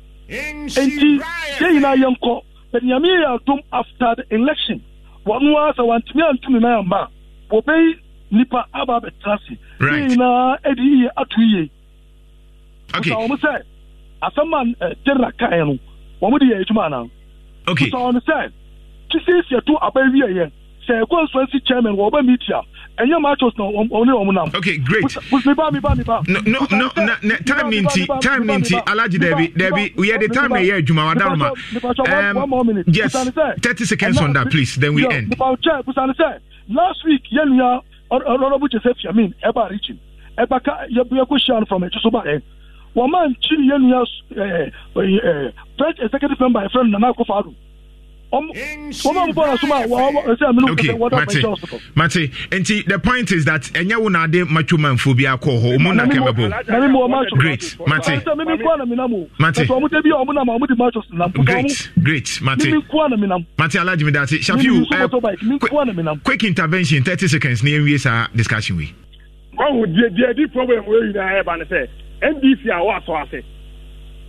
kɔ yɛ after the election wɔn wa sɛ sisi yɛto aba wie yɛ sɛ constituency chairman wɔ ɔbɛ meet a ɛnyɛ matches na ɔne ɔmo nam. okay great busi ba mi ba mi ba. no no no na na time ni nti time ni nti alaji dɛbi dɛbi yɛ de time na yɛ adwuma wa daruma ɛɛm yes eh. thirty seconds on that please then we end. busanse busanse eh. last week yẹn nuya honourable joseph yamin ɛba richin ɛba ka yɛko sian from ɛtusoba ɛ wɔn maa n kyi yɛn nuya ɛɛ ɛɛ french executive member ɛfrɛ nana akofo ado mate nti the point is that ɛnyɛ wo na ade matwo manfo bi akɔ hɔ ɔmu na kɛbɛbɔ great mate great great mate shafiu quick intervention 30 seconds na yɛnwie saa discussion wei wahu deɛ deɛ di problem wei nyinaa ɛba ne sɛ ndc a wɔasɔ ase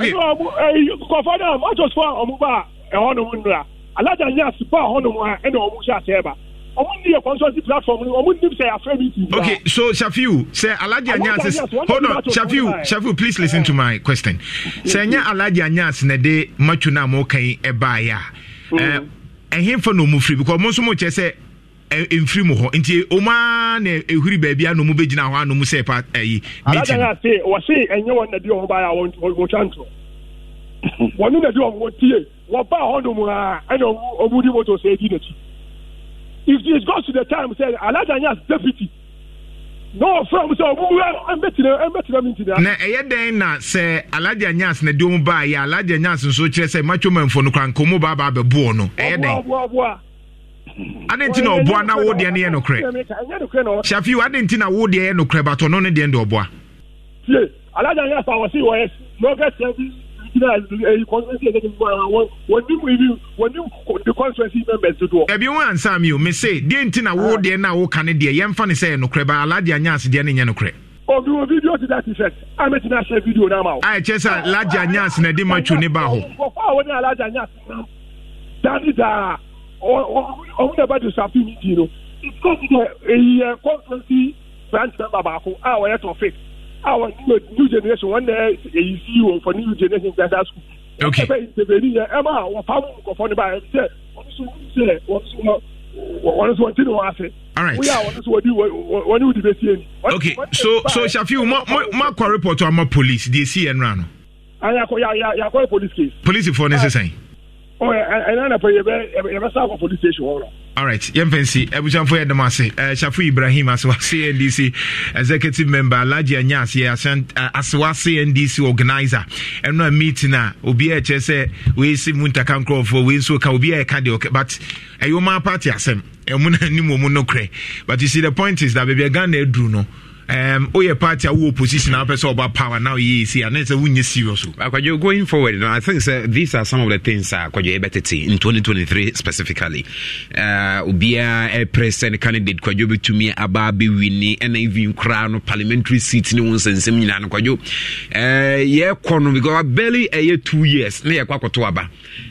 Eh, okay. so shafiu sɛ alaja anyas hold on shafiu shafiu please listen to my question mm. sɛ nye alaja anyas na de matthew naa mo kan ɛbaayɛ a ɛhɛn na ɔmo firi because ɔmo nso mo sɛ mfiri mu hɔ nti ɔma na ɛhuri baabi a nomu bɛgyina hɔ a nomu sɛ pa ayi meeting ase wɔse ɛnyɛ wɔn na di wɔn baeɛ a wɔtwa ntorɔ wɔne na di wɔn wɔtie wɔbaa hɔnom a ɛna ɔmu di moto if it goes to the time sɛ aladanya as deputy no ɔfrɛ mu sɛ ɔmu ɛmbɛtena ɛmbɛtena mi ntina na ɛyɛ dɛn na sɛ alagya nyas na di wɔn baeɛ alagya nyas nso kyerɛ sɛ matwoma mfo no kora nkɔmɔ baaba abɛboɔ no ɛyɛ dɛn adị ntị na ọbụa na wo deɛ no yɛ nokorɛ shafiu adị ntị na wo deɛ yɛ nokorɛ batɔ no ne deɛ no ɔbụa wọn ansa mi o mi se na wo deɛ na wo kan ne deɛ yɛn fa ne sɛ yɛ ba asi deɛ ne yɛ obi wo video ti da ti fɛ ami ti na se video naa ma o. a yɛ kyɛ sɛ alájà yẹn asi na ɛdi ma tu ne ba ndị wọ́n fọ àwọn ní alájà yẹn asi ɔmo na ɛba mi di no because dɛ eyi branch member baako a ɔyɛ tɔfik a ɔyɛ new generation wɔn na eyi si wɔ for new generation graduate school. okay ɛbɛ ntɛbɛni yɛ ɛma wɔpam nkɔfɔ ne ba yɛ sɛ wɔn nso sɛ wɔn nso wɔn nso wɔn ti ni wɔn ase. All right. Okay, so so Shafiu, ma ma kwa report to police. They see and run. Ayakọ ya ya ya kwa police case. Police for necessary. Uh, alright yɛmfa nsi abusuamfo yɛ dɛm ase hyafo ibrahim asewase CNDC executive member alagye anya aseɛ uh, CNDC organizer. organiser ɛno a meeting a uh, obiaa ɛkyerɛ sɛ weisi mu ntaka nkurɔfoɔ wei nso ka obiaa ɛka deɛ but ɛyɛ uh, ɔma party asɛm ɛmu no anim wɔ mu no korɛ but you see the point is that baabi a ghana aduru no um, woyɛ party a wowɔ position a wopɛ sɛ power na woyɛ ɛsi a na sɛ wonyɛ serious o going forward no i think sɛ these are some of the things a akwadwo yɛbɛtete in 2023 specifically uh, eh, obiaa ɛprɛ sɛ ne candidate kwadwo bɛtumi aba bɛwini ɛna even koraa no parliamentary seat ne wo nsɛnsɛm nyinaa no kwadwo uh, eh, yɛkɔ no because barely ɛyɛ uh, two years na yɛkɔ akɔto aba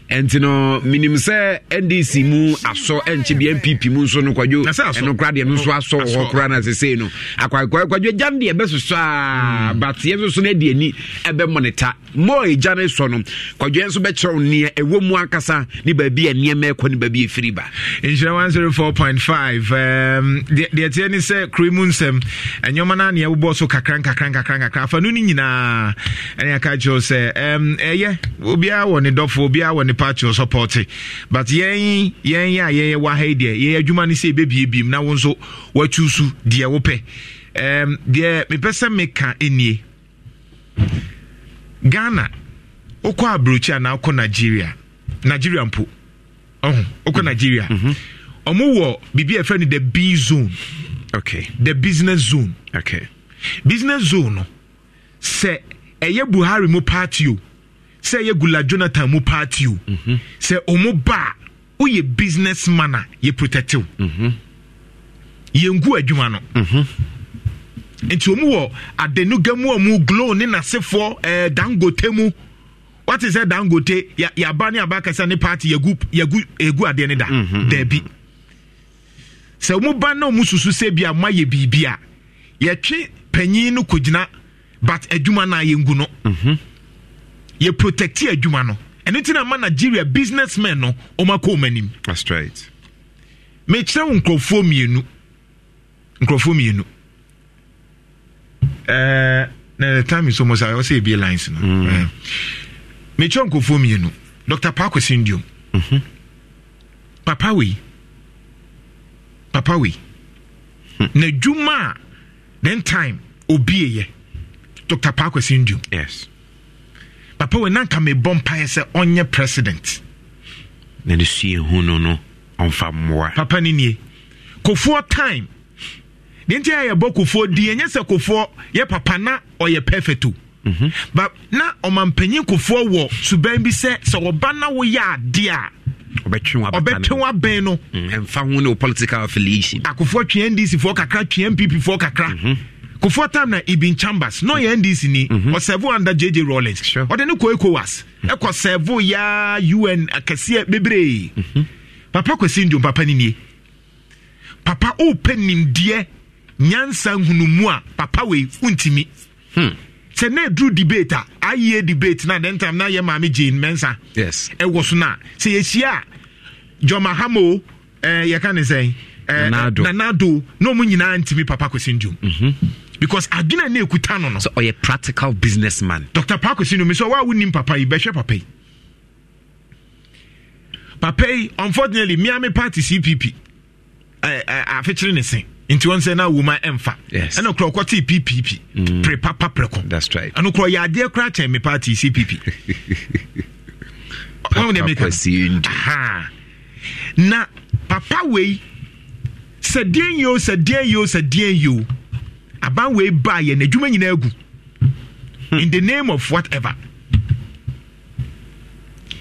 ɛnti no menim sɛ ndc mu asɔ ɛnkyɛ bi npp mu nso no kwadwo ɛno kora deɛ no nso asɔ wɔ hɔ kora no asesei no akwadwo agya no deɛ ɛbɛsosɔ a hmm. bateɛ nso so no adi ani ɛbɛmmɔ ne ta ma ɛgya no sɔ no kwadwoɛ nso bɛkyerɛ wo nneɛ ɛwɔ mu ankasa ne baabi a nneɛma ɛkɔ ne baabi ɛfiri ba nhyira 104.5 um, deɛ teɛ ne sɛ kuro mu nsɛm ɛnyɔma no neɛ wobɔ so kakra nkakra nkakra nkakra afa no no nyinaa ɛne aka kyerɛw sɛ um, ɛyɛ obiara wɔ ne dɔfoɔ obiara wɔ ne party or support but yɛn yɛn a yɛyɛ wɔ ha yi ye yɛyɛ adwuma no sɛ yɛbɛbie biem na wo nso woatu so deɛ wopɛ um, me mepɛ sɛ meka nie ghana wokɔ aburokyi anaa wokɔ nigeria nigeria mpo ɔho wokɔ mhm. nigeria mhm. ɔmo wɔ bibi a ɛfrɛ the b zone okay. the business zone okay. business zone se sɛ ɛyɛ buhari mu party o sɛ yɛ gula jonathan mu party o mhm. sɛ ɔmo ba a woyɛ business man a yɛ protective mhm. yɛngu adwuma no mhm. nti ɔmu wɔ adenuga mu a mu glo ne n'asefoɔ ɛɛ eh, dangote mu wɔte sɛ dangote yaba ne aba kasa ne party yɛgu yɛgu yɛgu adeɛ ne da dɛbi sɛ ɔmu ba na ɔmu susu sɛ bi a mo ayɛ biribi a yɛtwe panyin no kogyina but adwuma na yɛngu no. Mm -hmm yɛ protecti adwuma no ɛno nti na ama nigeria businessmen no ɔma kɔ ɔma anim that's right mekyerɛ wo nkurɔfoɔ mmienu nkurɔfoɔ mmienu ɛɛ eh, na the time is almost I ɔsɛ ebi lines no mm. eh. mekyerɛ nkurɔfoɔ mmienu dr paako sindiom mm-hmm. papa wei papa wei hmm. na a then time obieyɛ dr paako sindiom yes papa wei nanka mebɔ mpaeɛ sɛ ɔnyɛ president na ne sue no no ɔmfa papa no nie kofoɔ time deɛ nti a yɛbɔ kofoɔ di ɛnyɛ sɛ kofoɔ yɛ papa na ɔyɛ perfect o mm-hmm. but na ɔmampanyin kofoɔ wɔ suban bi sɛ sɛ wɔba na woyɛ adeɛ a ɔbɛtwe wabɛn no ɛmfa ho ne wo political affiliation akofoɔ twe ndc foɔ kakra twe mpp foɔ kakra mm -hmm kofoɔ time na ibin chambers na ɔyɛ ndc ni ɔsɛvo mm-hmm. under jj rawlins ɔde ne kɔ ecowas ɛkɔ sɛvo ya un akɛseɛ bebree papa kwasi ndwom papa ni nie papa ɔɔpɛ nimdeɛ nyansa nhunumu a papa wei ntumi sɛ na ɛduru debate a ah. ayɛ debate na den time na yɛ maame jane mensa ɛwɔ e so eh, eh, no a sɛ yɛhyia a jɔmahamo yɛka ne sɛn nanado na ɔmu nyinaa ntumi papa kwasi ndwom mm-hmm because adwene ne ekuta no no. so ɔyɛ practical businessman. dr pakosi nomi sɛ ɔwɔ a wonim papa yi bɛhwɛ papa yi papa yi unfortunately miami party cpp afekyere ne se nti wɔn sɛ na woma MFA. ɛna kura ɔkɔ te ppp pre papa prɛko ɛna kura yɛ adeɛ kura kyɛn mi party cpp wɔn de aha na papa wei sɛ den yi sɛ den yi sɛ den yi aban wei baa yɛ n'adwuma nyinaa agu hmm. in the name of whatever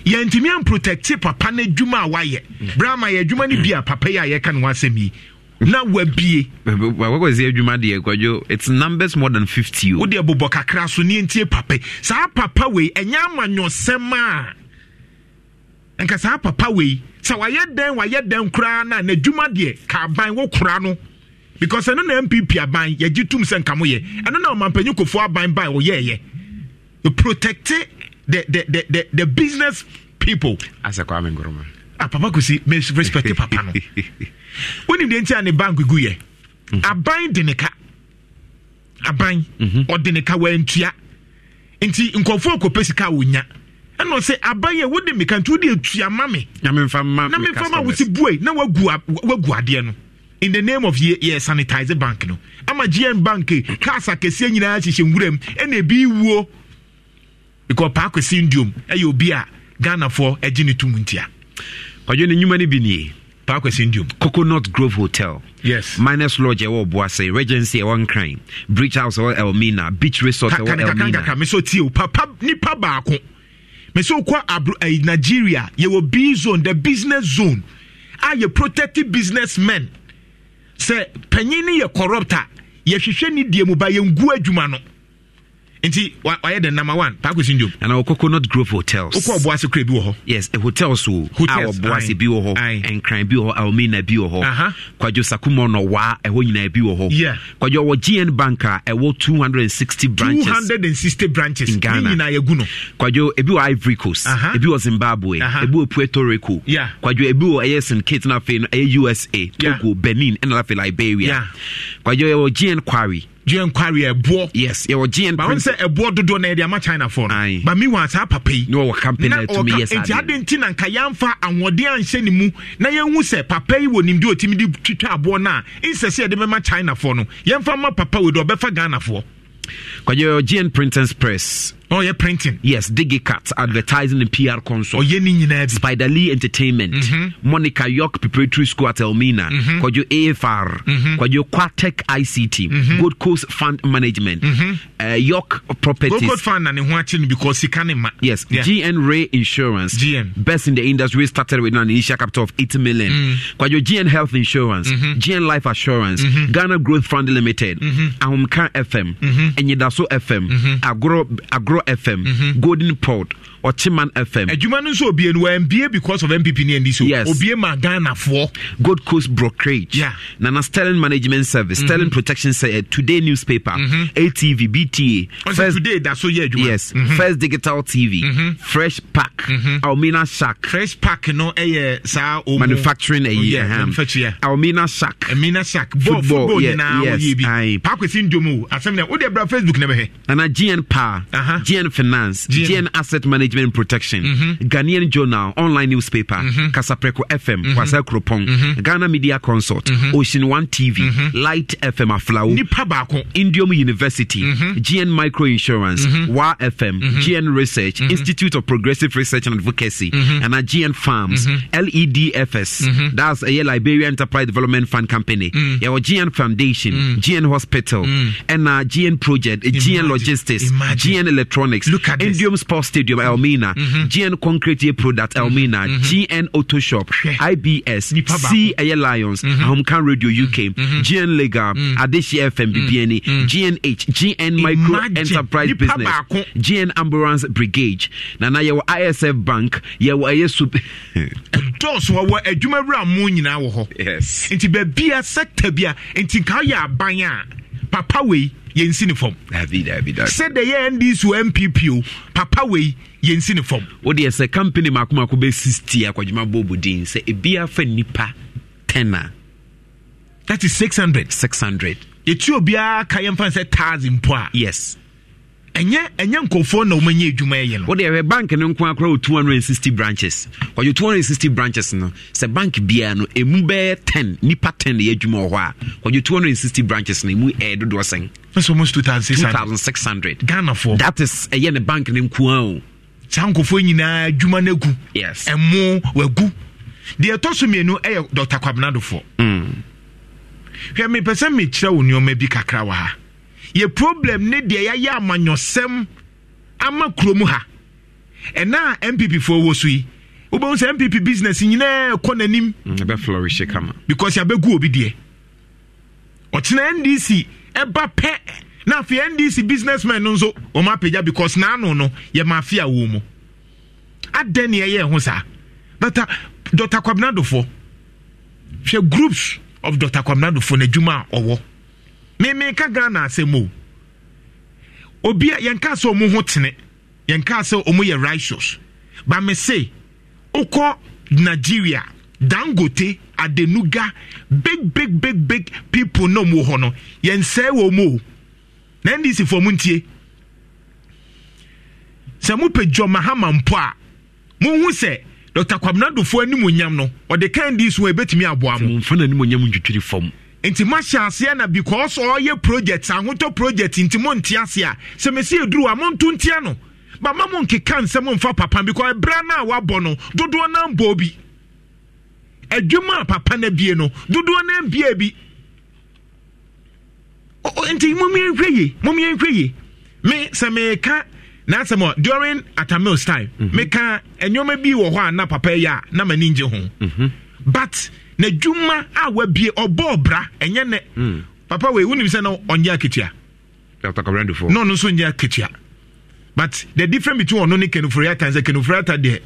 yɛntumi amprotecte papa no adwuma a wayɛ hmm. berɛ ama yɛ adwuma no bi a papa yi a yɛka no wasɛm yi na wabie wakɔsi adwuma deɛ kwadwo its numbers more than 50 wode bobɔ kakra so ne ɛntie papa saa papa wei ɛnyɛ amanyɔsɛm a ɛnka saa papa wei sa wayɛ dɛn wayɛ dɛn koraa no a n'adwuma deɛ ka aban wo no because ɛno na mpp aban yɛgye tum sɛ nka mo yɛ ɛno na ɔmampanyin kofoɔ aban ban wɔyɛɛyɛ protect the the the the, the business people. asɛ kwame nkrumah. ah papa kosi mɛ respect papa no wonim deɛ nti a ne bank gu yɛ mhm. aban de ne ka aban mhm. ɔde ne ka wantua nti nkɔfoɔ kɔpɛ sika a wonya ɛna sɛ aban yɛ wode meka nti wode atua ma me na memfa ma wo bue na wagu adeɛ no in the name of yɛ yɛ sanitize bank no ama gm bank cars eh, akɛseɛ nyinaa hyehyɛ nwuram ɛna ebi wuo because paako syndrome ɛyɛ obi a ghanafoɔ ɛgye ne tum ntia. ɔdwe no nnwuma no bi nie paako syndrome coconut grove hotel yes minus lodge ɛwɔ boase regency ɛwɔ nkran bridge house ɛwɔ elmina beach resort ɛwɔ elmina kakra mesɛ tie o papa nipa baako mesɛ wokɔ abro eh, nigeria yɛwɔ b zone the business zone a yɛ protective business men sɛ panyin no yɛ corrupt a yɛhwehwɛ ne die mu ba yɛngu adwuma no nti ɔyɛ the number one paako si ndom. ɛnna wɔ coconut grove hotels. wokɔ ɔboase kura bi wɔ hɔ. yes eh, hotels o. hotels a ɔboase bi wɔ hɔ nkran bi wɔ hɔ aomina bi wɔ hɔ uh-huh. kwadwo sakuma ɔnɔwa ɛhɔ nyinaa bi wɔ hɔ kwadwo ɔwɔ gn bank a ɛwɔ two hundred and sixty branches. two hundred and sixty branches in ghana ne nyinaa yɛ gu no. kwadwo ebi wɔ ivory coast uh-huh. ebi wɔ zimbabwe uh-huh. ebi wɔ puerto rico kwadwo ebi wɔ ɛyɛ st kitts n'afɛ ɛyɛ usa togo benin ɛna afɛ liberia kwadwo ɛwɔ gn quarry gn kwari ɛboɔ yes yɛwɔ gn but wɔn sɛ ɛboɔ dodoɔ na yɛde ama china fɔ no but mi wa asa papa yi na ɔwɔ campaign na ɛtumi yɛ saa nti adi nti na nka yanfa ahoɔden anhyɛ ne mu na yɛn hu sɛ papa yi wɔ nim de otimi de twitwa aboɔ na nsɛsɛ yɛde mɛma china fɔ no yɛnfa ma papa wo do ɔbɛfa ghana fɔ. kwadwo gn printers press Oh, yeah, printing. Yes, Diggy advertising and PR console. Oh, yeah, nina. Spider Lee Entertainment. Mm-hmm. Monica York Preparatory School at Elmina. Mm-hmm. AFR. Mm-hmm. Kwajo Quatec ICT. Mm-hmm. Coast Fund Management. Mm-hmm. Uh, York Properties. Good Coast Fund and watching because he can ma- Yes, yeah. GN Ray Insurance. GN. Best in the industry started with an initial capital of 80 million. Mm-hmm. GN Health Insurance. Mm-hmm. GN Life Assurance. Mm-hmm. Ghana Growth Fund Limited. Mm-hmm. Ahumka FM. Mm-hmm. Enyedaso FM. Mm-hmm. Agro, Agro FM, mm-hmm. Golden Port ɔkyeman fm adwuma no nso obie no wambie because of mpp ne ndc yes. obie ma ghanafoɔ gold coast brokerage yeah. nana sterling management service mm-hmm. sterling protection uh, today newspaper mm-hmm. atv bta also oh, first, today that so yeah, adwuma yes mm-hmm. first digital tv mm-hmm. fresh pack mm-hmm. almina shack fresh pack no eh, saa omo manufacturing ayi eh, oh, yeah, um, Manufacturing huh manufacturing almina shack almina shack football, football yeah, nyinaa oh, yes, yes. bi pakwesi sinjomu. asɛm na wode bra facebook Never bɛhwɛ nana gn Power. uh-huh. gn finance gn, GN asset management management protection mm-hmm. ghanaian journal online newspaper mm-hmm. kasapreko fm mm-hmm. kwasa mm-hmm. ghana media consult mm-hmm. ocean one tv mm-hmm. light fm aflawo nipa baako indium university mm-hmm. gn micro insurance mm-hmm. wa fm mm-hmm. gn research mm-hmm. institute of progressive research and advocacy mm-hmm. and gn farms mm-hmm. ledfs mm-hmm. that's uh, a liberia enterprise development fund company mm-hmm. yeah, gn foundation mm-hmm. gn hospital mm-hmm. and uh, gn project imagine, gn logistics imagine. gn electronics look at indium sports stadium mm-hmm. Elmina, mm-hmm. GN Concrete Product mm-hmm. Elmina, mm-hmm. GN Auto Shop, IBS, C Air Lions, mm-hmm. Homecan Radio UK, mm-hmm. GN Legal, mm-hmm. Mm. Adeshi FM, mm. BBNE, mm-hmm. GNH, GN Micro Imagine. Enterprise Business, GN Ambulance Brigade, Nana Yewo ISF Bank, Yewo Aye Super. Dɔɔso wɔ wɔ adwumawura mu nyinaa wɔ hɔ. Yes. Nti be a sector bi a nti nka yɛ a papa we. yɛnsi ne fam sɛdeɛ ndc mpp o papa wei yɛnsi ne fam wodeɛ sɛ company maakomaako bɛsisti akwadwuma bobo din sɛ ebia fa nnipa tena that is 600 600 yɛtuo biara ka yɛmfa sɛ thousand mpo a yes ɛnyɛ ɛnyɛ nkurɔfoɔ na wɔmanyɛ adwuma ɛyɛ no wode ɛhwɛ bank no nko akora wɔ 260 branches ɔyɛ 260 branches no sɛ bank biara no ɛmu bɛyɛ 10 nipa 10 na yɛ adwuma wɔ hɔ a ɔyɛ 260 branches no ɛmu ɛyɛ dodoɔ sɛn that's almost 2600 2600 ghanafoɔ that is ɛyɛ ne bank no nko a o saa nkurɔfoɔ nyinaa adwuma no agu yes ɛmo wagu deɛ ɛtɔ so mmienu ɛyɛ kwabnado for. Hmm. hwɛ mepɛ sɛ mekyerɛ wo nneɔma bi kakra wɔ ha yɛ problem ne deɛ yɛayɛ amanyɔsɛm ama kurom ha ɛna mpp foɔ wɔ so yi wobɛhu sɛ mpp business nyinaa kɔ n'anim mm, ɛbɛflourish kama because yɛabɛgu obi deɛ ɔkyena ndc ɛba pɛ na afei ndc businessman no nso wɔn apagya because n'ano no yɛ mafia wɔ mu adɛn ne ɛyɛ ho saa dɔta dɔta kwabena hwɛ groups of dɔta kwabena dofoɔ n'adwuma a ɔwɔ mmemmeka ghana asɛm o obi a yɛnka sɛ ɔmo ho tene yɛnka sɛ ɔmo yɛ righteous ba me se okɔ nigeria dangote adenuga big big big big people na ɔmo hɔ no yɛnsɛe wɔ ɔmo o na ndc fo ɔmo ntie sɛ mopɛ john mahama mpo a mohu sɛ dr kwabena animonyam no ɔde kan ndc wɔ ebɛtumi aboa mo. fɛn fɛn animonyam ntwitwiri fam nti mahyɛ aseɛ na because ɔyɛ project ahotɔ project nti mo nte ase a sɛ mesi eduru a mo nto ntia no ba ma mo nkeka nsɛm mfa papa because ɛbrɛ no a wabɔ no dodoɔ no mbɔ bi adwuma a papa no abie no dodoɔ no mbie bi nti momiɛnhwɛ ye momiɛnhwɛ ye me sɛ meka na n'asɛm a during atamils time mhm. meka nneɛma bi wɔ hɔ a na papa yɛ a na m'ani ngye ho mhm. but na dwuma a wabie ɔbɔɔ bra ɛnyɛ nɛ hmm. papa wei wonim sɛ no ɔnyɛ akatua na ɔno nso nyɛ akatua but the difference between ɔno ne kenuforiata sɛ kenuforiata deɛ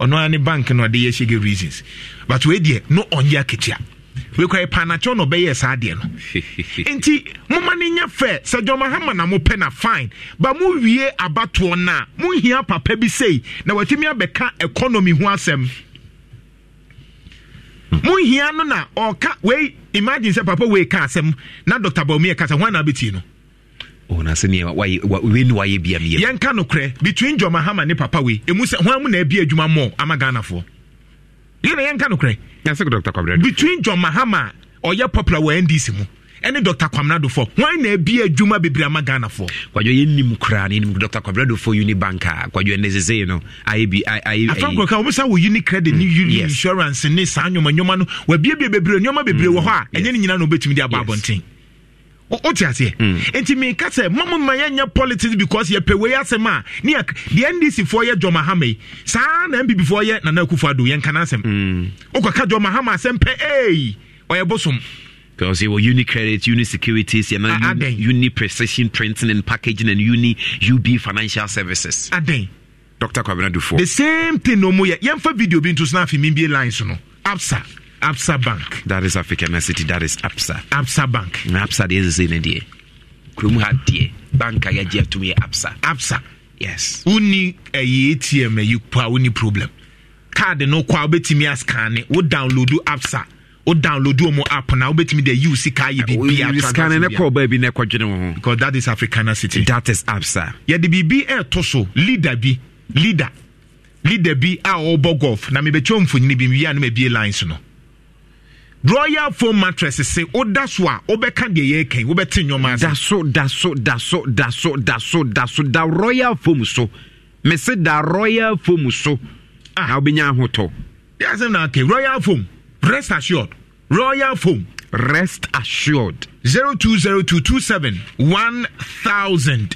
ɔno ara ne bank no ɔde yɛ hyege reasons but wei deɛ no ɔnyɛ akatua wekɔyɛ panatwɛ na ɔbɛyɛ saa deɛ no nti moma no nya fɛ sɛ john na mopɛ na fine ba mowie abatoɔ no a mohia papa bi sei na watumi abɛka economy ho asɛm mohia no na ɔka wei imagine sɛ papa wei ka asɛm na dr baomi ɛka sɛ hwan na wobɛtie no oh, yɛnka nokorɛ between john mahama ne papa wei ɛmu sɛ hwan mu na abi adwuma mmɔ ama ghanafoɔ yɛna yɛnka nokorɛ between john mahama a ɔyɛ popular wɔ ndc mu ɛne dr kwamnadofo hwan na abi adwuma bebree ama ghanafoɔ kwadwo yɛnim koraa no yɛnim dr kwamnadofo unibank a kwadwo ɛne sesei no ayɛbiafrankrɔ ka wobɛsa wɔ uni credit ne mm, insurance ne saa nnwoma no wabiabia bebree nneɔma bebree wɔ hɔ a mm, ɛnyɛ no nyina na wobɛtumi de aba abɔnten wote aseɛ mm. nti meka sɛ mamoma yɛnyɛ politics because yɛpɛ wei asɛm a ne deɛ ndcfoɔ yɛ jɔmahama yi saa na mpibifoɔ yɛ nana akufo ado yɛnka no asɛm wokɔka jɔmahama asɛm pɛ ei ɔyɛ bosom because you were Uni UniSecurities, you know, uni, uni Precision Printing and Packaging, and Uni UB Financial Services. Aden. Dr. Kwabena Dufo. The same thing no more. Yemfa video being to snap him in be lines, you know. Absa. Absa Bank. That is African City. That is Absa. Absa Bank. And mm, Absa is in India. Krum had dear. Bank I get to me Absa. Absa. Yes. Uni eh, a ATM eh, you pa uni problem. Card eh, no kwa betimi askane. Wo download Absa o download wɔn app na wobɛtumi de yiw sika ayɛ biribi a transaction yɛ. ne kɔ ɔbaa bi ne kɔ dwene ho. because that is africana city. that is absa. yɛde biribi ɛɛto so leader bi leader leader bi a ɔrebɔ golf na mebɛkyɛw mfonini bi wia no ma bie lines no royal foam mattress se woda so a wobɛka deɛ yɛreka wobɛte nnwoma da so da so da so da so da so da so da royal foam so mese da royal foam so ah. na wobɛnya ahotɔ. yɛ na ake royal foam Rest assured. Royal Foam. Rest assured. zero two zero two two seven one thousand.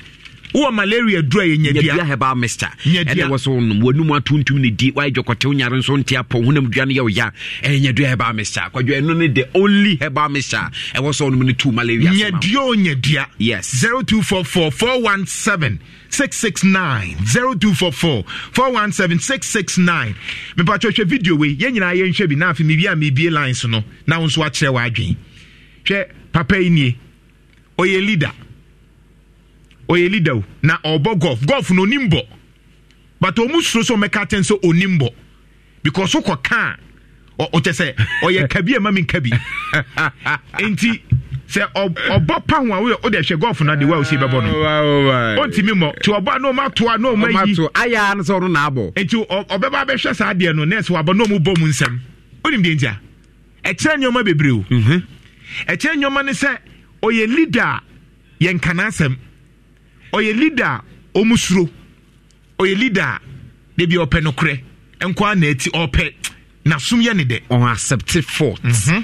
wowɔ malaria dura yɛ nyadua heba mister ɛna wɔ so nom wanum atontum ne di woayɛ dwɔkɔtew nyare nso nte apɔ honam dua no yɛ wo ya ɛyɛ eh, nyadua heba mister kwadwa ɛno ne the only heba mister ɛwɔ sɛ wonom ne tu malaria nyadua o nyadua yes 0244 417 669 0244 417 669 mepatwɛ hwɛ video wei yɛn nyinaa yɛnhwɛ bi na afei mewie a mebie lines no na wo nso akyerɛ w'adwen hwɛ papa yi nie ɔyɛ leader ɔyɛ leader o na ɔbɔ golf golf na onim bɔ but ɔmu soro sɛ ɔmɛka atɛn sɛ onim bɔ because wokɔ kaa ɔkyɛ sɛ ɔyɛ kabi ama mi nkabi nti sɛ ɔbɔ pa a wode hwɛ golf no adewa a wosie bɛbɔ no ɔntimi mmɔ nti ɔbɔ a na ɔmatoa na ɔmayi ayɛ no sɛ ɔno naabɔ nti ɔbɛba bɛhwɛ saa adeɛ no nɛs wabɔ na ɔmubɔ mu nsɛm wonim deɛ ntia ɛkyerɛ nneɔma bebree o ɛkyerɛ mhm. nneɔma ne sɛ ɔyɛ leader yɛnkana asɛm ɔyɛ leader a ɔmu suro ɔyɛ leader a debi ɔpɛ no korɛ nkwa na eti ɔpɛ n'asom yɛ ne dɛ. ɔn accept fault. ɔyɛ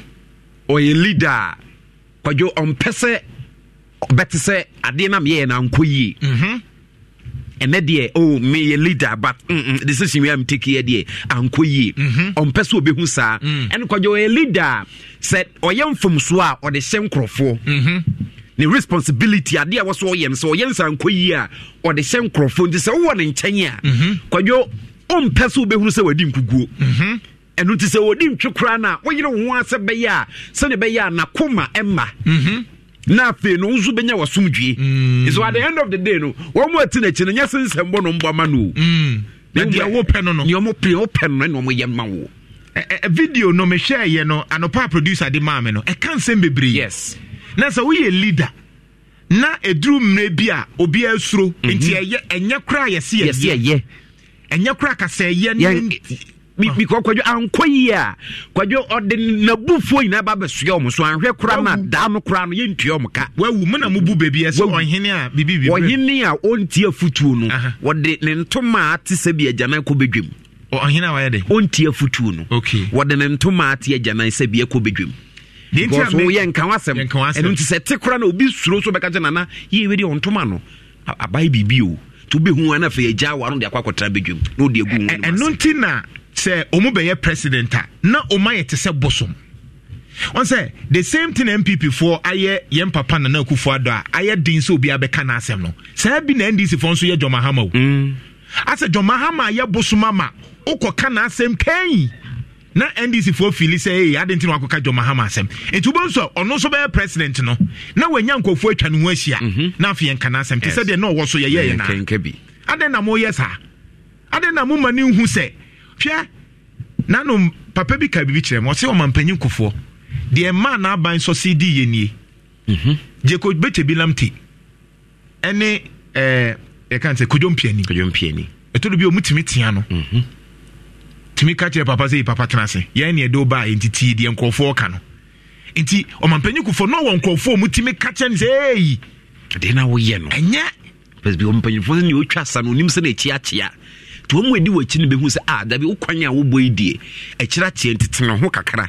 mhm. leader a kwadwo ɔmpɛ sɛ bɛte sɛ adeɛ nam yɛyɛ na nkɔ yie. Mm-hmm. ɛnɛ deɛ oh me leader but mhm. mm, mm, decision wey i'm taking yɛ deɛ ankɔ yie ɔmpɛ sɛ obehu saa ɛnukɔdze ɔyɛ leader sɛ ɔyɛ mfomso a ɔde hyɛ nkorɔfoɔ. Mhm ne responsibility adeɛ a wɔ so ɔyɛ no sɛ ɔyɛ nsa nkɔ yie a ɔde hyɛ nkurɔfoɔ nti sɛ wowɔ ne nkyɛn a mhm. kwadwo ɔmpɛ so wobɛhunu sɛ wadi nkuguo mhm. ɛno nti sɛ wɔdi ntwe koraa no a woyere wo ho asɛ bɛyɛ a sɛne bɛyɛ a nakoma ɛma mhm. na afei no nso bɛnya wɔsomdwie mm. so at the end of the day no wɔn mu ati n'akyi no nyɛ sɛ nsɛmbɔ no mbɔ ama no o mm. na deɛ wopɛ no no deɛ wopɛ wopɛ no na wɔn yɛ ma wo video no mehwɛɛyɛ no anɔpa producer de maa no ɛka nsɛm bebree yes na sɛ woyɛ leader na ɛduru mmerɛ bi a obiara suro mhm. nti ɛyɛ ɛnyɛ kora a yɛsi yɛyɛ ɛnyɛ kora kasa ɛyɛ ne bikɔ kwadwo ankɔ yie a kwadwo ɔde nabufoɔ nyinaa ba bɛsoa ɔmo so anhwɛ kora no daa no kora no yɛntua ɔmo ka wawu mu na mobu baabi ɛsɛ ɔhene a bibi ɔhene a ɔntie afutuo no wɔde ne ntoma a ate sɛ bi agyanan kɔ bɛdwam ɔhene a wayɛ de ɔntie afutuo no wɔde ne ntoma a ate agyanan sɛ bi ɛkɔ bɛdwam because woyɛ nka wasɛm ɛno nti sɛ te kora na obi suro so bɛka kyɛ nana yɛwɛ deɛ ɔntoma no abae biribi o nti wobɛhu a na afei agya wa no de akɔ akɔtra bɛdwam na wode agu ɛno nti na sɛ ɔmu bɛyɛ president a na ɔma yɛ te sɛ bosom wọn sɛ the same thing npp foɔ ayɛ yɛn papa nana akufo adɔ a ayɛ den sɛ obi abɛka n'asɛm no saa bi na ndc foɔ nso yɛ jɔn mahama o mm. asɛ jɔn mahama ayɛ bosoma ma okɔ ka n'asɛm kɛnyi na ndc foɔ fili sɛ ee adi nti na wakɔka jɔ mahama asɛm nti wobɛn so ɔno nso bɛyɛ president no na wɔanya nkɔfoɔ atwa ne ho ahyia mhm. na afei yɛn kana asɛm te sɛ deɛ na ɔwɔ so yɛyɛ yɛn na adan na mo yɛ saa adan na mo ma ne nhu sɛ hwɛ nanom papa bi ka bibi kyerɛ mu ɔsɛ ɔma mpanyin kofoɔ deɛ mmaa n'aban nso si di yɛ nie jeko mhm. bɛtɛ bi lam te ɛne ɛɛ eh, yɛka n sɛ kodwo mpiani ɛtɔ do bi a tia no. Mm -hmm tumi ka kyerɛ papa sɛ papa tena ase yɛn ne ɛde ba enti ti deɛ nkurɔfoɔ ka no nti ɔmampanyin kufoɔ na ɔwɔ nkurɔfoɔ mu tumi ka kyerɛ no sɛ eyi ɛdeɛ na woyɛ no ɛnyɛ pɛsɛ bi ɔmpanyinfoɔ sɛ neɛ ɔtwa sa no onim sɛ na ɛkyi akyea nti wɔn mu adi wɔ akyi no bɛhu sɛ a ah, dabi wo kwan a wobɔ yi die akyirɛ akyea nti tena ho kakra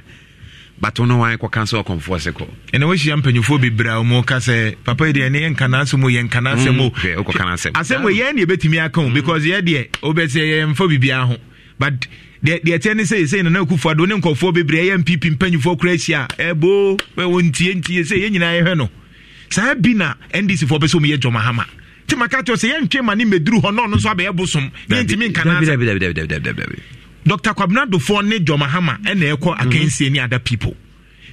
bato no wan kɔka sɛ ɔkɔmfoɔ se kɔ ɛna woahyia mpanyimfoɔ bebree a mu ka sɛ papa yi deɛ ne yɛnka n'asɛm o yɛnka n'asɛm o mm, yɛn ne yɛbɛtumi aka o mm. because yɛ deɛ wobɛsɛ yɛmfa biribiara ho but deɛ ɛteɛ ne sɛ yɛsɛ nana akufo ado ne nkɔfoɔ bebree ɛyɛ mpp mpanyifoɔ kora ahyia ɛbo wɔntientie sɛ yɛn nyinaa yɛhwɛ no saa bi na ndcfoɔ pɛ sɛ ɔmyɛ dwɔma hama nti maka kyerɛ sɛ yɛntwe ma ne mmɛduru hɔ na ɔno nso abɛyɛ bosom yɛntumi nkana dr kwabenadofoɔ ne dwɔma hama ɛna ɛkɔ akansie ne other people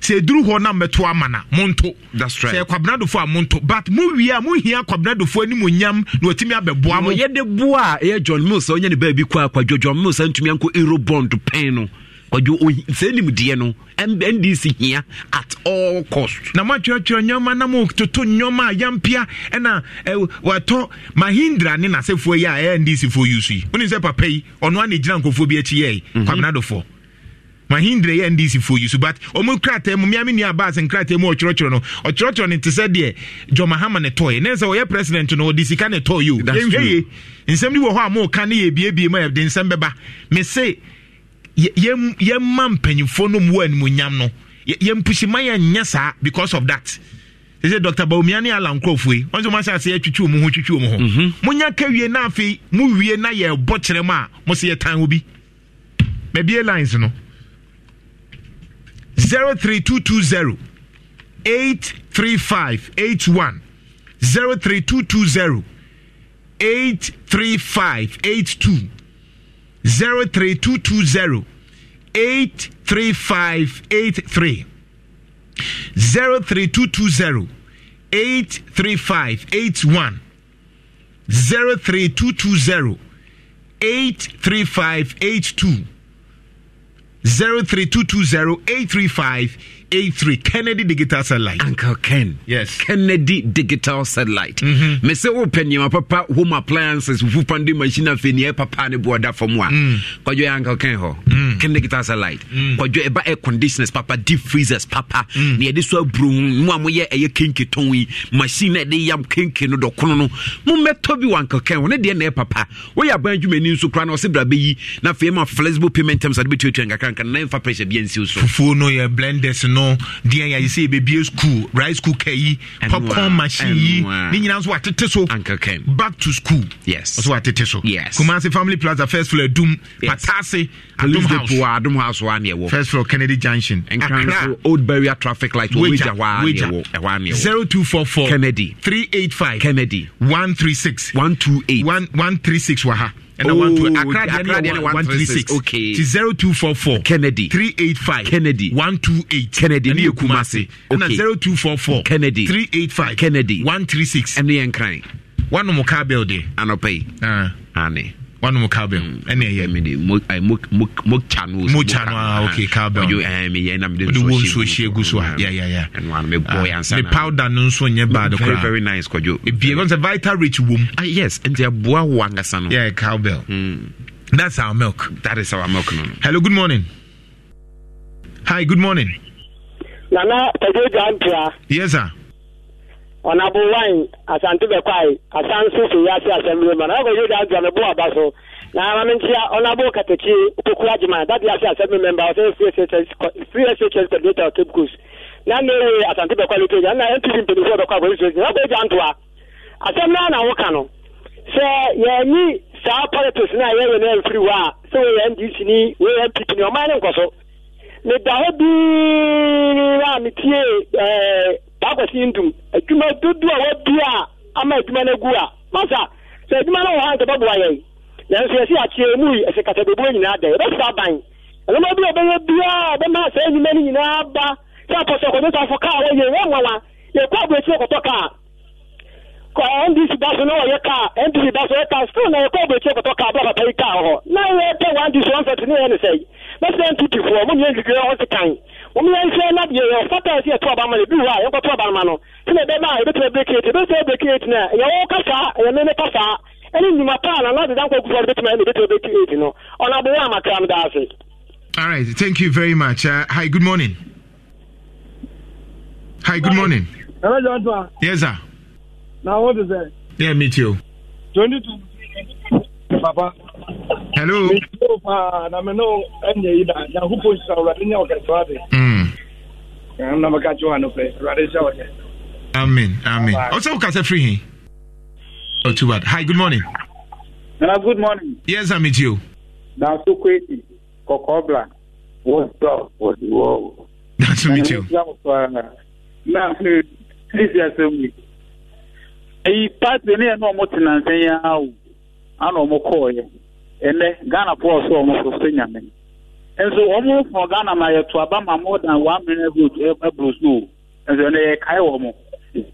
sɛ ɛduru hɔ na mmɛto ama na monto sɛ kwabenadofoɔ a monto but mowie a mohia kwabenadofoɔ anim onyam na watumi abɛboa mo yɛde boa a ɛyɛ john mills a ɔnyɛ ne baa bi kɔ a kwadwo john mills a ntumi ankɔ eurobond pɛn no kwadwo sɛ nimdeɛ no ndc hia at all cost na moatwerɛtwerɛ nnwɔma na mototo nnwɔma a yampia ɛna wɔtɔ mahindra ne n'asɛfoɔ yi a ɛyɛ ndc foɔ yi so yi wonim sɛ papa yi ɔno a ne gyina nkurɔfoɔ bi akyi yɛe mhm. kwabenadofoɔ mahindra yɛ ndc fo yi so but ɔmo krataa mu miami nua baas nkrataa mu ɔkyerɛkyerɛ no ɔkyerɛkyerɛ no te sɛ deɛ john mahama ne tɔɔyɛ ne nsa ɔyɛ president no ɔde sika ne tɔɔyɛ o yɛnhwɛ yie nsɛm bi wɔ hɔ a mo ka ne yɛ ebiebie mu a yɛde nsɛm bɛba mese yɛmma mpanyinfoɔ no mu animuonyam no yɛmpusi ma yɛnyɛ saa because of that sɛ dr baomia ne ala nkurɔfoɔ yi ɔnso mahyɛ ase yɛtwitwi mu ho twitwi mu ho mhm. monya ka wie na afei mowie na yɛbɔ kyerɛ mu a mo sɛ yɛtan wo bi mabie lines no 03220 83581 03220 83582 03220 83583 03220 83581 03220 83582 03220 835 A3 Kennedy Digital Satellite. Uncle Ken. Yes. Kennedy Digital Satellite. Me say open your papa home appliances, wupandi machine afi ni papa ne boda for moi. Mm. Kojo Uncle Ken ho. Mm. Kennedy Digital Satellite. Mm. Kojo eba air conditioners papa, deep freezers papa. Mm. Ne yede so abru mu amoye eye kinki ton yi. Machine na de yam kinki no do kono no. Mu meto bi Uncle Ken ho ne de na papa. Wo ya ban dwumani nso kra na osebra beyi na fe ma flexible payment terms ade betutu ngakanka na emfa pressure bi ensi so. Fufuo no ye blenders no no deɛ yɛayɛ sɛ yɛbɛbie school right school yi popcorn machine yi ne nyinaa nso watete so back to school yes ɔso watete so yes kumase family plaza first floor adum yes. patase adum house police adum house first floor kennedy junction akra old barrier traffic light wagya hɔ a zero two four four kennedy three eight five kennedy one three six one two eight one one three six wɔ ha ɛna oh, one two Accra deɛ ne one three six okay ti zero two four four Kennedy three eight five Kennedy one two eight Kennedy ɛne yɛ Kumasi ɛna zero two four four Kennedy three eight five Kennedy one three six ɛne yɛ nkran wanom kaa bɛl de anɔpɛ yi ane wanom cowbell ɛne ɛyɛ mocha no mocha no a okay cowbell meyɛ na mede wo nsuo hyia gu so a ne ah, uh, powder no nso nyɛ bad very very nice kwadwo ebie sɛ vital rich wom ah, yes nti ɛboa wo ankasa no yeah cowbell mm. that's our milk that is our milk no, no. hello good morning hi good morning nana pɛgɛ gyantea yes sir ọ̀nàbọ̀ wáìn asante bẹ̀kọ́ àyè asanso fèyí ase asẹ́mìlẹ̀ mọ̀ náà kọ̀ọ̀yọ́ dáa dùn bọ́ àbá so na maame nkyia ọ̀nàbọ̀ kàtàkì òkùnkùn àjùmọ̀ dàbí ase asẹ́mìlẹ̀ mẹ̀mbà ọ̀sẹ̀ free shl coordinator cape coast náà mèrè asante bẹ̀kọ́ lókè yẹn náà npp mpanyinfoɔ bẹ̀kọ́ àbọ̀ nsuo yẹn ọ̀bẹ̀ gya ntoa asɛm náà na wɔka no sɛ yɛnyi saa politics náà yɛyɛ no ɛmfiri hɔ a sɛ wɔyɛ ndc ni wɔyɛ npp ni ɔman ne nkɔ so meda hɔ bii a metie ɛɛ eh, baakwasi ndum adwuma dodo a wabi ama adwuma no a masa sɛ adwuma no wɔ ha nka bɛboa yɛn nanso yɛsi akyerɛ mu yi ɛsɛ nyinaa da yɛbɛsa ɛnoma bi a ɔbɛyɛ biaa bɛma saa nnwuma no nyinaa ba sɛ apɔsɛkɔdo safo kaa wɔyɛ yɛnwawa yɛkɔ aburokyire kɔtɔ kaa ndc da so na wɔyɛ kaa ndc da so yɛ kaa still na yɛkɔ kaa yi kaa hɔ na yɛpɛ dc wɔn yɛn nkyɛn na deɛ yɛ fata yɛ to aba ma no ebi wɔ a yɛn kɔ to aba ma no sɛnɛ ɛbɛn na ebi tɛ breki eti ebi tɛ breki eti na yɛwɔ kasa yɛn ne kasa ɛne nnwuma paa na na deda nkɔ gu fɔ ebi tɛ ebi tɛ all right thank you very much uh, hi good morning hi good morning. ɛnɛ jɔn tuma. yes sir. na o de sɛ. yeah me too. twenty two papa. hello. mehyia o paa na me no ɛnyɛ yi na nyankopɔ nhyira awurade nyɛ ɔkɛsewa de na mɛka kye wa nopɛ awurade hyɛ ɔyɛ amen amen ɔsɛ wokasa firi he oh too bad hi good morning nana good morning yes i'm with you nanso kwesi kɔkɔɔbla wɔdɔ wɔdɔ nanso me too na please yɛ sɛ mu ɛyi paati ne yɛ na tena nsɛn yɛ awo ana ɔmo kɔɔyɛ ɛnɛ ghana poɔ so ɔmo so so nyame nso ɔmo fɔ ghana ma yɛto aba ma more than one minute vote ɛburo e, e, so o nso ɛnɛ yɛkae wɔn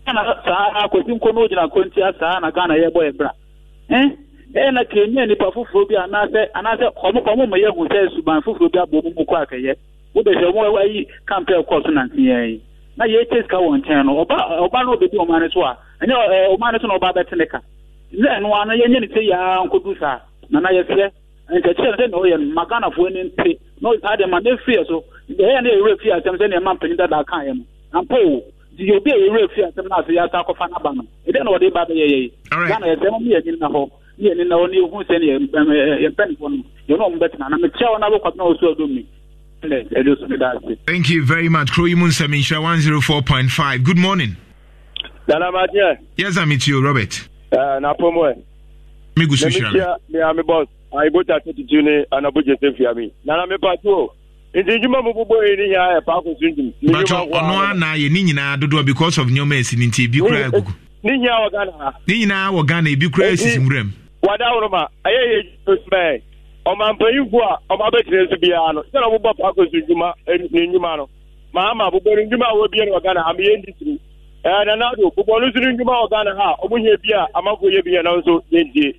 ghana saa akwasi nko no gyina saa na ghana yɛbɔ yɛ bra ɛn ɛyɛ na kenya nipa foforɔ bi anaasɛ anaasɛ ɔmo ɔmo ma yɛ hu sɛ suban foforɔ bi abɔ ɔmo mu kɔ akɛyɛ wobɛsɛ ɔmo ayi kampɛn kɔɔ so nante yɛn na yɛn kyɛ sika wɔn nkyɛn no ɔba ɔba no obedi ɔman ne so a ɛnyɛ ɛɛ ɔman na ɔba abɛtene ka sɛ ɛno ano yɛnyɛ ne sɛ yɛa nkɔdu saa nana yɛfrɛ nkakyerɛ sɛ na ɔyɛ no ma ghanafoɔ ne ma ne fie so ɛyɛ ne yɛwerɛ fie asɛm sɛ neɛma mpanyin dada kaeɛ no ampa o nti obi a yɛwerɛ fie asɛm no ase yɛasa akɔfa no aba no ɛdeɛ na wɔde ba bɛyɛ yɛi ghana yɛsɛm ne yɛni na hɔ ne yɛni na hɔ ne yɛhu sɛ ne yɛmpɛnifoɔ no mi Thank you very much. Crow Imun 104.5. Good morning. Yes, I'm with you, Robert. na apɔmɔ ɛ. mi gusu mi ami bɔs ayibo ta tutu ni anabo jese nana mi nti mu yi ni ya ɛ paako ni nyinaa dodoɔ because of esi ni nti ebi kura egugu. ni nyinaa wɔ ghana. ni nyinaa wɔ ghana ebi kura esisi nwura mu. wada ma yɛ a ɔmo abɛtena bi biara no sani ɔmo bɔ paako no wɔ ghana ami yɛ Eh, Nanado,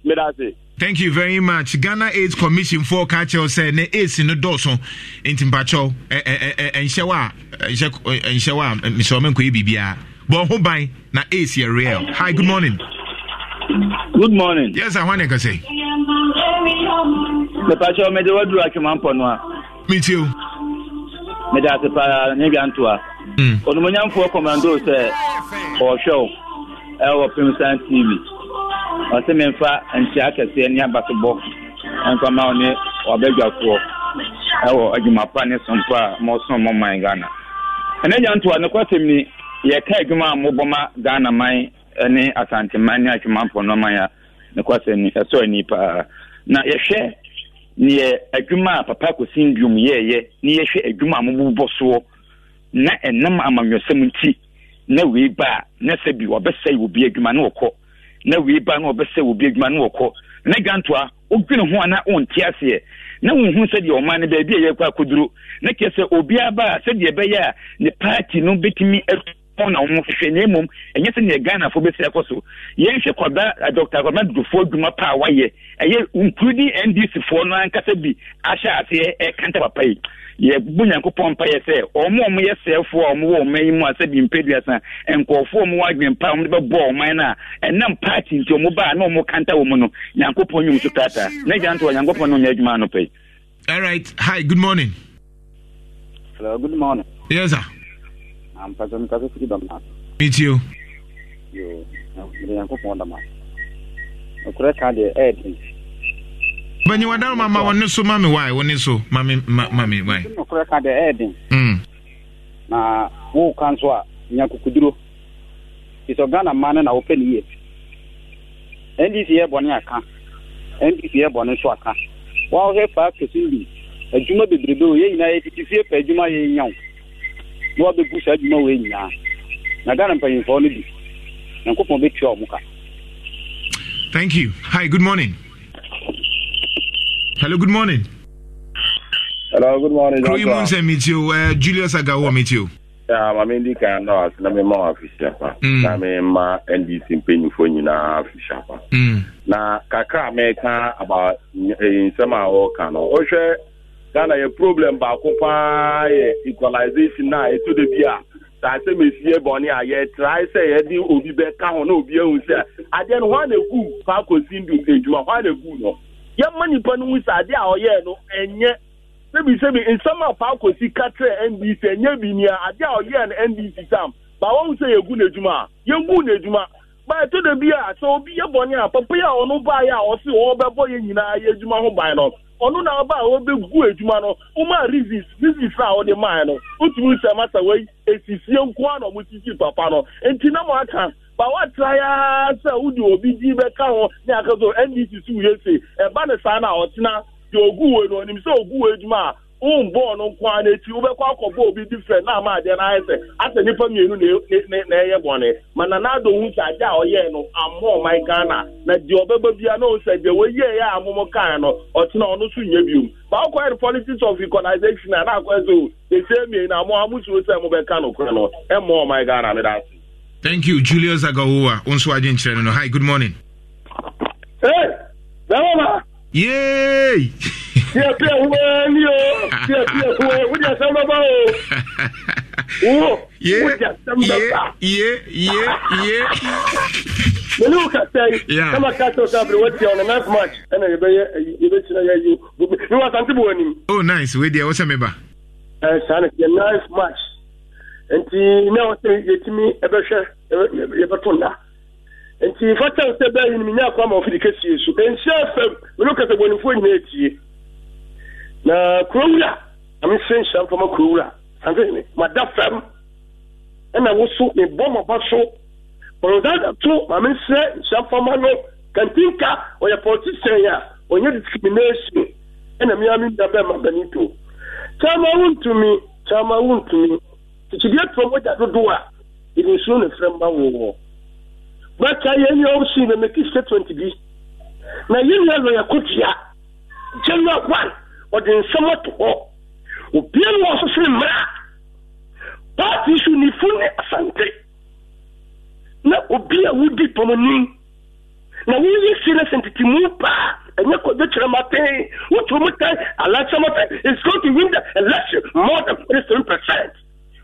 a, Thank you very much. Ghana AIDS Commission for Culture sɛ ne AIDS no dɔɔso nti mpakyɛw nhyɛwa a nhyɛwa nkɔ yi bɔn ho ban na AIDS yɛ real. Hi, good morning. Good morning. Yes, I want to say. Mpakyɛw waduru atwuma no a. Mi ti ase paa, Mm. onumonyamfoɔ kɔmando sɛ ɔhwɛ ɛwɔ pimsan tv ɔsɛ memfa nkyia kɛseɛ ne abatobɔ ɛmfama wo ne ɔbɛdwafoɔ ɛwɔ adwuma pa ne sompo a mɔsom mɔ ghana ɛnɛ gya ntoa nokwasɛm ni yɛka adwuma a mobɔma ghana man eh, ne asanteman ne adwuma mpɔnɔman a nokwasɛm ni ɛsɔ ani paa na yɛhwɛ neɛ adwuma a papa kɔsi ndwom yɛɛyɛ ne yɛhwɛ adwuma a mobobɔ na ɛnam amanyɔsɛm nti na wei ba a na sɛ bi wɔbɛsɛe obi adwuma ne wɔkɔ na wei ba na wɔbɛsɛe obi adwuma ne wɔkɔ na gantoa wodwene ho ana wonte aseɛ na wonhu sɛdeɛ ɔman no baabi a yɛkɔ akɔduro na kyerɛ sɛ obiaa ba a sɛdeɛ ɛbɛyɛ a ne paati no bɛtumi atumo na ho hwehwɛ na mmom ɛnyɛ sɛneɛ ghanafoɔ bɛsi akɔ so yɛnhwɛ kwada dr kwada dufoɔ adwuma paa wayɛ ɛyɛ including ndcfoɔ no ankasa bi ahyɛ aseɛ ɛkanta papa yi yɛbu nyankopɔn mpa yɛ sɛ ɔmo ɔmo yɛ sɛɛfoɔ a ɔmo wɔ ɔmo yi mu a sɛbi mpɛduasa nkurɔfoɔ ɔmo wadwen pa ɔmo de bɛbɔ ɔman no a ɛnam paati nti ɔmo baa na ɔmo kanta wɔ mu no nyankopɔn nwum so krataa na gya nto nyankopɔn no nyɛ adwuma ano all right hi good morning hello good morning yes sir ampasɛ mekasɛ firi dɔmas metio mede nyankopɔn dɔmas ɛkorɛ ka deɛ ɛyɛ den bẹẹni wa dáhùn mama wọn mami wáyé wọn mami mami wáyé. ṣé nìkúrẹ́ kan dẹ̀ ẹ́ dín. na wọ́n a nyankuku duro ìsọ ghana na wọ́pẹ́ nìyẹ ndc yẹ bọ̀ àká ndc yẹ bọ̀ ní so àká wọ́n ahọ́hẹ́ fà kẹsí bi bebrebe o nyinaa ní wọ́n bẹ wọ́n na ghana mpanyinfoɔ no bi nyankopɔn thank you hi good morning. Hello, good morning. Hello, good morning. Kuri Munse meet you. Uh, Julius Agawo meet mm. you. Yeah, my main dick and no, na me ma official pa. Na me mm. ma NDC mpanyinfo nyinaa official pa. Na kakra me ka about eh, nsɛm oh, ah, a wɔka no. Ohwɛ Ghana yɛ problem baako paa yɛ equalization na etu de bi a saa sɛ mesie bɔne a yɛtrae sɛ yɛde obi bɛka ho na obi ahu sɛ adeɛ no hɔ na ɛgu paakɔsi ndu adwuma hɔ na ɛgu no. yɛma nipa no hu sɛ ade a ɔyɛɛ no ɛnyɛ sɛbi sɛbi nsɛm a paa kɔsi ka kyerɛ ndc ɛnyɛ bi nia ade a ɔyɛɛ no ndc sam ba wɔn sɛ yɛgu n'adwuma a yɛgu n'adwuma ba ɛtɔ da bi a sɛ obi yɛ bɔne a papa yi a ɔno baeɛ a ɔse ɔbɛbɔ yɛ nyinaa yɛ edwuma ho ban no ɔno na aba a wɔbɛgu adwuma no woma reasons reasons a wɔde mae no wotumi sɛ masa wei ɛsisie nko a na ɔmo sisi papa no nti na aka ba ya sɛ wode obi gyi bɛka ho ne aka so eh. oh, ndc ah. oh. so woyɛ se ɛba ne saa na ɔtena de ogu no ɔnim sɛ ogu adwuma a wombɔɔ no nko a n'akyi wobɛkɔ akɔbɔ obi different na ama adeɛ no sɛ nnipa mmienu na ɛyɛ bɔne ma nanado hu sɛ agye a ɔyɛe no ammɔ ɔman ghana na deɛ ɔbɛba bia na ɔhu sɛ deɛ wɔyɛeɛ a amomɔ kae no ɔtena ɔno so nyɛ biom politics of econisation a na sɛ o ɛsɛ Thank you, Julius Agawoa. Onso Ajin Chireno. Hi, good morning. Hey, Dawama. Yay! Tia pia huwe niyo. Tia pia huwe. Udia samba ba o. Uo. Ye. Udia samba ba. Ye. Ye. Ye. Mene ukasai. Yeah. Kama kato sabri wati ya ona nice match. Ena yebeye. Yebe china ya yu. Niwa santibu wani. Oh, nice. Wedi ya wasa meba. Eh, sana. Nice match nti na ɔsɛ yɛtumi ɛbɛhwɛ yɛbɛto nna nti fakyɛw sɛ bɛyɛ no menya akɔ ama ɔfiri kɛsie so ɛnhyɛ fam mene kasa bɔnimfoɔ nyina ɛtie na kurowura amesɛ nhyira mfama kurowura santene mada fam ɛna wo so mebɔ mɔba so ɔrodada to mamesɛ nhyira mfama no kantinka ɔyɛ politician a ɔnyɛ discrimination ɛna mea me nda bɛma bani to kyama wontumi kyama wontumi kyidie tuo mogya dodoɔ a yɛde nsuo na frɛ mma wowɔ bɛka yɛn yɛ ɔsii na mɛki statement bi na yɛn yɛ lɔyɛ kotua general one ɔde nsɛm ato hɔ obia no wɔ so sene mmara paati so nifu ne asante na obi a wodi pɔmɔni na woyɛ sie no sentetimu paa ɛnyɛ kɔdɔ kyerɛ ma pɛn woturo mu tɛn alakyɛ ma pɛn is going to win the election more than three percent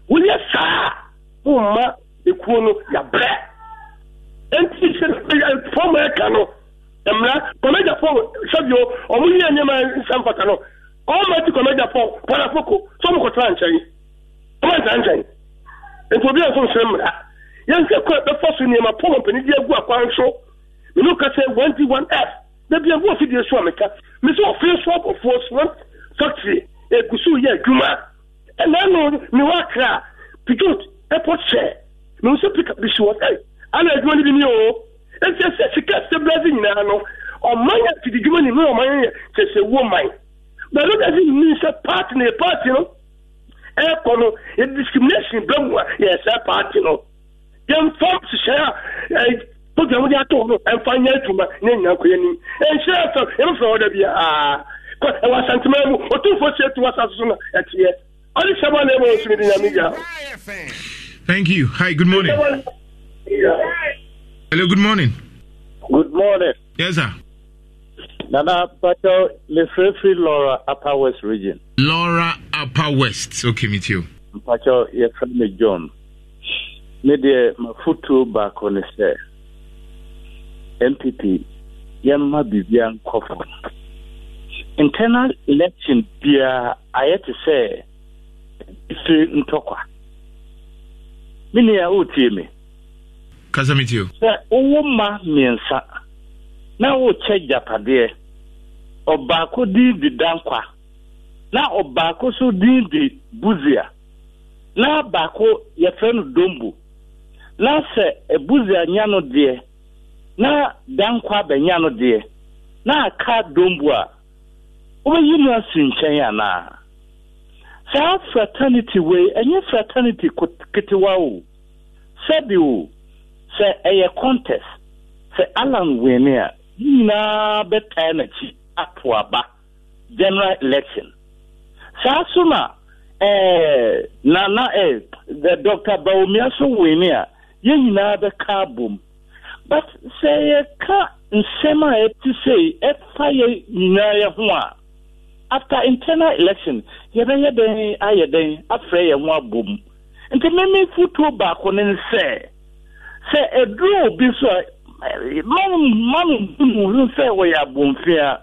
wonyɛ saa womma ekuo no yɛbrɛ nti sɛ fɔm a ɛka no mmara kɔmɛgya fɔ sɛbio ɔmo yɛ nneɛma nsɛm fata no ɔma ti kɔmɛgya fɔ pɔnafoko sɛ ɔmo kɔtena nkyɛn ɔma ntaa nkyɛn nti obi a nso nsɛm mmara yɛnsɛ kɔ bɛfa so nneɛma pɔm mpanyini egu akwan so mene kasa one d one f na bia bi wɔ fidie so a meka me sɛ ɔfiri so abɔfoɔ so factory egu so yɛ adwuma ɛnɛɛno mewɔ akra pigot airport hyɛ mehu sɛ pika bi si wɔ sɛ ana adwuma no bi ne o ɛnti ɛsɛ sika stabilize nyinaa no ɔman yɛ fidi dwuma ne mu ɔman yɛ kyɛ sɛ wo man bɛno dɛse nni sɛ party ne party no ɛkɔ no yɛ discrimination bɛ mu a yɛsɛ party no yɛmfa hyehyɛ a program de atɔ no ɛmfa nyɛ adwuma ne nyina kɔyɛ nim ɛnhyɛ fɛ yɛmfrɛ hɔ da biaa ɛwɔ asantema mu ɔtumfoɔ sɛ tu wasa so so na ɛteɛ Thank you. Hi, good morning. Hello, good morning. Good morning. Yes, sir. Nana Pacho, Lefrefi, Laura, Upper West region. Laura, Upper West. Okay, meet you. Pacho, your friend John. Media, my foot back on the stair. MPP, Yamma Bibian Kofo. Internal election, dear, I had to say. si ntɔkwa me nea wotie me kasa metio sɛ wowɔ ma mmiɛnsa na wokyɛ japadeɛ ɔbaako din di dankwa na ɔbaako so din di buzia na baako yɛfrɛ no dombo na sɛ ebuzia nya no deɛ na dankwa bɛnya no deɛ na aka dombo a wobɛyi no asi nkyɛn anaa saa fraternity wei ɛnyɛ fraternity ketewa o sɛbi o sɛ ɛyɛ contest sɛ alan wene a nyinaa bɛtae n'akyi ato aba general election saa eh, eh, so na ɛɛ nana ɛɛ dr bawumia so wene a yɛn nyinaa bɛka abom but sɛ yɛka nsɛm a ɛte e sei ɛfa e yɛ nyinaa yɛ ho a. after internal election yɛbɛyɛ dɛn ayɛ dɛn afrɛ yɛn ho abom nti mmemme fotuo baako ne nsɛ sɛ ɛduru obi so a mmanu eh, mmanu mu nsɛ wɔyɛ abomfin a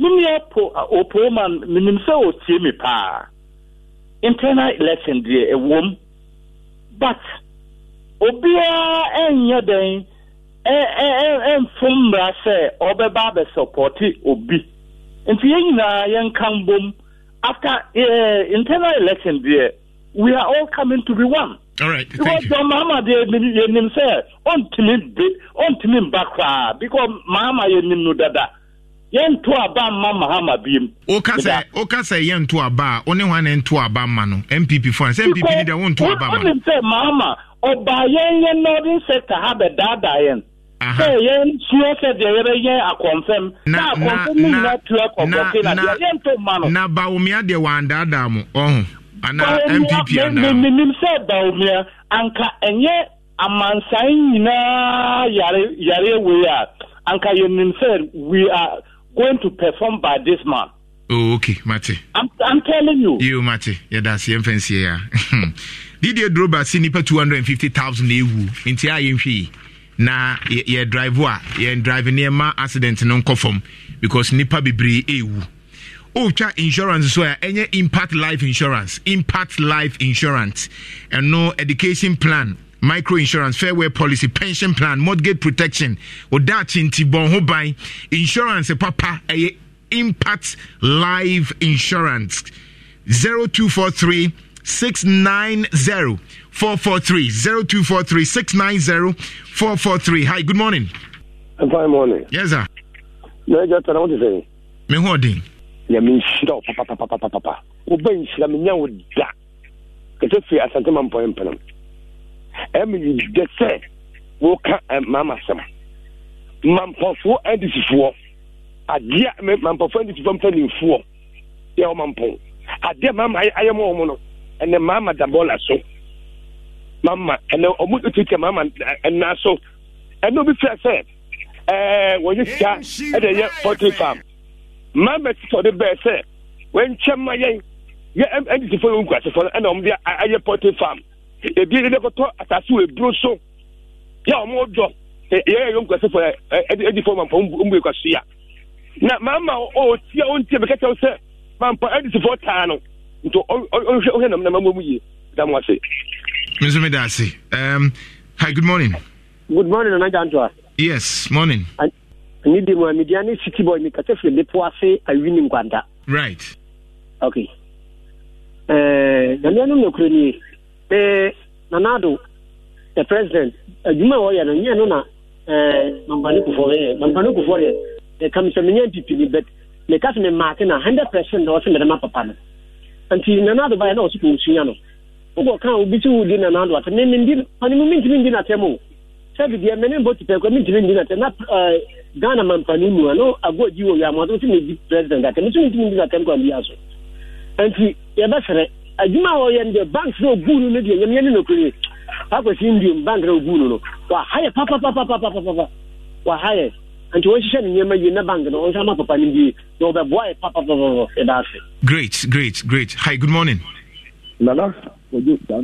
mmemme po opoe ma otie mi paa internal election deɛ ɛwom but obiara ɛnyɛ dɛn ɛ ɛ ɛmfom mmara sɛ ɔbɛba abɛsɔpɔte obi. nti yɛn nyinaa yɛnka mbom after uh, eh, internal election deɛ we are all coming to be one. All right, thank sɛ ɔntumi ɔntumi because no dada aba ma Mahama O kasa aba o aba ma no NPP sɛ NPP ni aba sɛ yɛn yɛn ha bɛ daadaa yɛn. na baomia deɛ wɔandaadaa mo ɔho sɛ baomia anka ɛnyɛ amansan nyinaa yare wei a anka yɛnim sɛ we are going to perform by this month Oh, okay, Mate. I'm, I'm telling you. You, Mate. Yeah, that's the infancy. Yeah. Didier Droba, see, nipa 250,000 ewu. Inti a na yɛ drive a yɛn drive nneɛma accident no nkɔ fam because nipa bebree ewu otwa insurance so a ɛnyɛ impact life insurance impact life insurance ɛno education plan micro insurance farewell policy pension plan mortgage protection ɔdaakye nti bɔn ho ban insurance papa ɛyɛ impact life insurance zero two four three. 690 443 0243 690 443. Hi, good morning. Fine morning. Yes, sir. na ɛgya tana wote sɛ me ho ɔden nyame nhyira wo papapapapapa woba nhyira menya wo da kɛsɛ firi asante ma mpɔɛ mpenam ɛmeyigye sɛ woka maamasɛm e, mampɔfoɔ andisifoɔ adeɛ mampɔfoɔ andisifoɔ mpanimfoɔ yɛ wɔ mampɔn adeɛ maama ayɛ ma wɔ mu e, e, no ɛnɛ maama da bɔɔla so maama ɛnɛ ɔmo tuntun maama ɛna so ɛnɛ obi fira sɛ ɛɛ wɔyɛ sika ɛdɛ yɛ pɔtri farm maama ti sɔ de bɛɛ sɛ wɛnkyɛn ma yɛn yɛ ɛdisi fo yɛn nkurasi fo ɛnɛ ɔmo de ayɛ pɔtri farm ebi yɛ de kɔtɔ ataasi wɔ eburo so yɛ ɔmo dɔ yɛ yɛ nkurasi fo yɛ ɛdi fo ma mpɔ ɔmo yɛ kwasi ya na maama ɔɔ tia ɔntia bɛ kɛtɛ sɛ mampa ɛdisi fo taa no nti ɔhwɛ ɔhwɛ nam nam amu yie da mu ase. mi nso mi da ase um, hi good morning. good morning nana jantoa. yes morning. ne de mu a mi di ane city boy mi kata firi lepo ase awi ni nkwanta. right. okay. Eh, nana anum na kuro nie ɛɛ eh, nana ado the president adwuma a wɔyɛ no nyɛ no na ɛɛ eh, mampane kufuɔ yɛ mampane kufuɔ yɛ ɛkamisɛn mi nyɛ npp ni bɛt mɛ kasi mi maaki na hundred percent na ɔsi mɛ papa no nti nanado baɛ na ɔsopɔ nsua no wokɔ ka obi sɛ wodi nanado atɛm ne mendi panemu mentimi ndi natɛm o sɛbi deɛ mene mbɔ tipɛkɔ mentimi ndi natɛm na ghana mampane mu a no agɔgyi wɔ wiamoato sɛ medi president atɛm nso mentimi ndi natɛm kɔ ambia so nti yɛbɛserɛ adwuma a wɔyɛ no deɛ bank sɛ ɔbu no no deɛ nyamyɛ ne nokorɛ akwasi ndiom bank na ɔbu no no wahayɛ papapapapapapa wahayɛ nti wɔnhyehyɛ ne nneɛma yie na bank no ɔnsa ma papa no yie na ɔbɛboa yɛ papapapapɔ ɛda e ase great great great hi good morning nana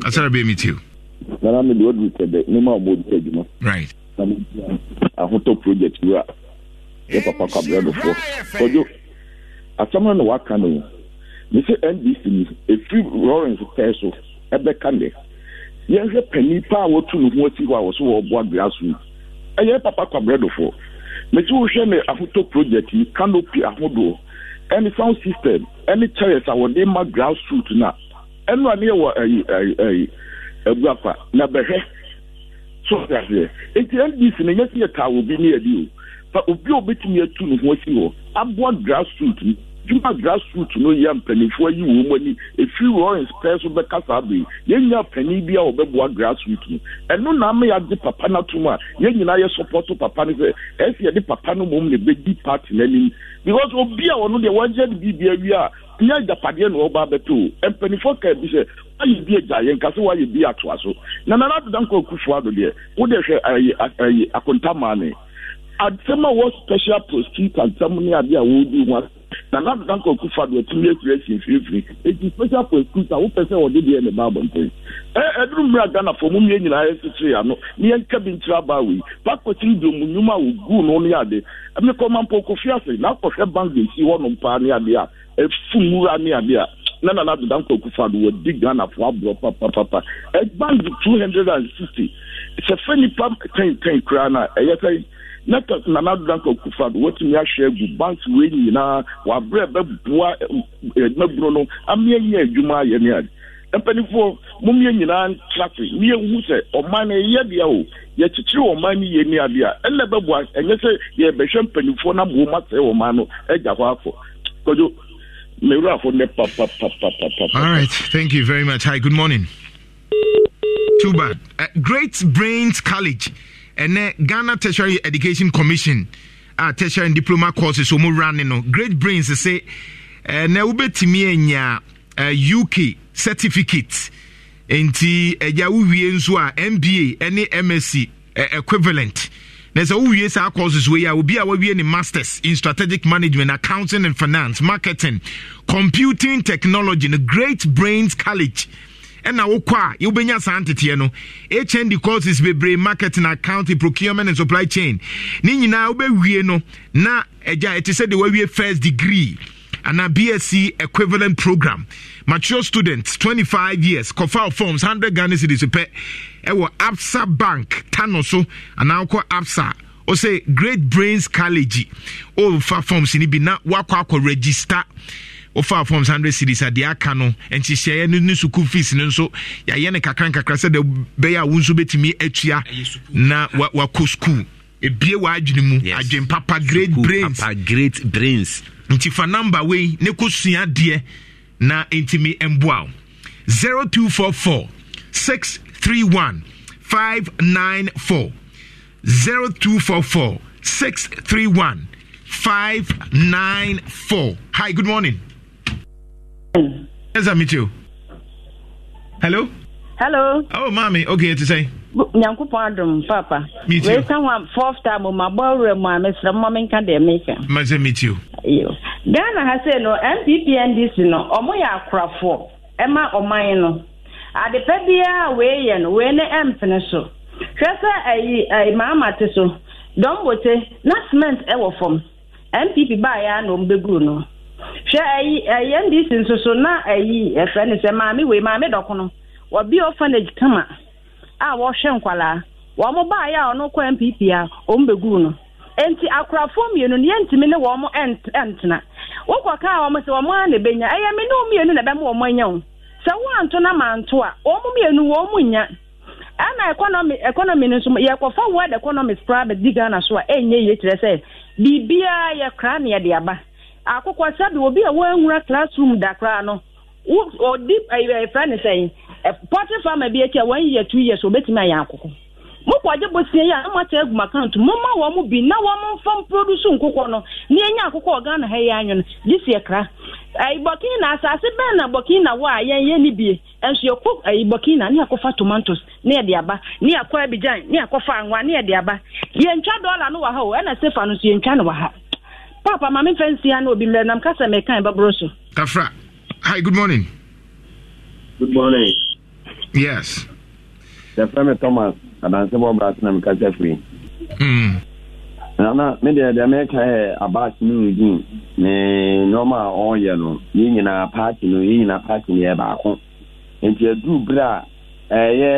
asara bɛ mi ti o nana mi de o duru sɛbɛ ne ma ɔmo di adwuma right na mo di ahotɔ project wura yɛ papa kwabra do fo ɔdwo asama na waka no yi ne sɛ ndc ni efiri lawrence pɛɛ so ɛbɛka ne yɛhwɛ panyin paa wɔtu ne ho asi hɔ a wɔso wɔ ɔboa grassroots ɛyɛ eh, papa kwabra mesi wohwɛ ne ahotɔ project yi canopy ahodoɔ ɛne sound system ɛne chairs a wɔde ma ground suit na ɛno a ne yɛ wɔ ɛyi ɛyi ɛyi abuafa na bɛhwɛ so aseɛ eti ndc ne yɛsi yɛ taa obi ne yɛ bi o fa obi a obetumi atu ne ho asi wɔ aboa ground suit no adwuma grassroot no yɛ mpanimfoɔ yi wɔn ani efiri lawrence pɛɛ so bɛka saa bɛyi yɛn nyɛ panin bi a ɔbɛboa grassroot no ɛno na ama yɛagye papa n'atom a yɛn nyinaa yɛ sɔpɔtɔ papa no sɛ ɛsi yɛde papa no mom na ebɛdi party n'anim because obi a wɔn deɛ wɔn de biribi awie a nyɛ agyapadeɛ na ɔba abɛto o mpanimfoɔ kaa bi sɛ wayɛ bi agya yɛn kase wayɛ bi atoa so na nana adodankɔ kufu ado deɛ wo deɛ hwɛ ayi ayi akontamaa ne asɛm a wɔ special prosecutor asɛm ne ade a wɔdi mu na na dan kɔku fa do ɛtumi ekura esi mfimfini eti special prosecutor a wopɛ sɛ wɔde deɛ ne ba abɔnten ɛ ɛduru mmiri agana fɔ mu mie nyinaa ɛsisiri ano ne yɛn kɛ bi nkyerɛ aba awo yi pakɔsi do mu nnwuma a wogu no ne ade ɛmi kɔma mpo kofi ase na akɔhwɛ bank esi hɔnom paa ne ade a efun wura ne ade a na nana do dan kɔku fa do wɔdi ghana fo aborɔ papapapa ɛ bank two hundred and sixty sɛfɛ nipa tɛntɛn koraa na ɛyɛ sɛ na ka nana danko kufado watumi ahwɛ agu bank wei nyinaa wabrɛ bɛboa adwumaburo eh, eh, no ameɛ nyɛ adwuma ayɛ ne ade mpanimfoɔ mumie nyinaa ntrafe nie hu sɛ ɔman no yɛ deɛ o yɛkyekyere ɔman no yɛ ni adeɛ a ɛnna bua ɛnyɛ sɛ yɛbɛhwɛ mpanimfoɔ na mmomu asɛe ɔman no agya hɔ akɔ kɔdwo mewura afɔ nɛ papapapapapa. all right thank you very much hi good morning. too bad uh, great brains college. ɛnɛ ghana tertiary education commission a tertiary and diploma courses wɔn running no great brains sɛ ɛnɛ wobɛtumi anya e, uk certificate nti ɛgya e, wowie nso a mba ɛne msc e, equivalent na sɛ wowie saa courses wei a obi a wawie ne masters in strategic management accounting and finance marketing computing technology no great brains college ɛna wokɔ a wobɛnya saa nteteɛ no hnd courses bebree marketing accounting procurement and supply chain ne nyinaa wobɛwie no na agya ɛte sɛ deɛ wawie first degree ana bsc equivalent program mature students 25 years kɔfa forms 100 ghana cedis pɛ ɛwɔ absa bank tano so anaa wokɔ absa ɔsɛ great brains college o ɔfa forms no bi na woakɔ akɔ register wofa forms 100 series a deɛ aka no nkyehyɛeɛ no ne sukuu fees no nso yɛayɛ no kakra nkakra sɛdeɛ bɛyɛ a wo nso bɛtumi atua na wakɔ sukuu ebie w'adwene mu yes. adwen papa great Suku, brains papa great brains nti fa number wei ne kɔ sua deɛ na ntumi mboa wo 0244 631 594 0244 631 594 hi good morning Yes, I meet you. Hello? Hello. Oh, mommy. Okay, to say. nyankopɔn adom papa weika ho a fourth time ma bɔwerɛ mu a mesrɛ mma menka deɛ meka masɛ metio ghana ha sei no mppndc no ɔmo yɛ akorafoɔ ɛma ɔman no adepɛ biara weeyɛ no wei ne ɛmpene so hwɛ sɛ ayi ayi maama te so dɔmbote na cement ɛwɔ fam mpp baayɛ a na ɔmbɛguru no hwɛ ayi ɛyɛ eh, ndc na eyi efe ne sɛ maame wei maame dɔko no wɔbi kama a wɔhwɛ nkwalaa wɔn a ɔno kɔ npp a wɔn bɛguu no nti akorafo mmienu no yɛntumi ne wɔn mo ɛntena wokɔ kaa wɔn sɛ wɔn na ɛyɛ ne wɔn mmienu na ɛbɛma wɔn anya sɛ na a wɔn mmienu wɔn nya ɛna nso yɛkɔfa ghana so a akwụkwọ sebe obi a wanwura classroom dakra no odi ɛfrɛ ne sɛn pɔtri farmer bi akyi a wɔn yɛ two years obetumi ayɛ akwụkwọ mokɔgye bosia yi a na moakyɛ agum account momma wɔn mu bi na wɔn mfa mproduce nkokɔ no na yɛnya akokɔ ghana ha yi anwene gye sie kra bɔkina asase bɛn na bɔkina wɔ a ya yɛn ni bie nso yɛkɔ bɔkina ne yɛkɔfa tomatoes ne yɛde aba ne yɛkɔ abigyan ne yɛkɔfa anwa ne yɛde aba yɛntwa dɔla no wɔ ha o ɛna sefa no nso yɛntwa no wɔ ha papa maame fɛ nsia na obi mmerɛ nam kasa mɛka ɛbɛborɔ so kafra hi good morning good morning yes yɛfrɛ me thomas adanse bɔ brase na mekasa firi hmm. nana me deɛ deɛ meka yɛ abas ne udin ne nneɔma a ɔyɛ no yɛ nyinaa party no yɛ nyinaa party no yɛ baako nti aduru berɛ a ɛyɛ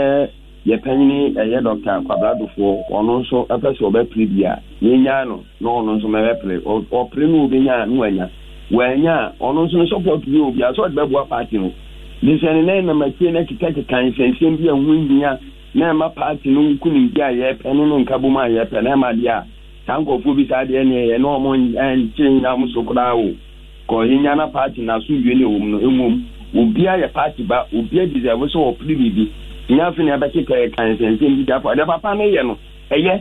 yɛpanyini ɛyɛ dɔkta kwabradofoɔ ɔno nso ɛpɛ sɛ ɔbɛpere bi a yɛnya no na ɔno nso mɛbɛpere ɔpere no obɛnya na wanya wanya a ɔno nso no bi obi a sɛ ɔde bɛboa no na ɛnam akyire na akekakeka nsɛnsɛm bi a ho hia na ɛma party no nku ne bi a yɛpɛ no a yɛpɛ na ɛma deɛ a saa bi saa deɛ na ɔmo o na na asomdwe ne tinya afei na ɛbɛkye kɛɛ kansɛnsɛm bi dapɔ ɛdɛ papa no yɛ no ɛyɛ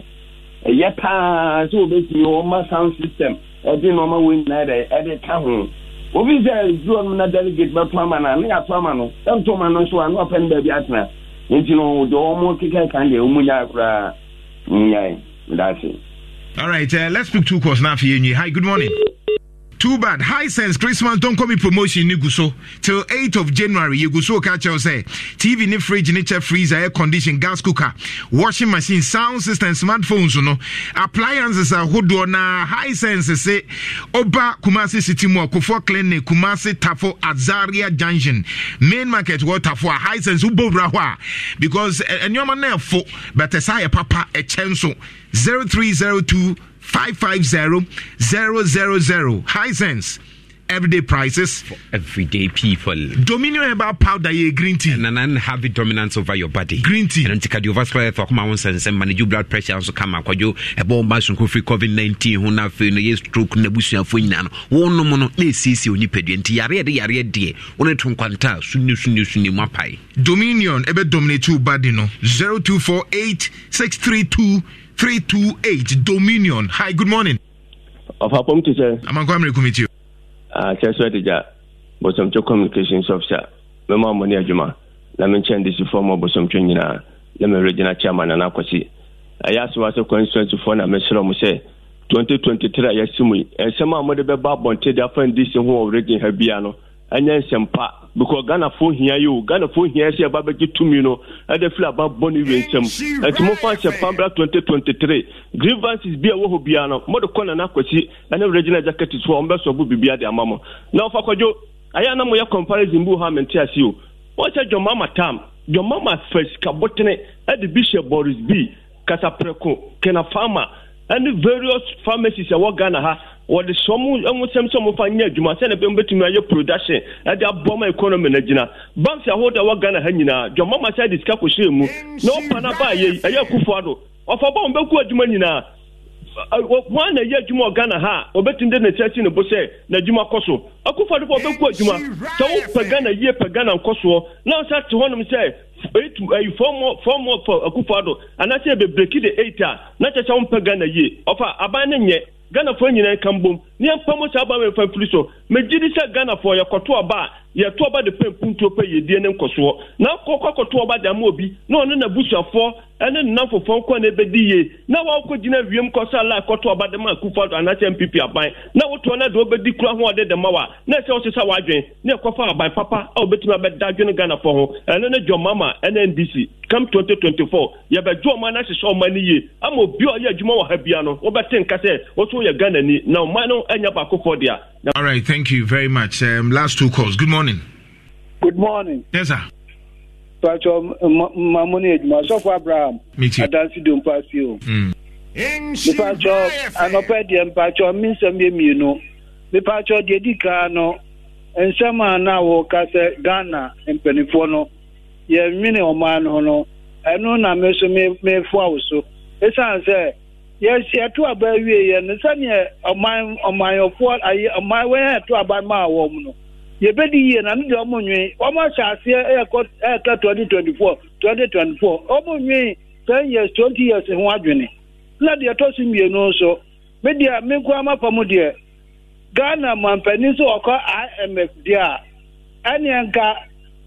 ɛyɛ paa sɛ obɛtumi ɔma sound system ɛde nneɛma wɔ nyinaa ɛdɛ ɛde e ka ho obi sɛ duro no na delegate bɛto ama no ne yɛato ama no ɛnto ma no e nso a ɔpɛ no baabi atena nti no deɛ ɔmo keka kan deɛ ɔmu nyaa koraa nyae medase all right uh, let's pick two calls now for you hi good morning too bad high sense christmas don come promotion ni gu so till 8th of january You gu so ka kyerɛw sɛ tv ne fridge ne kyɛ freezer air condition gas cooker washing machine sound system smartphones no appliances are ahodoɔ na high sense say. Oba kumasi city mo ɔkofoɔ clinic kumase tafo azaria junction main market wɔ tafo high sense wobɔwura hɔ eh, eh, a because nneɛma no ɛfo bɛtɛ saa yɛ papa ɛkyɛ nso 0302 550 000 sense, everyday prices. For everyday people. Dominion herbal powder, yeah, green tea. And then have it dominance over your body. Green tea. And then cardiovascular health, come on, sense, manage blood pressure, also come out. You a bomb bash, free COVID 19, who now feel no stroke, nebusia, fuinan, one no mono, ne sisi, oni pedienti, yare, yare, de, one tun quanta, sunu, sunu, sunu, mapai. Dominion, ebe dominate you, body no. 0248 632 three two eight Dominion. Hi, good morning. ọ̀fàpọ̀m ti sẹ́. amankwa amiri kumi ti o. àkyẹ́sọ́ ẹ̀dìjà bọ̀sọ̀mùtò communications officer mẹ́mọ́ àmọ́ ní ẹ̀dwuma na mi nkyɛn de si fɔm ɔbɔsɔmtwo nyinaa na mi regional chairman nana akɔsi ɛyɛ asewase constituency foɔ na mesrɛ mo sɛ Twenty a yɛsi mu yi nsɛm a mode bɛba abɔnten de afa ndc ho wɔ region ha bia no ɛnyɛ nsɛmpa because ghana hia yi o ghana fo hia sɛ ɛba bɛgye tumi no ɛde fili aba bɔ ne wie nsɛm ɛnti mofa nsɛmpa mbra 2023 grievances bi a ɛwɔ hɔ biara no mode kɔ nana akwasi ɛne regina jacket so a ɔmbɛsɔ bo biribia de ama mo na ɔfa kɔdwo ɛyɛ na moyɛ comparison bi wɔ hɔ a ase o wɔsɛ dwɔmama tam dwɔmama fa sikabotene ɛde bi hyɛ boris b kasaprɛko kena farma ɛne various pharmacies ɛwɔ ghana ha wɔde sɛ ɔmo ɔmo sɛm sɛ ɔmo fa nyɛ adwuma sɛ na bɛn bɛtumi ayɛ production ɛde abɔ ɔmo economy na gyina banks ahodoɔ a wɔ ghana ha nyinaa jɔnma ma sɛ de sika kɔ hyɛn mu na ɔpa na ba ayɛ ɛyɛ kufu ado ɔfa ba ɔmo bɛku adwuma nyinaa wọn na yɛ adwuma wɔ ghana ha ɔbɛtumi de ne nsa si ne bo sɛ n'adwuma kɔ so akufu ado fɔ ɔbɛku adwuma sɛ wopɛ ghana yie pɛ ghana nkɔ soɔ na ɔsa te hɔnom sɛ eight ɛyi eh, four more four more for akufu ado anaasɛ de eita, a na kyɛ sɛ wɔmpɛ ghana yie ɔfa aban ne nyɛ ghanafoɔ nyinaa ka mbom nneɛmfa mu saa aba mɛmfa mfiri so megye di sɛ ghanafoɔ yɛkɔto aba a yɛto ɔba de pɛn puntuo pɛ yɛdie ne nkɔsoɔ na kɔkɔ akɔto ɔba de ama obi na ɔne n'abusuafoɔ ɛne ne nanfofoɔ nkɔ na ebɛdi yie na wakɔ gyina wiem kɔ sɛ ala akɔto ɔba de ma akufa anakyɛ npp aban na wotoɔ na de ɔbɛdi kura ho ɔde de ma wa na ɛsɛ ɔsi sa wadwen na ɛkɔfa aban papa a obetumi abɛda adwene ghanafoɔ ho ɛne ne jɔ mama ɛne ndc kam 2024 yɛbɛdwo ɔman no ahyehyɛ ɔman no yie ama obi a ɔyɛ adwuma wɔ ha bia no wobɛte na ɔman no anya baakofoɔ dea All right, thank you very much. Um, last two calls. Good morning. Good morning. Yes, sir. Pàtó Mamoni Ejima, Sọ́fọ̀ Abraham, Adansi Dompa si o. Mipatọ mm. anọpẹ diẹ e, mpatọ mi nsẹm yẹ mienu. Mipatọ diẹ di e kan no nsẹm a na Ghana mpanyinfoɔ no yɛ nwene ɔman no no ɛno na mi nso mi mi fo awoso. Esan sɛ. yɛsi ɛto aba awie yɛ no sɛnea ɔman ɔmanyɔfoɔ ayi ɔman wɔn ɛto aba maa wɔn no yɛbɛdi yie na ne deɛ ɔmo nwi ɔmo ahyɛ aseɛ ɛyɛ kɔ ɛyɛka twenty twenty four twenty twenty four ɔmo nwi ten years twenty years ho adwene na deɛ ɛtɔ so mmienu nso me deɛ me nko ama fam deɛ ghana mampanin so ɔkɔ imf deɛ a nka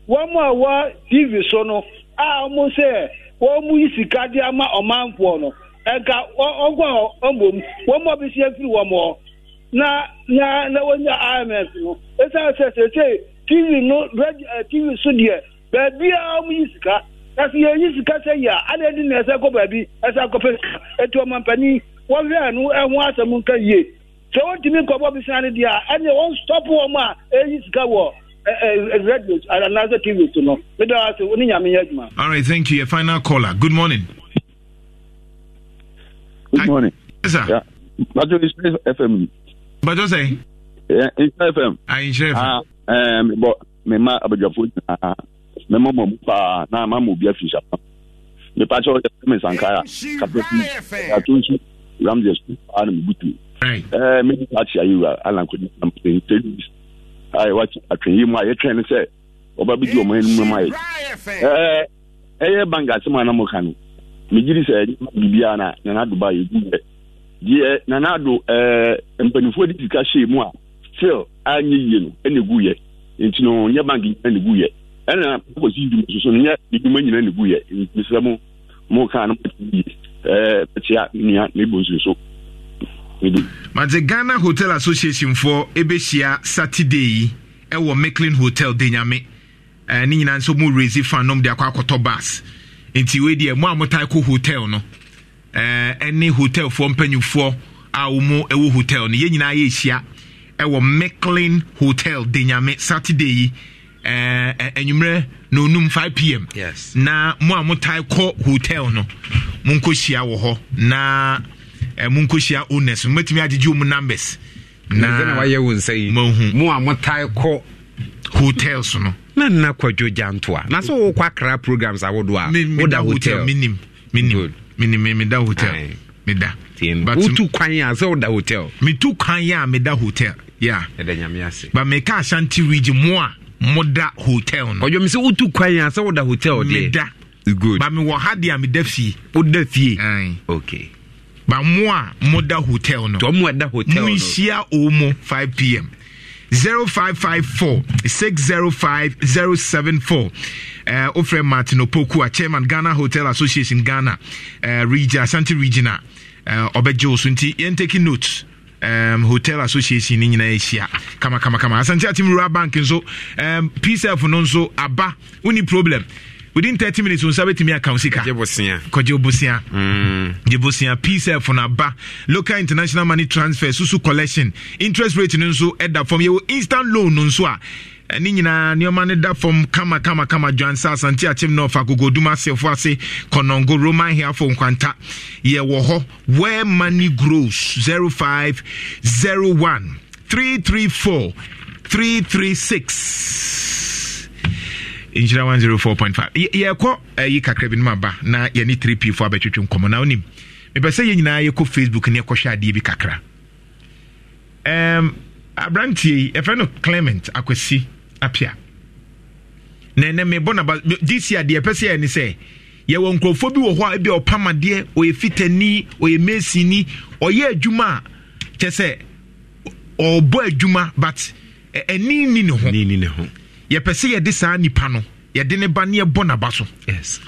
wɔn a tv so a sɛ wɔn yi sika de ama ɔmanfoɔ no. ɛka ɔnkɔ ɔmbom wɔn mu ɔbi si efiri na na na wonya imf no esi sɛ tv no tv so deɛ a wɔn yi sika kasi yɛ sika sɛ yia a na di na ɛsɛ kɔ beebi ɛsɛ akɔ fɛ sika etu ɔman panyin wɔn hwɛ ihe, so asɛm nka yie sɛ wɔntumi nkɔbɔ bi sani deɛ ɛnna wɔn stɔp wɔn a eyi sika wɔ. Radio and another TV, All right, thank you. Your final caller. Good morning. Good morning. Yes, sir. Yeah. Bajo is FM. Bajo say? Yeah, it's FM. Ah, it's FM. Ah, um, but me ma abajafo ah, ah, me mo mo pa na ma mo bi afi Me pa cho me sankara. Kapeti. Atunchi. Ramjes. Ah, me butu. Right. Eh, me pa chi ayu alan ko ni am playing tennis. I watch atwen yi mu aye train say. Oba bi di omo enu mu aye. Eh, eh, eh banga sima na mo kanu megyiri sɛ biribiara na nana ba yɛgu yɛ deɛ nana ado de sika hyɛ mu a still anyɛ yie no ɛna egu nti no nyɛ bank nyina na egu ɛna kɔsi dwuma soso no nyɛ edwuma nyina na egu yɛ mu mu kaa no yie ɛɛ ɛkyia nua na so. Mate Ghana Hotel Association for Ebesia Saturday yi ɛwɔ Mecklin Hotel Denyame ɛɛ ne nyinaa nso mu raise fan nom de akɔ akɔtɔ bus nti wei deɛ mo a motae kɔ hotel no ɛne hotelfoɔ mpanyimfoɔ a wɔmu ɛwɔ hotel no yɛn nyinaa yɛhyia ɛwɔ mclean hotel denyame saturday yi anwummerɛ na onum 5 pm yes. na mo a motae kɔ hotel no monkɔhyia wɔ hɔ na eh, monkɔhyia owners momatumi agyegye mu numbers na wayɛ wo nsa mahu mo a motae kɔ hotels no na nna kwadwo gyantoa na sɛ wowokɔ akra programs awodoɔ a woda hotel menim menim menim meda hotel meda wotu kwan a sɛ woda hotel metu kwan a meda hotel yeah. but meka ashanti region mo a moda hotel no ɔdwom sɛ wotu kwan a sɛ woda hotel deɛ good but mewɔ ha deɛ a meda fie woda fie okay but mo a moda hotel no tɔ mo ɛda hotel no nhyia omo 5 pm 0554 605074. Uh, Ofre Martin Opokua, Chairman Ghana Hotel Association Ghana, uh, Region, Asante Regional, uh, Obejo Sunti, you're taking notes. um, hotel association ne nyinaa ahyia kamakama kama asante atim rural bank nso um, psf no nso aba woni problem within thirty minutes nsa bɛtumi aka sika kɔgye bosea gye mm. Peace, psf no aba local international money transfer susu collection interest rate no nso ɛda fam yɛwɔ instant loan no nso a ɛne eh, nyinaa nneɛma no da fam kamakamakama dwansa asante akyem no ɔfa agogodum aseɛfo ase kɔnɔngo roman heafo nkwanta yɛwɔ hɔ where money grows 0501 334 336 nhyira 104.5 yɛkɔ ayi eh, kakra bi no ma ba na yɛne 3p fo abɛtwetwe nkɔmmɔ na wonim mepɛ sɛ yɛ nyinaa yɛkɔ facebook ne yɛkɔhwɛ adeɛ bi kakra um, aberantie yi yɛfrɛ no clement akwasi apia na mebɔ naba dc adeɛ ɛpɛ sɛ yɛ ne sɛ yɛwɔ nkurɔfoɔ bi wɔ hɔ a ebi ɔpam adeɛ ɔyɛ fitani ɔyɛ mesini ɔyɛ adwuma a kyɛ sɛ ɔbɔ adwuma but ɛni ni ne ho yɛpɛ sɛ yɛde saa nipa no yɛde ne ba ne yɛbɔ n'aba so. yes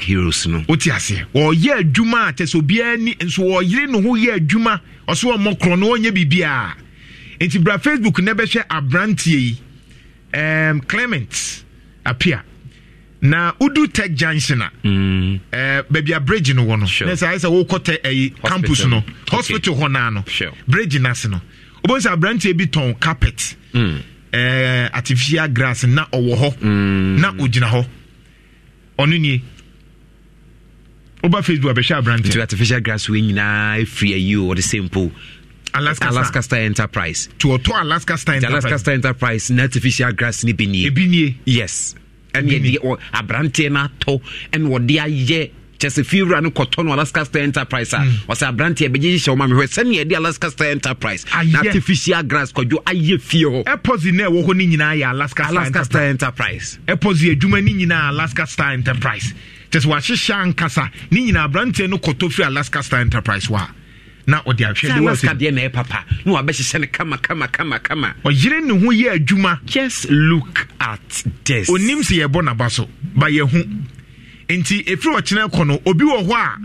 heroes no. o ti aseɛ ɔyɛ adwuma a kyɛ sɛ obiara ni nso ɔyere ne ho yɛ adwuma ɔso ɔmɔ korɔ no ɔnyɛ biribiara nti bra facebook na bɛhwɛ aberanteɛ yi um, clement apia na udu tech junction a mm. baabi a bridge no wɔ no sure. na sɛ ayɛ sɛ wokɔ tɛ ɛyi campus no hospital hɔ naa no sure. bridge no ase no wobɛhu sɛ aberanteɛ bi tɔn carpet mm eh, artificial grass na ɔwɔ hɔ mm. na ogyina hɔ ɔno nie woba facebook abɛhwɛ aberante artificial grass wei nyinaa ɛfiri ayi o ɔde sempo Alaska, Alaska Star Enterprise. To ọtọ Alaska Star Enterprise. Alaska Star Enterprise na artificial grass ni bi nie. Ebi nie. Yes. Ɛni ɛdi aberanteɛ na atɔ ɛni wɔde ayɛ kyɛ sɛ fie wura no kɔtɔ no alaska star enterprise ah. hmm. a ɔsɛ aberanteɛ bɛgye hyehyɛ wɔma mehwɛ sɛneɛ ɛde alaska star enterprise na artificial grass kɔdwo ayɛ fie hɔ ɛpɔsi no ɛwɔ hɔ no nyinaa yɛ alaska star enterprise ɛpɔsi adwuma no nyinaa alaska star enterprise kyɛ sɛ wahyehyɛ ankasa ne nyinaa aberanteɛ no kɔtɔ firi alaska star enterprise hɔ a na ɔde ahwɛ ne wasi deɛ na ɛpapa na wabɛhyehyɛ no kama kama kama kama ɔyere ne ho yɛ adwuma just look at this onim sɛ yɛbɔ n'aba so ba yɛho nti ɛfiri ɔkyena kɔ no obi wɔ hɔ a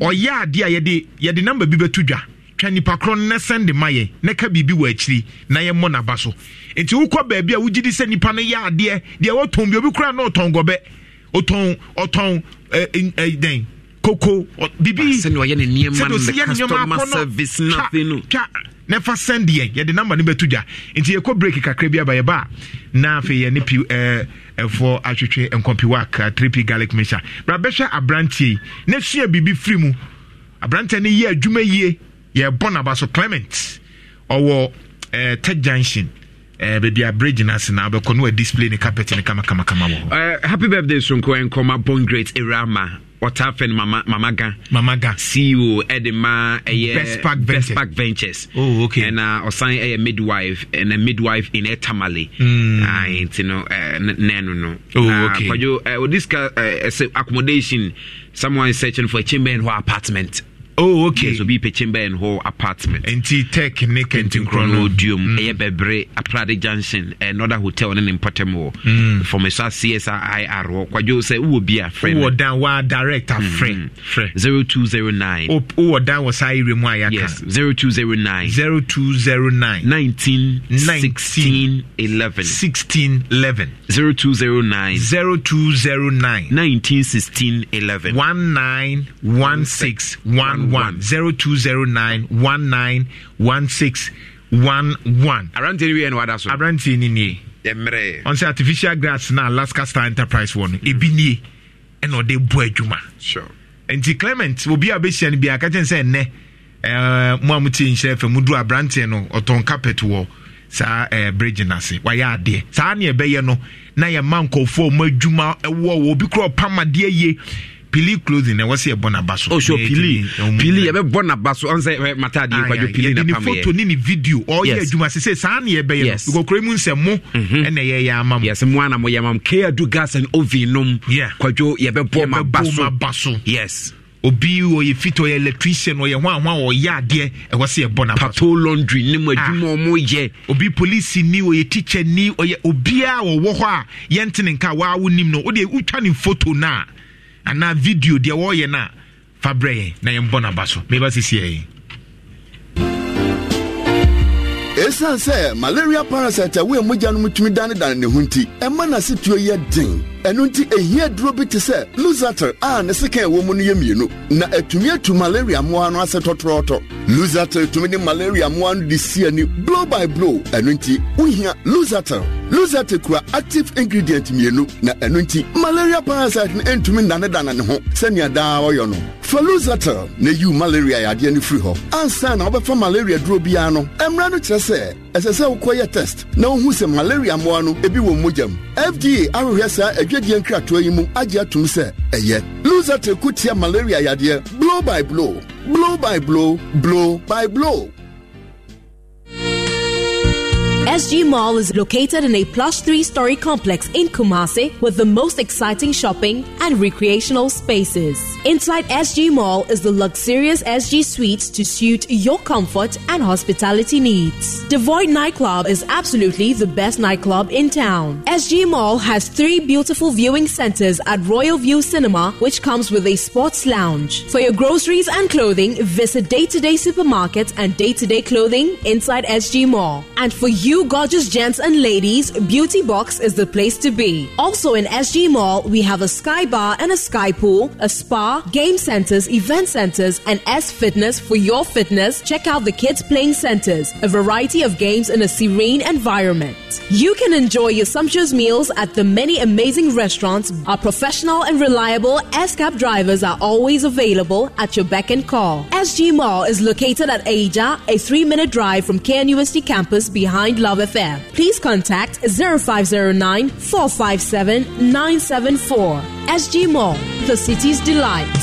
ɔyɛ adeɛ a yɛde yɛde namba bi bɛto dwa twa nipa korɔ no na sɛnde ma yɛ na ka biribi wɔ akyiri na yɛmmɔ n'aba so nti wokɔ baabi a wogye di sɛ nipa no yɛ adeɛ deɛ wɔtɔn bi obi koraa na ɔtɔn gɔbɛ ɔtɔn ɔtɔn ɛɛ ɛɛ dɛn koko bibi sɛde ɔyɛ ne nneɛma no the customer service nothing no twa na fa sɛndeɛ yɛde namba no bɛto dwa nti yɛkɔ break kakra bi aba yɛba na afei yɛ ne pi ɛɛ ɛfɔ ahwehwɛ nkɔmpiwak tripi e garlic mixture bra bɛhwɛ aberanteɛ yi na sua biribi firi mu aberanteɛ no yɛ adwuma yie yɛbɔ naba so clement ɔwɔ eh, tech junction eh, baabi a bridge no ase na wobɛkɔ ne display ne carpet no kamakamakama wɔ hɔ uh, happy birthday sonko ɛnkɔma bon great Irama ɔtaafɛn mama mama gan mama gan ceo ɛde ma ɛyɛ best park ventures best park ventures oh okay ɛna uh, ɔsan ɛyɛ midwife ɛna midwife in ɛtamale mm ayi ah, nti no ɛɛ no oh ah, okay na kɔjɔ ɛɛ accommodation someone searching for a chamber in her apartment oh okay so bi pɛkyɛn and whole apartment Enti tech ne kɛntinkorɔ no odiom mm. ɛyɛ bɛbrɛ aprade junction ɛnɔda eh, hotel ne ne mpɔtam wɔ mm. fɔmisa csir wɔ kwadwo sɛ wowɔ bi a frɛ wowɔ dan wa direct a frɛ mm-hmm. frɛ 0209 wowɔ dan wɔ saa area mu a yɛaka yes 0209 0209 19 16 11 16 11 0209 0209 19 16 11 19 16 1 11 0209 19 16 11 aberanteɛ no wie na wada so aberanteɛ no nie yɛmmerɛ ɔn sɛ artificial grass na alaska star enterprise wɔ no ebi nie ɛna ɔde bɔ adwuma sure. nti clement obi a bɛhyia no biaa ka kyɛn sɛ nnɛ Uh, mo a mo tie nhyɛ fɛ mo du aberanteɛ no ɔtɔn carpet wɔ saa uh, bridge n'ase wayɛ adeɛ saa ne ɛbɛyɛ no na yɛma nkɔfoɔ ɔmo adwuma ɛwɔ wɔ obi kura ɔpam adeɛ pili clothing na wɔsi ɛbɔ n'aba so. ɔsɔ oh, pili eh, pili yɛ bɛ bɔ n'aba so ɔn sɛ eh, mata adi nkwajo pili na pam yɛ. yɛde ni foto eh. ni ni video ɔyɛ adwuma sise saa ni yɛ bɛ yɛ no nkokoro mu mhm. nsɛmó ɛna yɛ yɛ ama mu. yɛsɛ mu ana mo yɛ ama mu kea du gas and oven nom nkwajo yɛ bɛ bɔ m'aba so yes. obi ɔyɛ fit ɔyɛ electrician ɔyɛ ho ahoa ɔyɛ adeɛ ɛwɔ sɛ yɛbɔ na pato laundry ne mu adwuma ah. ɔmo yɛ obi police ni ɔyɛ teacher ni ɔyɛ obiara ɔwɔ hɔ a yɛntene nka waa wo nim no wode wotwa ne photo no a anaa video deɛ wɔreyɛ no a fa brɛ yɛn na yɛmbɔ no aba so meba sisiɛ ɛsiane sɛ malaria parasite a woyɛ mogya no mu tumi danedane ne ho nti ɛma n'asetuo yɛ den ɛno nti ɛhia duro bi te sɛ lusater a ne sekan ɛwɔ mu no yɛ mmienu na atumi atu malaria mmoa no ase tɔtrɔɔtɔ lusater tumi ne malaria mmoa no de si ani blow by blow ɛno nti wohia lusater lusater kura active ingredient mmienu na ɛno nti malaria parasite no ɛntumi nnanedana ne ho sɛnea daa ɔyɛ no fa na yiw malaria yɛadeɛ no firi hɔ ansa na wobɛfa malaria duro biara no ɛmmara no kyerɛ sɛ sɛ ɛsɛ sɛ wokɔyɛ test na wohu sɛ malaria mmoa no ebi wɔ mogya mu fda ahwehwɛ saa adwadeɛ nkratoa yi mu agye atom sɛ ɛyɛ lusate ko tia malaria yadeɛ blow by blow blow by blow blow by blow SG Mall is located in a plush three story complex in Kumasi with the most exciting shopping and recreational spaces. Inside SG Mall is the luxurious SG Suites to suit your comfort and hospitality needs. The Void Nightclub is absolutely the best nightclub in town. SG Mall has three beautiful viewing centers at Royal View Cinema, which comes with a sports lounge. For your groceries and clothing, visit day to day supermarkets and day to day clothing inside SG Mall. And for you you gorgeous gents and ladies, Beauty Box is the place to be. Also in SG Mall, we have a sky bar and a sky pool, a spa, game centers, event centers, and S Fitness for your fitness. Check out the kids playing centers, a variety of games in a serene environment. You can enjoy your sumptuous meals at the many amazing restaurants. Our professional and reliable S-Cab drivers are always available at your beck and call. SG Mall is located at Aja, a three-minute drive from KNUST campus behind Love FM. Please contact 0509 457 974. SG Mall, the city's delight.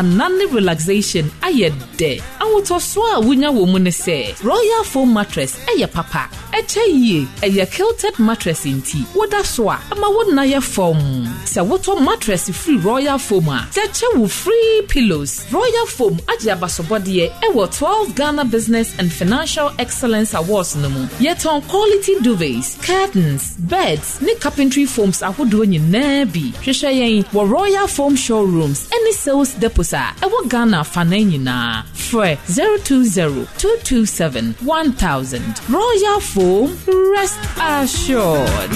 ama nan ne relaxation ayɛ dɛ ahotosoɔ a wonya wɔ mu ne sɛ royal foam mattress ɛyɛ papa ɛkyɛ yie ɛyɛ kilted mattress nti woda so a ama wo nna yɛ fam sɛ wotɔ mattress firi royal foam a kyɛkyɛ wo free pillows royal foam agye abasobɔdeɛ ɛwɔ 12 ghana business and financial excellence awards no mu yɛtɔn quality duvets curtains beds ne carpentry foams ahodoɔ nyinaa bi hwehwɛ yɛn wɔ royal foam showrooms ɛne sales deposit centres a ɛwɔ ghana fa na nyinaa frɛ 1000 royal foam rest assured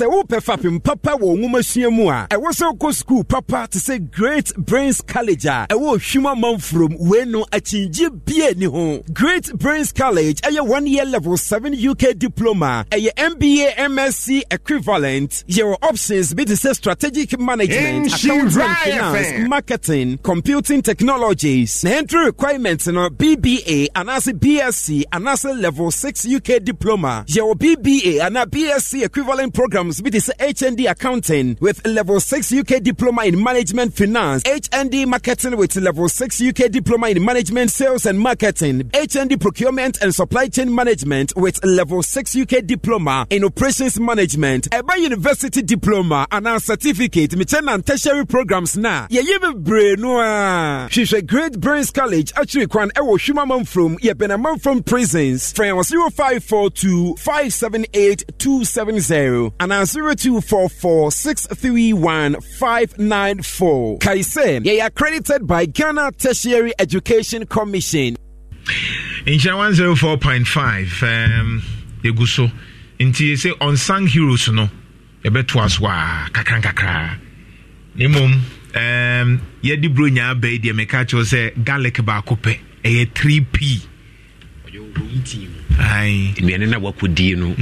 sɛ wopɛ fapem papa wɔ mu a ɛwɔ sɛ wokɔ papa te sɛ great brains college a ɛwɔ hwuma manfurom wei no akyingye bie ni ho great brains college ɛyɛ one year level 7 uk diploma ɛyɛ mba msc equivalent yɛwɔ options bi te sɛ strategic management accounting finance marketing computing technologies na entry requirements no bba anaasɛ bsc anaasɛ level 6 uk diploma yɛwɔ bba anaa bsc equivalent program with BTC HND Accounting with Level 6 UK Diploma in Management Finance, HND Marketing with Level 6 UK Diploma in Management Sales and Marketing, HND Procurement and Supply Chain Management with Level 6 UK Diploma in Operations Management, Eba University Diploma and our certificate, Michena and Tertiary Programs Now, Yeah, you brain She's a Great Brains College, actually, Kwan Ewo Shumaman from, yeah, Benaman from Prisons, Friends 0542 578 270 and na 0244631594 kae sɛ yɛyɛ accredited by ghana tertiary education commission nkyira 104.5 um, yɛgu so nti sɛ unsung heroes no yɛbɛtoa so a Kakran kakra. mmom um, yɛde buro nyaa bɛi deɛ meka kyerɛw sɛ garlic baako pɛ 3p aduane no woakɔdie mm. no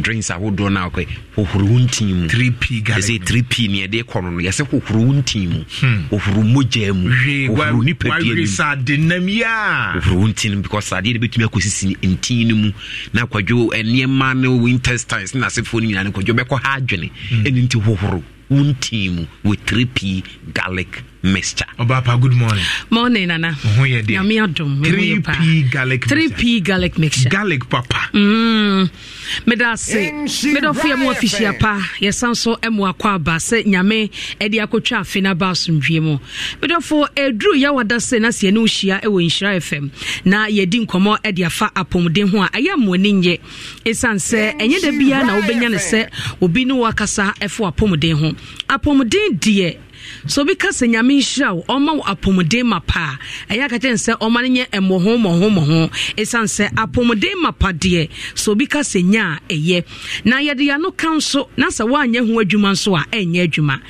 ndrinks ahodoɔ no akɔ hohoro wo ntin mu ɛsɛ p ne kɔ no no yɛsɛ hohoro wo ntin mu hohoro mogyaa mu hohoro wo ntin because adeɛ no bɛtumi akɔsisi nti no mu na kwadwo nneɛma no intestines ne asefoɔ no nyinaa no kwadwo bɛkɔ ha adwene ɛno nti hohoro wo ntin mu wɔ 3p garlic Mixture, Obapa, good morning. Morning, Nana. Ho ye de. Nyame adom. 3P garlic. Three p garlic mixture. Garlic papa. Mm. Meda se. Meda fi mu afishia pa. Yesan so emu akwa aba se nyame edi de akotwa afi ba asomdwie mu. Meda fo edru ya wada se na se ne ohia e FM. Na ye di nkomo e de afa apomden ho a e aye Esan se enye da na obenya ne se obi wakasa efo apomden ho. Apomden de so obi ka sɛ nyame nhyira wo ɔma wo apɔmuden ma paa a ɛyɛ aka kyɛne sɛ ɔma no nyɛ mmɔho mmɔho mmɔho ɛsiane sɛ apɔmuden ma pa deɛ so obi ka sɛ nya a ɛyɛ na yɛde yɛano ka nso na sɛ woanyɛ ho adwuma nso a ɛnyɛ adwuma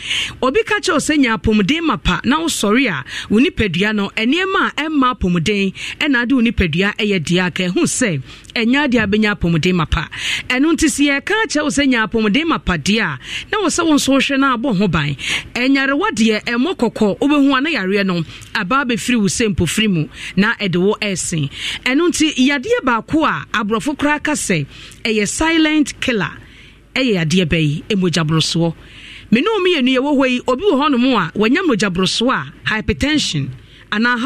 obi ka kyerɛ wo sɛ nya apɔmuden ma pa na wosɔre a wo nipadua no ɛnneɛma a ɛmma apɔmuden ɛna ade wo nipadua ɛyɛ deɛ aka ɛhu sɛ ɛnya a bɛnya apɔmuden mapa pa ɛno nti sɛ yɛka akyɛ wo sɛ nya apɔmuden deɛ a na wɔ sɛ wo nso wohwɛ no abɔ ho ban ɛnyarewa deɛ ɛmmɔ kɔkɔ wobɛhu a na yareɛ no abaa bɛfiri wo mpofiri mu na ɛde wo ɛno baako a aborɔfo koraa ka ɛyɛ silent killer ɛyɛ yadeɛ bɛyi yi obi wɔ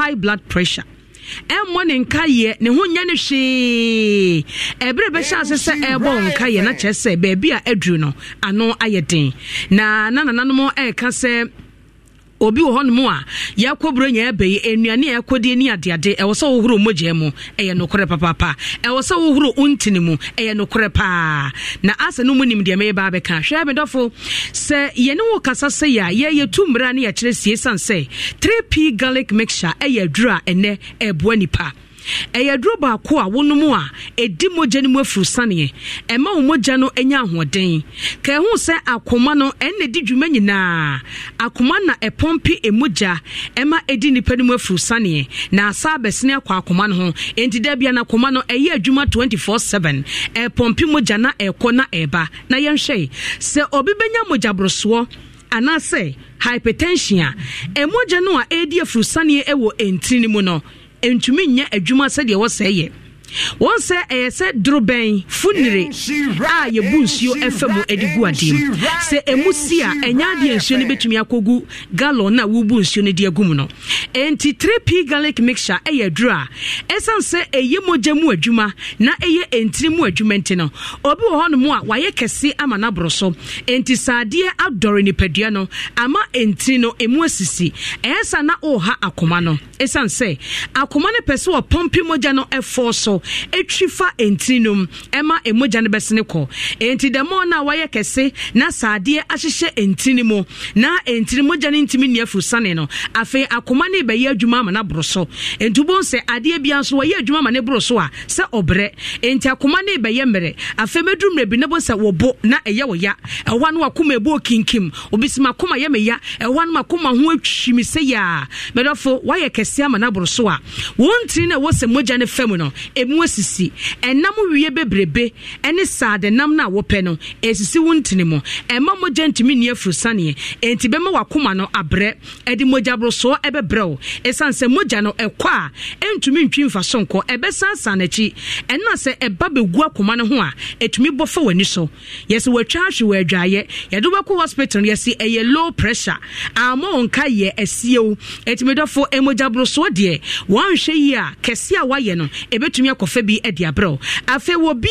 a ɛmmɔ ne nkayeɛ ne ho nyɛ no hwee ɛberɛ bɛhyɛ ase sɛ ɛrebɔ nkayeɛ na kyerɛ sɛ baabi a aduru no ano ayɛ den na na nananom ɛreka sɛ obi wɔ hɔnom a yɛakɔ buro nyɛ ɛbɛyi nnuane a ɛkɔdeɛ ni adeade ɛwɔ sɛ wohoro mogya mu ɛyɛ nokorɛ papapa ɛwɔ sɛ wohoro wontini mu ɛyɛ nokorɛ paa na asɛ no mu nim deɛ meyɛbaa bɛka hwɛ medɔfo sɛ yɛne wo kasa sɛ yɛ a yɛyɛtu mmara ne yɛkyerɛ sie sane sɛ 3p garlic mixture ɛyɛ aduru a ɛnɛ ɛɛboa nipa ɛyɛ aduro baako a wonom a ɛdi mogya no mu afiri saneɛ ɛma wo mogya no anya ahoɔden ka ɛho sɛ akoma no ɛnna ɛdi dwuma nyinaa akoma na ɛpɔmpe emogya ɛma ɛdi nipa no mu afiri saneɛ na asa abɛsene akɔ akoma no ho enti da bia no akoma no ɛyɛ adwuma 24/7 ɛpɔmpe mogya na ɛkɔ na ɛba na yɛnhwɛ sɛ obi bɛnya mogya borosoɔ anaasɛ hypertension a ɛmogya no a ɛredi afiri saneɛ ɛwɔ ɛntiri no mu no ntumi nyɛ adwuma sɛdeɛ wɔsɛɛ yɛ wɔn sɛ ɛyɛ sɛ dorobɛn funire a yɛbu nsuo ɛfɛ mu ɛde gu adeɛ mu sɛ ɛmu si a ɛnyɛ adeɛ nsuo no bɛtumi akɔgu galon na wobu nsuo no de agu mu no ɛnti 3p garlic mixture ɛyɛ aduro a ɛsiane sɛ ɛyɛ mogya mu adwuma na ɛyɛ ɛntiri mu adwuma nti no obi wɔ hɔnom a wayɛ kɛse ama n'aborɔ so ɛnti saadeɛ adɔre nipadua no ama ɛntiri no ɛmu asisi ɛyɛ sa na ɔreha akoma no ɛsiane sɛ akoma no pɛ sɛ wɔpɔmpe mogya no ɛfɔɔ so no ɛtwi fa ɛntini no mu ɛma ɛmogya no bɛsene kɔ ɛnti dɛmɔ no a wayɛ kɛse na saadeɛ ahyehyɛ ɛntini mu na ɛntini mogya no ntumi nni afuru sane no afei akoma no bɛyɛ adwuma ama no aboro so ɛnti wobɛhu sɛ adeɛ bia nso wɔyɛ adwuma ama no boro so a sɛ ɔbrɛ ɛnti akoma no bɛyɛ mmerɛ afei mɛduru mmerɛ bi na bɛhu sɛ wɔbo na ɛyɛ wo ya ɛhɔ no wakoma ɛbɔɔ kinkim obisi ma akoma yɛ me ya ɛhɔ no makoma ho atwi me sɛ yɛ mɛdɔfo wayɛ kɛse ama no aboro so a wɔn no ɛwɔ sɛ mogya no fam no ɛmu asisi ɛnam wie bebrebe ɛne saade nam no a wɔpɛ no ɛsisi wo ntene mu ɛma mogya ntumi nni afuru saneɛ ɛnti bɛma wakoma no abrɛ ɛde mogyaborosoɔ ɛbɛbrɛ wo ɛsiane sɛ mogya no ɛkɔ a ɛntumi ntwi mfa so nkɔ ɛbɛsansan n'akyi ɛna sɛ ɛba bɛgu akoma no ho a ɛtumi bɔ fa w'ani so yɛsɛ wɔatwa ahwe wɔadwaeɛ yɛde wobɛkɔ hospital no ɛyɛ low pressure ama wo nka yɛ asie wo ɛtumi dɔfo mogyaborosoɔ deɛ wɔanhwɛ yie a kɛse a woayɛ no ɛbɛtumi akɔfa bi de aberɛ afei wɔ bi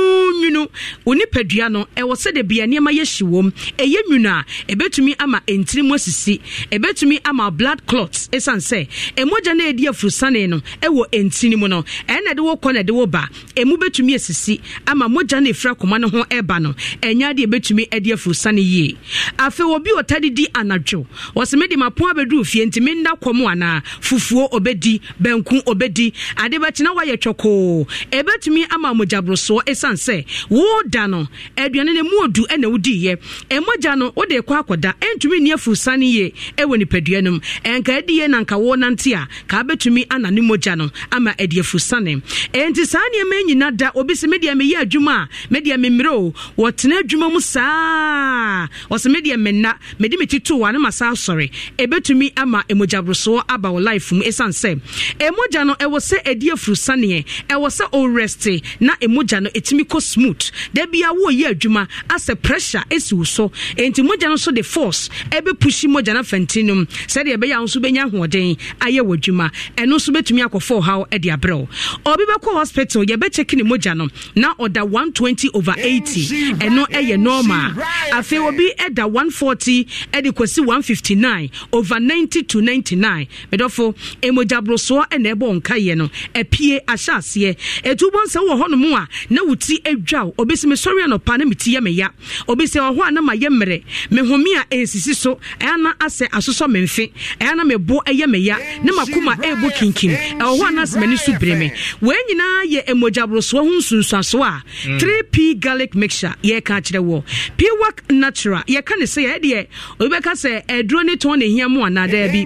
nwunu wo nipadua no ɛwɔ de bia nneɛma yɛhyi wɔm ɛyɛ nwunu a ɛbɛtumi ama ntiri mu asisi ɛbɛtumi ama blood clot ɛsiane sɛ ɛmogya no ɛdi afurusane no ɛwɔ ntiri mu no ɛɛ na ɛde wɔ kɔ na ɛde wɔ ba ɛmu bɛtumi asisi ama mogya no ɛfiri akoma no ho ɛba no ɛnya deɛ ɛbɛtumi ɛde afurusane yie afei obi ɔtade di anadwo wɔsɛ mede mapo abɛduru fie nti menda kɔm anaa fufuo obedi, banku ɔbɛdi ade bɛkyena woayɛ twɛkoo ɛbɛtumi ama mogyaborosoɔ ɛsiane ɛsiane sɛ woda no aduane no mu odu ɛna wodiiɛ ɛmogya no wode kɔ akɔda ɛntumi nni afurusane yie ɛwɔ nipadua no mu ɛnka ɛdiɛ na nka wɔnante a kaa bɛtumi ana ne mogya no ama ɛde afurusane ɛnti saa nneɛma nyina da obi sɛ medeɛ meyɛ adwuma a medeɛ memmerɛ o wɔtena adwuma mu saa ɔsɛ medeɛ menna mede me titoo wa ne ma saa sɔre ɛbɛtumi ama ɛmogyaborosoɔ aba wɔ life mu ɛsiane sɛ ɛmogya no ɛwɔ sɛ ɛdi afurusane ɛwɔ sɛ ɔrɛste na ɛmogya no ɛtumi tumi kɔ smooth dabi a wɔreyɛ adwuma asɛ pressure esi wo so nti mogya no so de force ɛbɛ mogya no afɛnti no mu sɛdeɛ ɛbɛyɛ a nso bɛnya ahoɔden ayɛ wɔ adwuma ɛno nso bɛtumi akɔfɔ ɔhaw ɛde abrɛ ɔbi bɛkɔ hospital yɛbɛkyɛki ne mogya no na ɔda 120 over 80 ɛno ɛyɛ normal afei obi ɛda 140 ɛde kɔsi 159 over 90 to 99 medɔfo emogyaborosoɔ ɛna ɛbɔ nkayɛ no ɛpie ahyɛ aseɛ ɛtu bɔnsɛ wɔ hɔ a na wo ti adwa wo obi sɛ mesɔre anɔpa na meti yɛ meya obi sɛ ɔhɔ a na mmerɛ mehome a ɛnsisi so ɛa na asɛ asosɔ me mfe ɛa na mebo ɛyɛ meya ne makoma ɛɛbɔ kinkim ɛwɔ hɔ a na so bere me nyinaa yɛ ɛmmogyaborosoɔ ho nsunsuasoɔ a 3p mm. garlic mixture yɛka akyerɛ wɔ pwak natural yɛka ne sɛ yɛdeɛ obi bɛka sɛ aduro ne tɔn ne hia mu anaadaa bi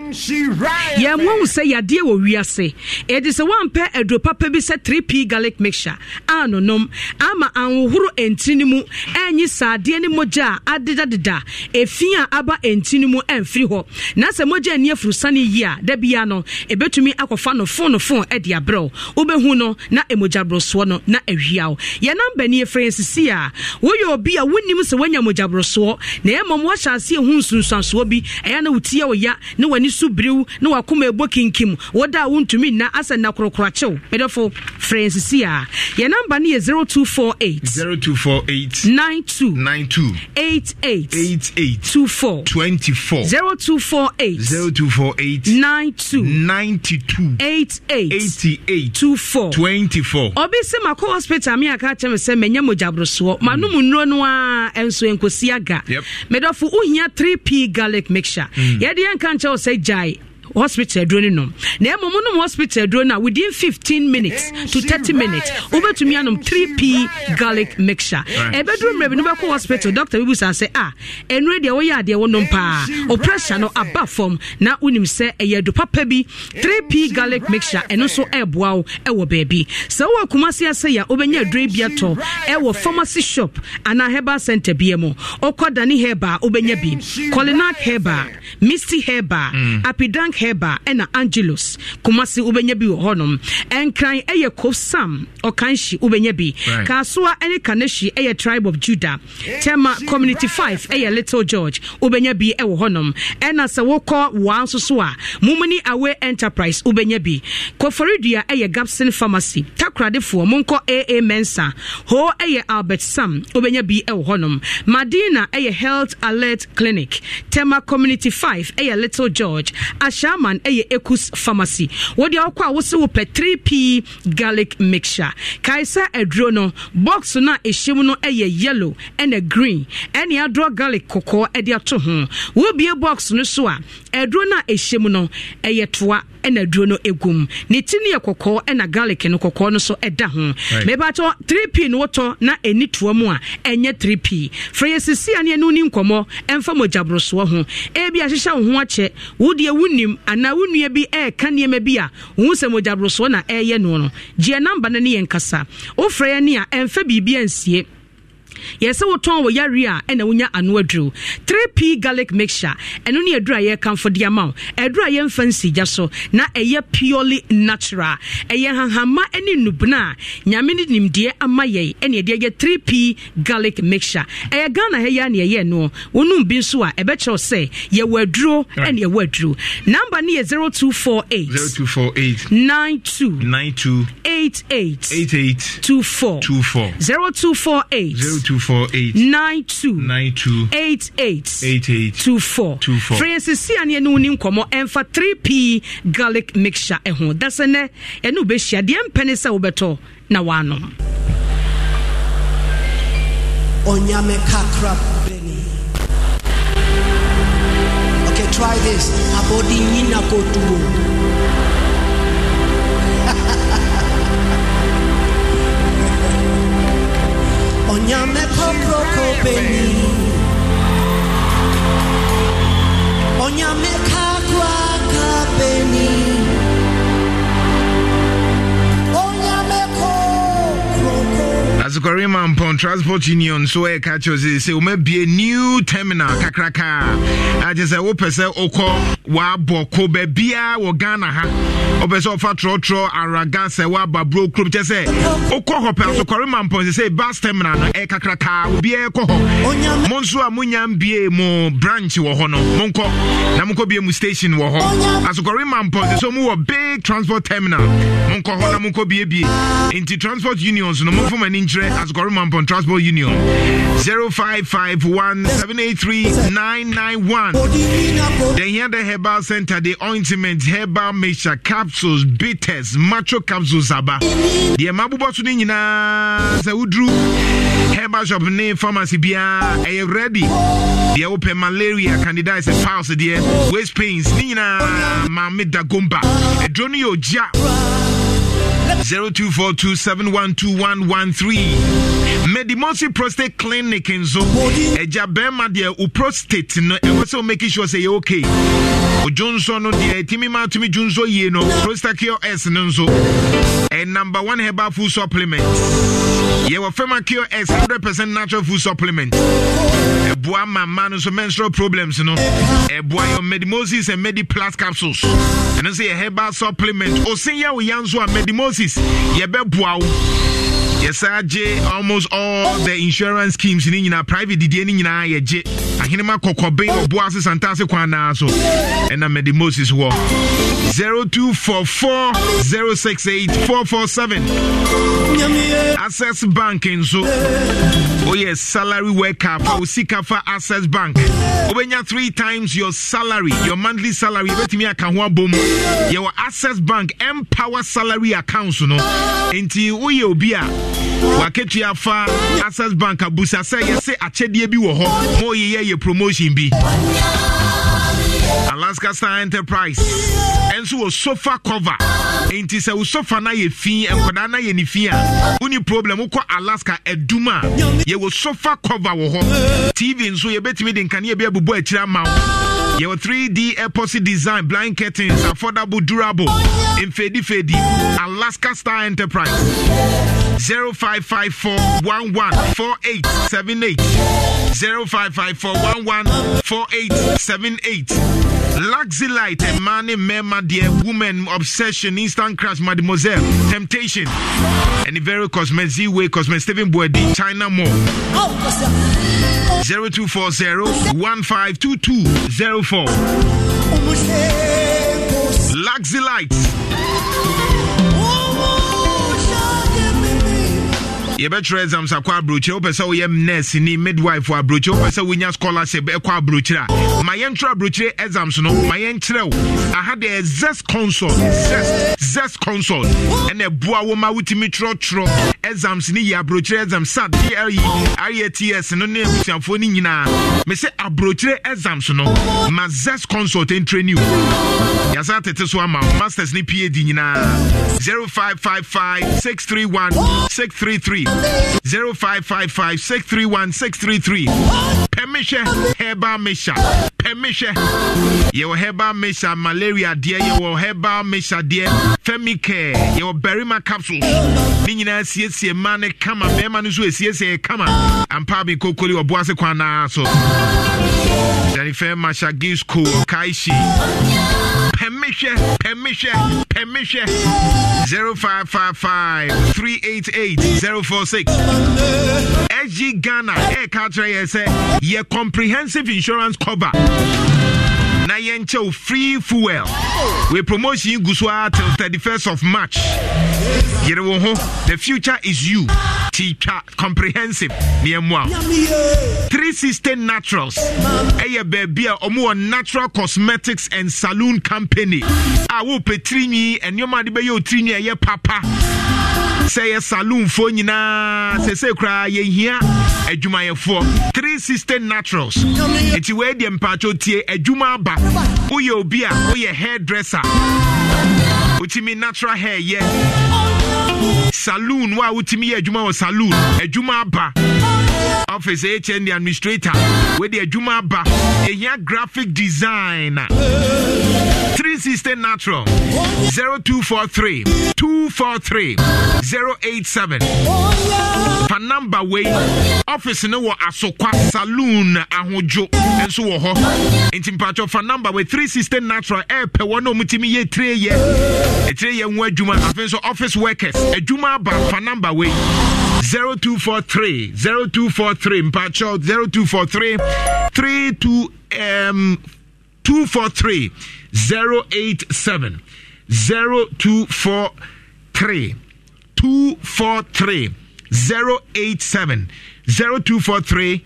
yɛmmoa hu sɛ yadeɛ wɔ wiase ɛde sɛ woampɛ aduro papa bi sɛ 3p garlic mixture anonom ama anhohoro ɛntini no mu ɛnyi saadeɛ ne mogya a adedadeda ɛfi a aba ɛntini mu ɛmfiri hɔ na sɛ mogya ani afurusane yi a da bia no ɛbɛtumi akɔfa no fo no fo ɛde aberɛw wobɛhu no na ɛmogya borɔsoɔ no na ɛhwiaw yɛn namba ni yɛfrɛ sisi a woyɛ obi a wonim sɛ woanya mogya borɔsoɔ na ɛmmom woahyɛ aseɛ hu nsunsuansoɔ bi ɛyɛ na wotia wo ya ne w'ani so biriw ne wakoma ebo kinkim woda a wontumi na asɛ nna korokorakyew medɛfo frɛ nsisi a yɛn namba no yɛ 02 two four eight. zero two four eight. nine two. nine two. eight eight. eight eight. two four. twenty four. zero two four eight. zero two four eight. nine two. ninety two. eight eight. eighty eight. two four. twenty four. obi sẹ ma hospital mi àká kyẹn mi sẹ mẹ nyẹ mo jabrosoɔ hmm. nnuro no a nso nkosi aga. mẹdọfo uhia three p garlic mixture. Hmm. yẹ de yẹn nkankyɛw sɛ gyae hospital aduro no nom na mmom wonom hospital aduro no within 15 minutes to 30 minutes wobɛtumi anom three p garlic mixture ɛbɛduru eh, mmerɛ bi no wobɛkɔ hospital doctor bi busa sɛ a ɛnure deɛ woyɛ adeɛ wonom paa wo pressure no aba fam na wonim sɛ ɛyɛ adu papa bi 3p garlic mixture ɛno nso ɛɛboa wo ɛwɔ baabi sɛ wowɔ akumase asɛ yɛ wobɛnya aduro bi atɔ ɛwɔ pharmacy shop anaa herbal center bia mu ɔkɔ dane herba a wobɛnya bi colinac herba misty herba mm. apidank herba Heba ɛna Angelos Kumasi wobɛnya bi wɔ hɔnom Nkran ɛyɛ Kosam Ɔkanhyi wobɛnya bi Kasoa ɛne Kanehyi ɛyɛ Tribe of Judah Tema Community 5 ɛyɛ Little George wobɛnya bi ɛwɔ hɔnom ɛna sɛ wokɔ waa nso so a Mumuni Away Enterprise wobɛnya bi Koforidua ɛyɛ Gapsin Pharmacy Takradefoɔ monkɔ AA Mensa Ho ɛyɛ Albert Sam wobɛnya bi ɛwɔ hɔnom Madina ɛyɛ Health Alert Clinic Tema Community 5 ɛyɛ Little George Asha chairman ɛyɛ eh, ecus pharmacy wode wokɔ a wo se wopɛ 3p garlic mixture Kaisa sɛ e aduro no box e no a ɛhyɛm no ɛyɛ yellow ɛna eh, green ɛne eh, adorɔ garlic kɔkɔɔ ɛde ato ho wobie box no so a aduro e no a ɛhyɛm no ɛyɛ toa ɛna aduro no egum ne ti no yɛ kɔkɔɔ ɛna garlic no kɔkɔɔ no so ɛda ho mɛbatɔ 3p no wotɔ na ɛni toa mu a ɛnyɛ 3p frɛ yɛ sisia ne ɛne woni nkɔmmɔ ɛmfa mogyaborosoɔ ho ebi ahyehyɛ wo ho akyɛ wodeɛ wonim anaa wo nua bi ɛɛka nneɛma bi a wo sɛ mogyaborosoɔ na ɛɛyɛ no no gyeɛ namba no ne yɛ nkasa wofrɛ yɛ ne a ɛmfa biribi ansie yɛsɛ wotɔn wɔ yare a ɛna wonya ano aduro 3p garlic mixture ɛno ne aduro a yɛkamfo de ama wo aduro a yɛmfa nsi gya so na ɛyɛ purely natural ɛyɛ hahama ne nnubena a nyame ne nimdeɛ ama yɛn ɛne ɛde ɛyɛ 3p garlic mixture ɛyɛ ghana ha yɛ a ne ɛyɛ no wɔnom bi nso a ɛbɛkyerɛw sɛ yɛwɔ aduro ɛne ɛwɔ aduro namba ne yɛ 0248 0248 92 92 88 88 24 24 0248 02 0248 92 92 88 88 24 24 frɛ yɛn sisi a ne yɛne wo ni nkɔmmɔ ɛmfa 3p garlic mixture ɛho da sɛ nɛ ɛne wobɛhyia deɛ mpɛ ne sɛ wobɛtɔ na woanom onyame kakra bɛni okay try this abɔde na kɔtuo nyame kɔprɔkɔ bɛni onyame kakoaka bɛni as Kwarima Mpon Transport Union so e catch us eh, say o be a new terminal kakraka. I just say wopɛ sɛ okɔ wa bɔko bɛbia wɔ Ghana ha. Wopɛ sɛ ɔfa trɔtrɔ araga sɛ wa babro krom kyɛ sɛ okɔ hɔ pɛ eh, so Kwarima Mpon say bus terminal no e kakraka obi e kɔ hɔ. Mo nso a ah, munya mbie mo branch wɔ hɔ no. Monkɔ na monkɔ bie mu station wɔ hɔ. As ah, Kwarima Mpon so mu wɔ big transport terminal. Monkɔ hɔ na monkɔ bie bie. Nti transport unions no momfo mani nkyerɛ address as Gorumampon Transport Union 0551 Then here the Herbal Center, the ointments, herbal mixture, capsules, bitters, macho capsules, aba. The Mabuba Suninina, Saudru, Herbal Shop, name pharmacy, Bia, are you ready? The open malaria, candida is a pulse, dear, waist pains, Nina, Mamida Gumba, Johnny Ja. 0242712113 medimosi prostate clinic nso agya bɛrima deɛ wo prostate e e no ɛwɔ sɛ womaki sure sɛ yɛ okay odwo nso no deɛ ɛtumi ma atumi dwo nso yie no prostacure s no nso ɛ e number one herbal full supplement yɛwɔ fema qs 100 natural food supplement ɛboa ma mma no nso menstrual problems no ɛboa yɛ medimosis and mediplas capsules ɛno nso yɛ herbal supplement ose yɛ wo ya nso a medimosis yɛbɛboa wo yɛsaa gye almost all the insurance schemes ne nyinaa private didiɛ ne nyinaa yɛgye ahenema kɔkɔbe ɔboa ase santase kwan naa so ɛna mede moses wɔ 0244068447 access bank nso woyɛ salary worker fa wo sika fa access bank wobɛnya three times your salary your monthly salary yɛbɛtumi aka ho abom yɛwɔ access bank empower salary accounts no enti woyɛ obi a waketua fa access bank abusa sɛ yɛse akyɛdeɛ bi wɔ hɔ ma ɔyeyɛ yɛ promotion bi alaska star enterprise ɛnso wɔ sofa cover enti sɛ wo sofa no yɛ fi nkwadaa no yɛ ne fi a woni problem wokɔ alaska adum a yɛwɔ sofa cover wɔ hɔ tv nso yɛbɛtumi de nkanea bi abobɔ akyiri ama wo Your 3d epoxy design blind curtains affordable durable mfedifedi alaska star enterprise 0554114878 0554114878 Luxy Light, a man, mema, dear woman, obsession, instant crush, mademoiselle, temptation, and very cosmet Z way, cosmet Stephen Boydi, China Mall. Oh, 0240 152204. Luxy Light. yɛbɛkyerɛ exams akɔ aburokyerɛ wopɛ sɛ woyɛ nurse ni midwife wɔ aburokyerɛ wopɛ sɛ wonya scholarship ɛkɔ aburokyerɛ a ma yɛnkyerɛ aburokyerɛ exams no ma yɛnkyerɛ wo aha deɛ zest consult zest zest consult ɛna ɛboa wo ma wotumi twerɔtwerɔ exams ne yɛ aburokyerɛ exams sat e, dle rats no ne abusuafoɔ no nyinaa mesɛ aburokyerɛ exams no ma zes consult ntrani o yɛasa tete so ama wo masters ne pad nyinaa 0555 631 633 0555 631 633 pɛ mehwɛ herbal mesha pɛmihwɛ yɛwɔ herbal mesa malaria deɛ yɛwɔ herbal mesa deɛ femi care yɛwɔ barima capsules ne nyinaa siesie mma ne kama mmarima no nso esiesie kama ampa bi kokoli ɔbo ase kwan naa so. Jennifer Masha Ginsco Kaishi. Permission, permission, permission. zero five five five three eight eight zero four six. SG Ghana ɛka kyerɛ yɛ sɛ comprehensive insurance cover na yɛnkyɛw free fuel wei promotion gu so a till 31st of march yere wo ho the future is you titwa comprehensive neɛmmoa 360 naturals ɛyɛ baabi a ɔmo wɔ natural cosmetics and saloon company a wopɛ tirinwi ɛnneɔma de bɛyɛ o tirinwi ɛyɛ papa sɛ yɛ saloonfoɔ nyinaa sɛsɛ koraa yɛhia adwumayɛfoɔ 360 naturals enti wei deɛ mpatwo tie adwuma aba woyɛ obi a woyɛ hairdresser wotumi natural hair yɛ saloon wo a wotumi yɛ adwuma wɔ saloon adwuma aba office the administrator wɔde adwuma aba yɛhia graphic design 360 natural 0243 243 087 fa number way. office no wɔ asokwa saloon ahodwo nso wɔ hɔ nti mpatwɔ fa number wei 360 natural ɛɛpɛ wɔn na ɔmutumi yɛ tireyɛ tireyɛ ho adwuma juma. nso office workers juma ba for number way. 0243 0243 mpacho 0243 32 um 243 087 0243 243 087 0243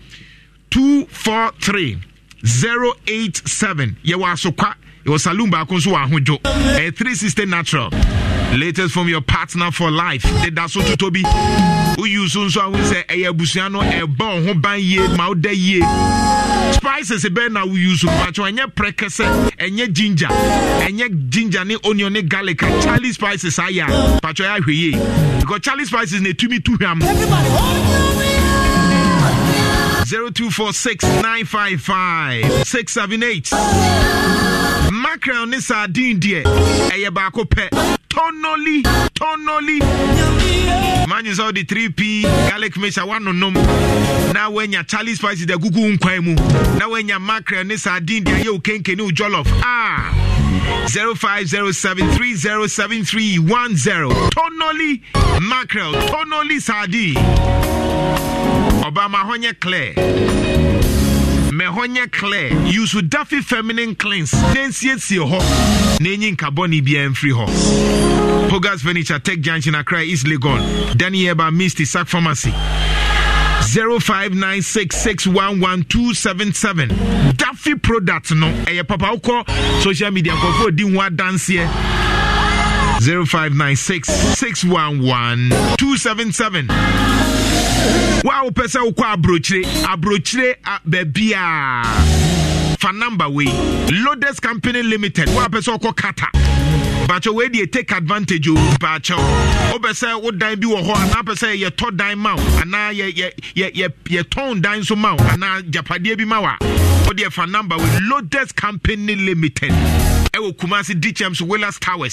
243 087 yɛwɔ asokwa yɛwɔ saloon baako nso wɔ ahodwo ɛyɛ 360 natural latest from your partner for life deda so toto bi woyi so nso ahu sɛ ɛyɛ abusua no ɛbɔ eh, wo ho ban yie ma woda yie spices bɛɛ na woyi so mpakyɛ ɛnyɛ prɛkɛsɛ ɛnyɛ ginger ɛnyɛ ginger ne onion ne garlic charlie spices ayɛ ah, a mpakyɛ ɛyɛ ahwɛ yie because charlie spices na etumi tu hwam 0246 955 678 mackerel ne sardine deɛ ɛyɛ baako pɛ tonoli tonoli manyi sɛ wode 3p garlic mesa woanonom na woanya charlie spices de agugu nkwan mu na woanya mackerel ne sardine deɛ ayɛ wo kenke ne wo jollof a ah. 0507307310 tonoli mackerel tonoli sardine ɔbama hɔ nyɛ clear ma ɛhɔ nyɛ clear use daffy feminine cleanse na nsiesie your na ɛnyi nkabɔne biara free hɔ pogas furniture tech junction akra east legon daniel ba misty sac pharmacy 0596611277 daffy product no ɛyɛ papa wokɔ social media nkɔfoɔ di ho adanseɛ 0596 611 277 wa wopɛ sɛ wokɔ aburokyire aburokyire baabiaa fa number wei lodes company limited wa wopɛ sɛ wokɔ kata bakyɛ wei deɛ take advantage o baakyɛ o wobɛ sɛ wo dan bi wɔ hɔ anaa pɛ sɛ yɛtɔ dan ma wo anaa yɛtɔn dan so ma wo anaa japadeɛ bi ma wo a wodeɛ fa number wei lodes company limited ɛwɔ kumase dcm so willers towers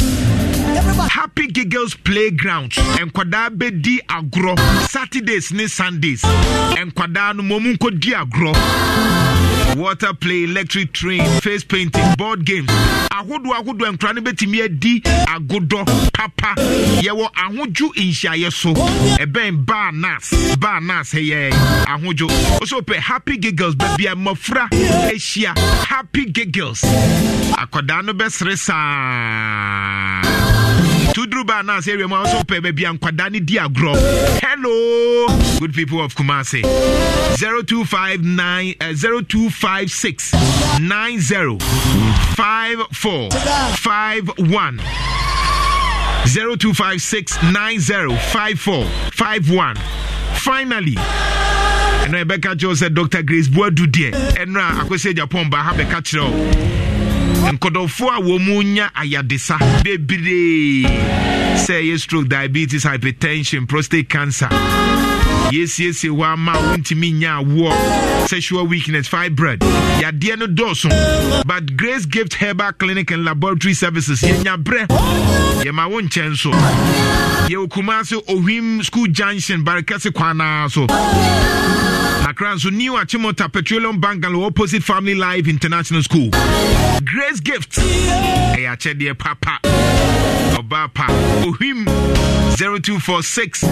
happy girls playground nkwadaa bɛdi agorɔ saturdays ne sundays nkwadaa no mmom nkɔdi agorɔ water play electric train face painting board games ahodoɔ ahodoɔ nkora no bɛtumi adi agodɔ papa yɛwɔ ahodwo nhyiaeɛ so ɛbɛn baa nas baa nas ɛyɛ ahodwo ɔsɛ wopɛ happy giggles baabi a mmɔfra ahyia happy giggles akwadaa no bɛsere saa tuduru baa naa sɛ awiam a wɔsɛ wopɛ ne di agorɔ hello good people of kumase 0259 uh, 0256 90 54 51 0256905451 finally ɛno ɛbɛka kyerɛw sɛ dr grace boadu deɛ ɛnora akɔsɛ japan baa ha bɛka kyerɛ nkɔdɔfoɔ a wɔn mu nya ayadesa bebree sɛ ɛyɛ stroke diabetes hypertension prostate cancer yɛsiesie hɔ ama a wontumi nya awoɔ sexual weakness fibroid yadeɛ no dɔɔso but grace gift herbal clinic and laboratory services yɛnya berɛ yɛma wo nkyɛn so yɛwɔ kuma se ohwim school junction barekɛse kwanaa so akra nso new achimota petroleum bangalo opposite family life international school grace gift ɛyɛ akyɛdeɛ papa ɔbaa pa ohim 0246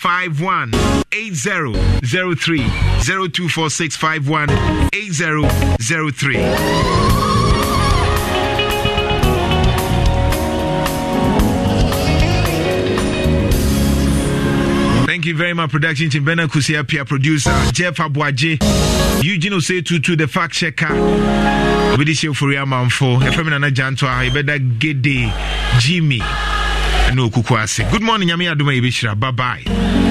51 8003 0246 51 8003 Thank you very much, production team. Bernard Kusia, producer. Jeff Abuaje. Eugene Osei Tutu, the fact checker. We this show for your man for. Efeminana Jantua. You better get the Jimmy. No, Kukwase. Good morning, Yami Aduma Ibishra. Bye bye.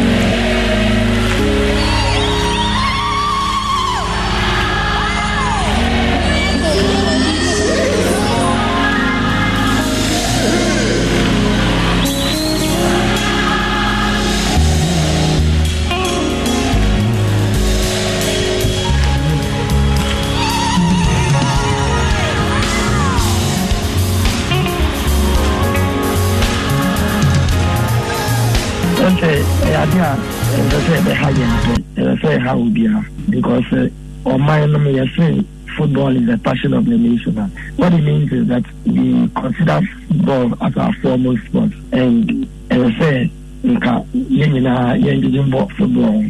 ade a ɛsɛ sɛ ɛbɛha yɛn mpɛn ɛsɛ sɛ ɛha obiara because ɔman nom yɛse football is a passion of the nation and what it means is that we consider football as our foremost sport and ɛsɛ sɛ nka yɛn nyinaa yɛn gyegye mbɔ football ho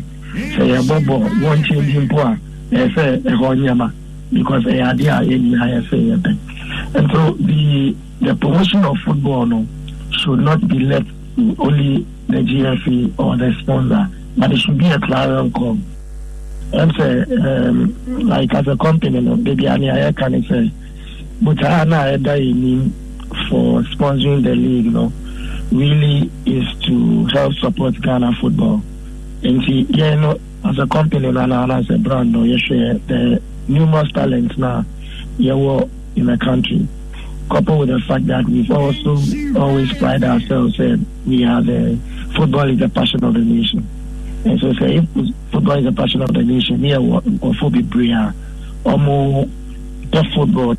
sɛ yɛbɔ bɔɔl wɔn kyɛnji mpo a ɛyɛ sɛ ɛhɔ nneɛma because ɛyɛ ade a yɛn nyinaa yɛ sɛ yɛpɛ nso the the promotion of football no should not be left only the GFC or the sponsor, but it should be a client come. I'm um, like as a company, no, baby, I mean, can say, but I know for sponsoring the league, you know, really is to help support Ghana football. And see, yeah, you know, as a company, and as a brand, no, you share the numerous talents now, you in the country. coupled with the fact that we've also always pride ourselves that we are the football is a passion of the nation. And so, say, if football is a passion of the nation, here, or football, or more, football.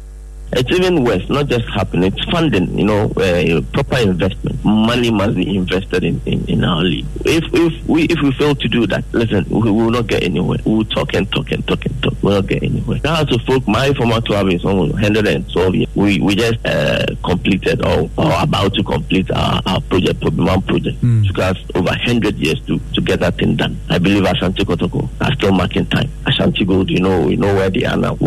It's even worse, not just happening, it's funding, you know, uh, proper investment. Money must be invested in, in, in, our league. If, if, we, if we fail to do that, listen, we, will not get anywhere. We will talk and talk and talk and talk. We will not get anywhere. Now, to folk, my former club is almost 112 years. We, we just uh, completed or, or about to complete our, our project, one project. Mm. It took us over 100 years to, to get that thing done. I believe Ashanti Kotoko are still marking time. Ashanti Gold, you know, you know where they are now.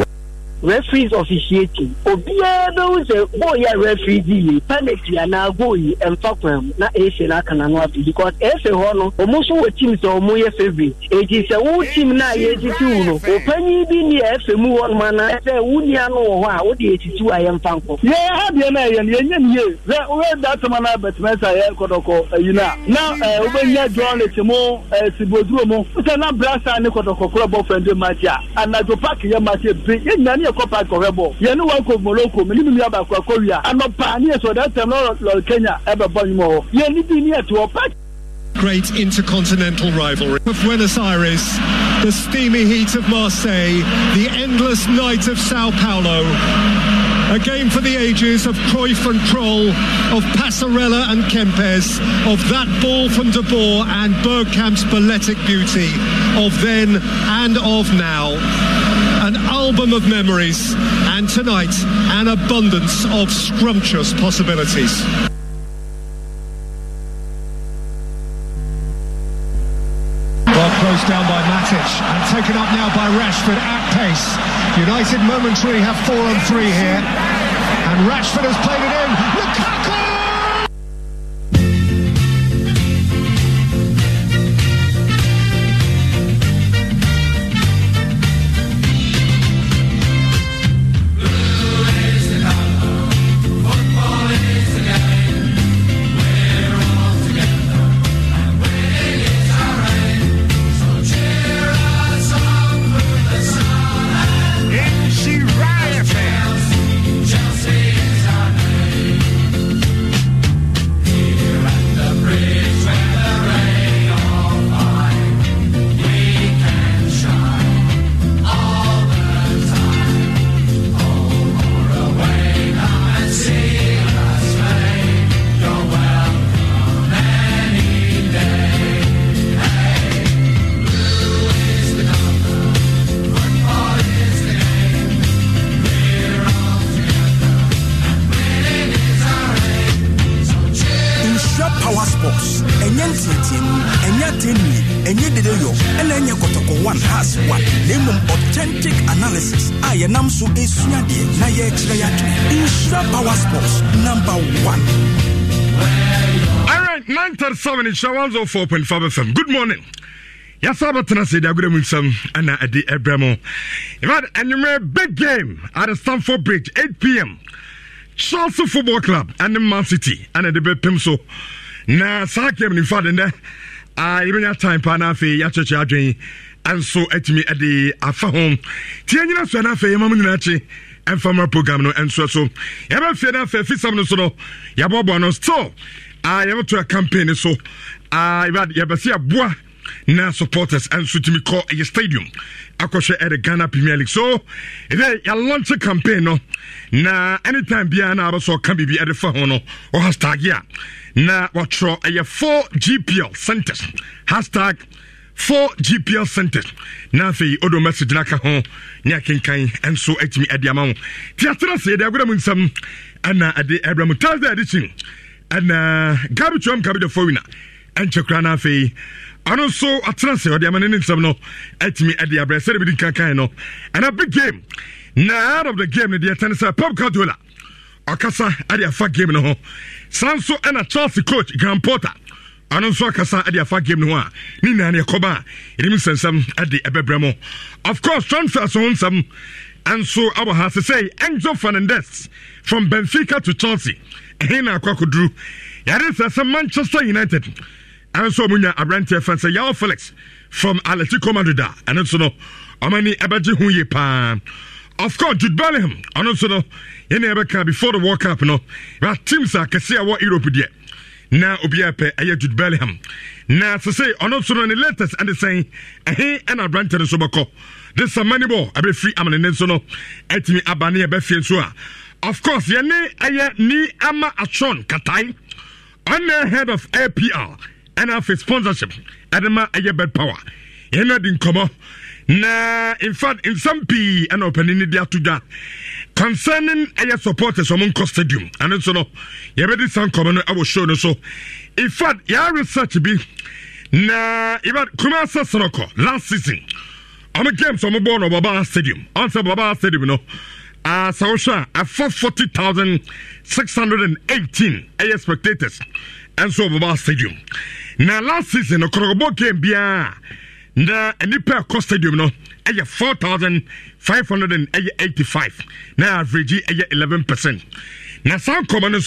referees officiating obiara bɛhu sɛ goal yɛ referee di yi penalty anaa goal yi ɛnfa kwan mu na ɛɛhyɛ n'aka n'ano afi because ɛɛhyɛ hɔ no wɔn nso wɔ team sɛ wɔn yɛ favourite eti sɛ wɔn team na yɛ titi wu no ɔpanyin bi ni ɛɛfɛ mu hɔ noma na sɛ wɔn nia no wɔ hɔ a wɔde etiti wu a yɛnfa nkɔ. yɛ adeɛ na yɛ no yɛ nye ni yie sɛ wɔyɛ datama na bɛtɛmɛsa yɛ kɔtɔkɔ ɛyi na na ɛɛ wɔbɛnya jɔnlɛti mu ɛɛ siboduro mu sisan na brasa ne kɔtɔkɔ kura bɔ fɛn de ma ti a anadzo paaki yɛ ma ti bi yɛ nyani yɛ bɔ wa wia bi Great intercontinental rivalry of Buenos Aires, the steamy heat of Marseille, the endless night of Sao Paulo. A game for the ages of Cruyff and Kroll, of Passarella and Kempes, of that ball from De Boer and Bergkamp's balletic beauty, of then and of now an album of memories, and tonight, an abundance of scrumptious possibilities. down by Matic and taken up now by Rashford at pace. United momentarily have four on three here. And Rashford has played it in. Look seven nhyira one zero oh four point five fm good morning yasa bɛtena sɛ de agorɔ mu nsɛm ɛna ɛde ɛbrɛ mu ifat ɛnumere big game at the stamford bridge 8 pm chelsea football club and the man city the ɛde bɛpem so na saa game no ifat nnɛ a yɛbɛnya time paa na afei yɛakyerɛkyerɛ at ɛnso atumi ɛde afa ho tie nyina soa no afei yɛma mu nyinaa kye ɛmfamra program no ɛnsoɛ so yɛbɛfie no afei fisam no so no yɛboaboa no still yɛbɛto campaign so yɛbɛsɛ aboa na supporters nso tumi kɔ ɛyɛ stadium akɔhwɛ ɛde ghana premier league so ɛdɛ yɛalɔnkye campaign no na anytime biara na abɛsɛ ɔka biribi ɛde fa ho no ɔhashtag hashtag a na wɔtwerɛ ɛyɛ 4 gpl centers hashtag 4 gpl centers na afei odo message no aka ho ne akenkan nso atumi ɛde ama wo tiatena se yɛde agorɔ mu nsɛm ɛna ɛde ɛbrɛ mu thursday edition ɛna gabi twam Gabi the fowina ɛnkyɛ kora no afei ɔno nso atena sɛ ɔde ama no ne nsɛm no atumi de abrɛ sɛde bi di no ɛna big game na out of the game no deɛ ɛtɛne sɛ pep cadola ɔkasa de afa game no ho saa nso ɛna chelsea coach gran porter ɔno nso akasa de afa game no ho a ne nyinaa ne ɛkɔba a ɛnim nsɛnsɛm de ɛbɛbrɛ mu of course transfer so ho nsɛm ɛnso abɔ ha sɛ sɛ Enzo Fernandez from Benfica to Chelsea ɛhe na akɔkoduru yɛde sɛ sɛ manchester united ɛnso ɔmu nya aberanteɛ fɛn sɛ yao felix from atletico madrid a ɛno nso no ɔmani ɛbɛgye ho yie paa of course jude bellingham ɔno nso no yɛne yɛbɛka before the world cup no yɛa teams a kɛse a wɔ europe deɛ na obiara pɛ ɛyɛ jude bellingham na sese ɔno nso no ne latest ɛde sɛn ɛhe ɛna aberanteɛ no nso bɛkɔ de sɛ mani bɔ ɛbɛfiri amane ne nso no atumi aba ne yɛbɛfie nso a of course yɛne ɛyɛ ni ama atron katae ɔne head of apr ɛna afei sponsorship ɛde ma ɛyɛ bed power yɛne adi nkɔmmɔ na infact nsɛm pii ɛna ɔpani no de ato dwa concerning ɛyɛ supporters ɔmo nkɔ stadium ɛno nso no yɛbɛdi saa nkɔmmɔ no ɛwɔ show no so infact yɛa research bi na ibat kumasa sorɔkɔ last season ɔmo games ɔmo bɔɔ no Baba stadium ɔnsɛ Baba stadium no uh, sɛ wohwɛ a afa 40618 ɛyɛ spectators so wɔbɛba stadium na last season the kɔrɔkɔbɔ game biara na nnipa cost stadium no ɛyɛ 4585 na average ɛyɛ 11 percent na saa nkɔmɔ no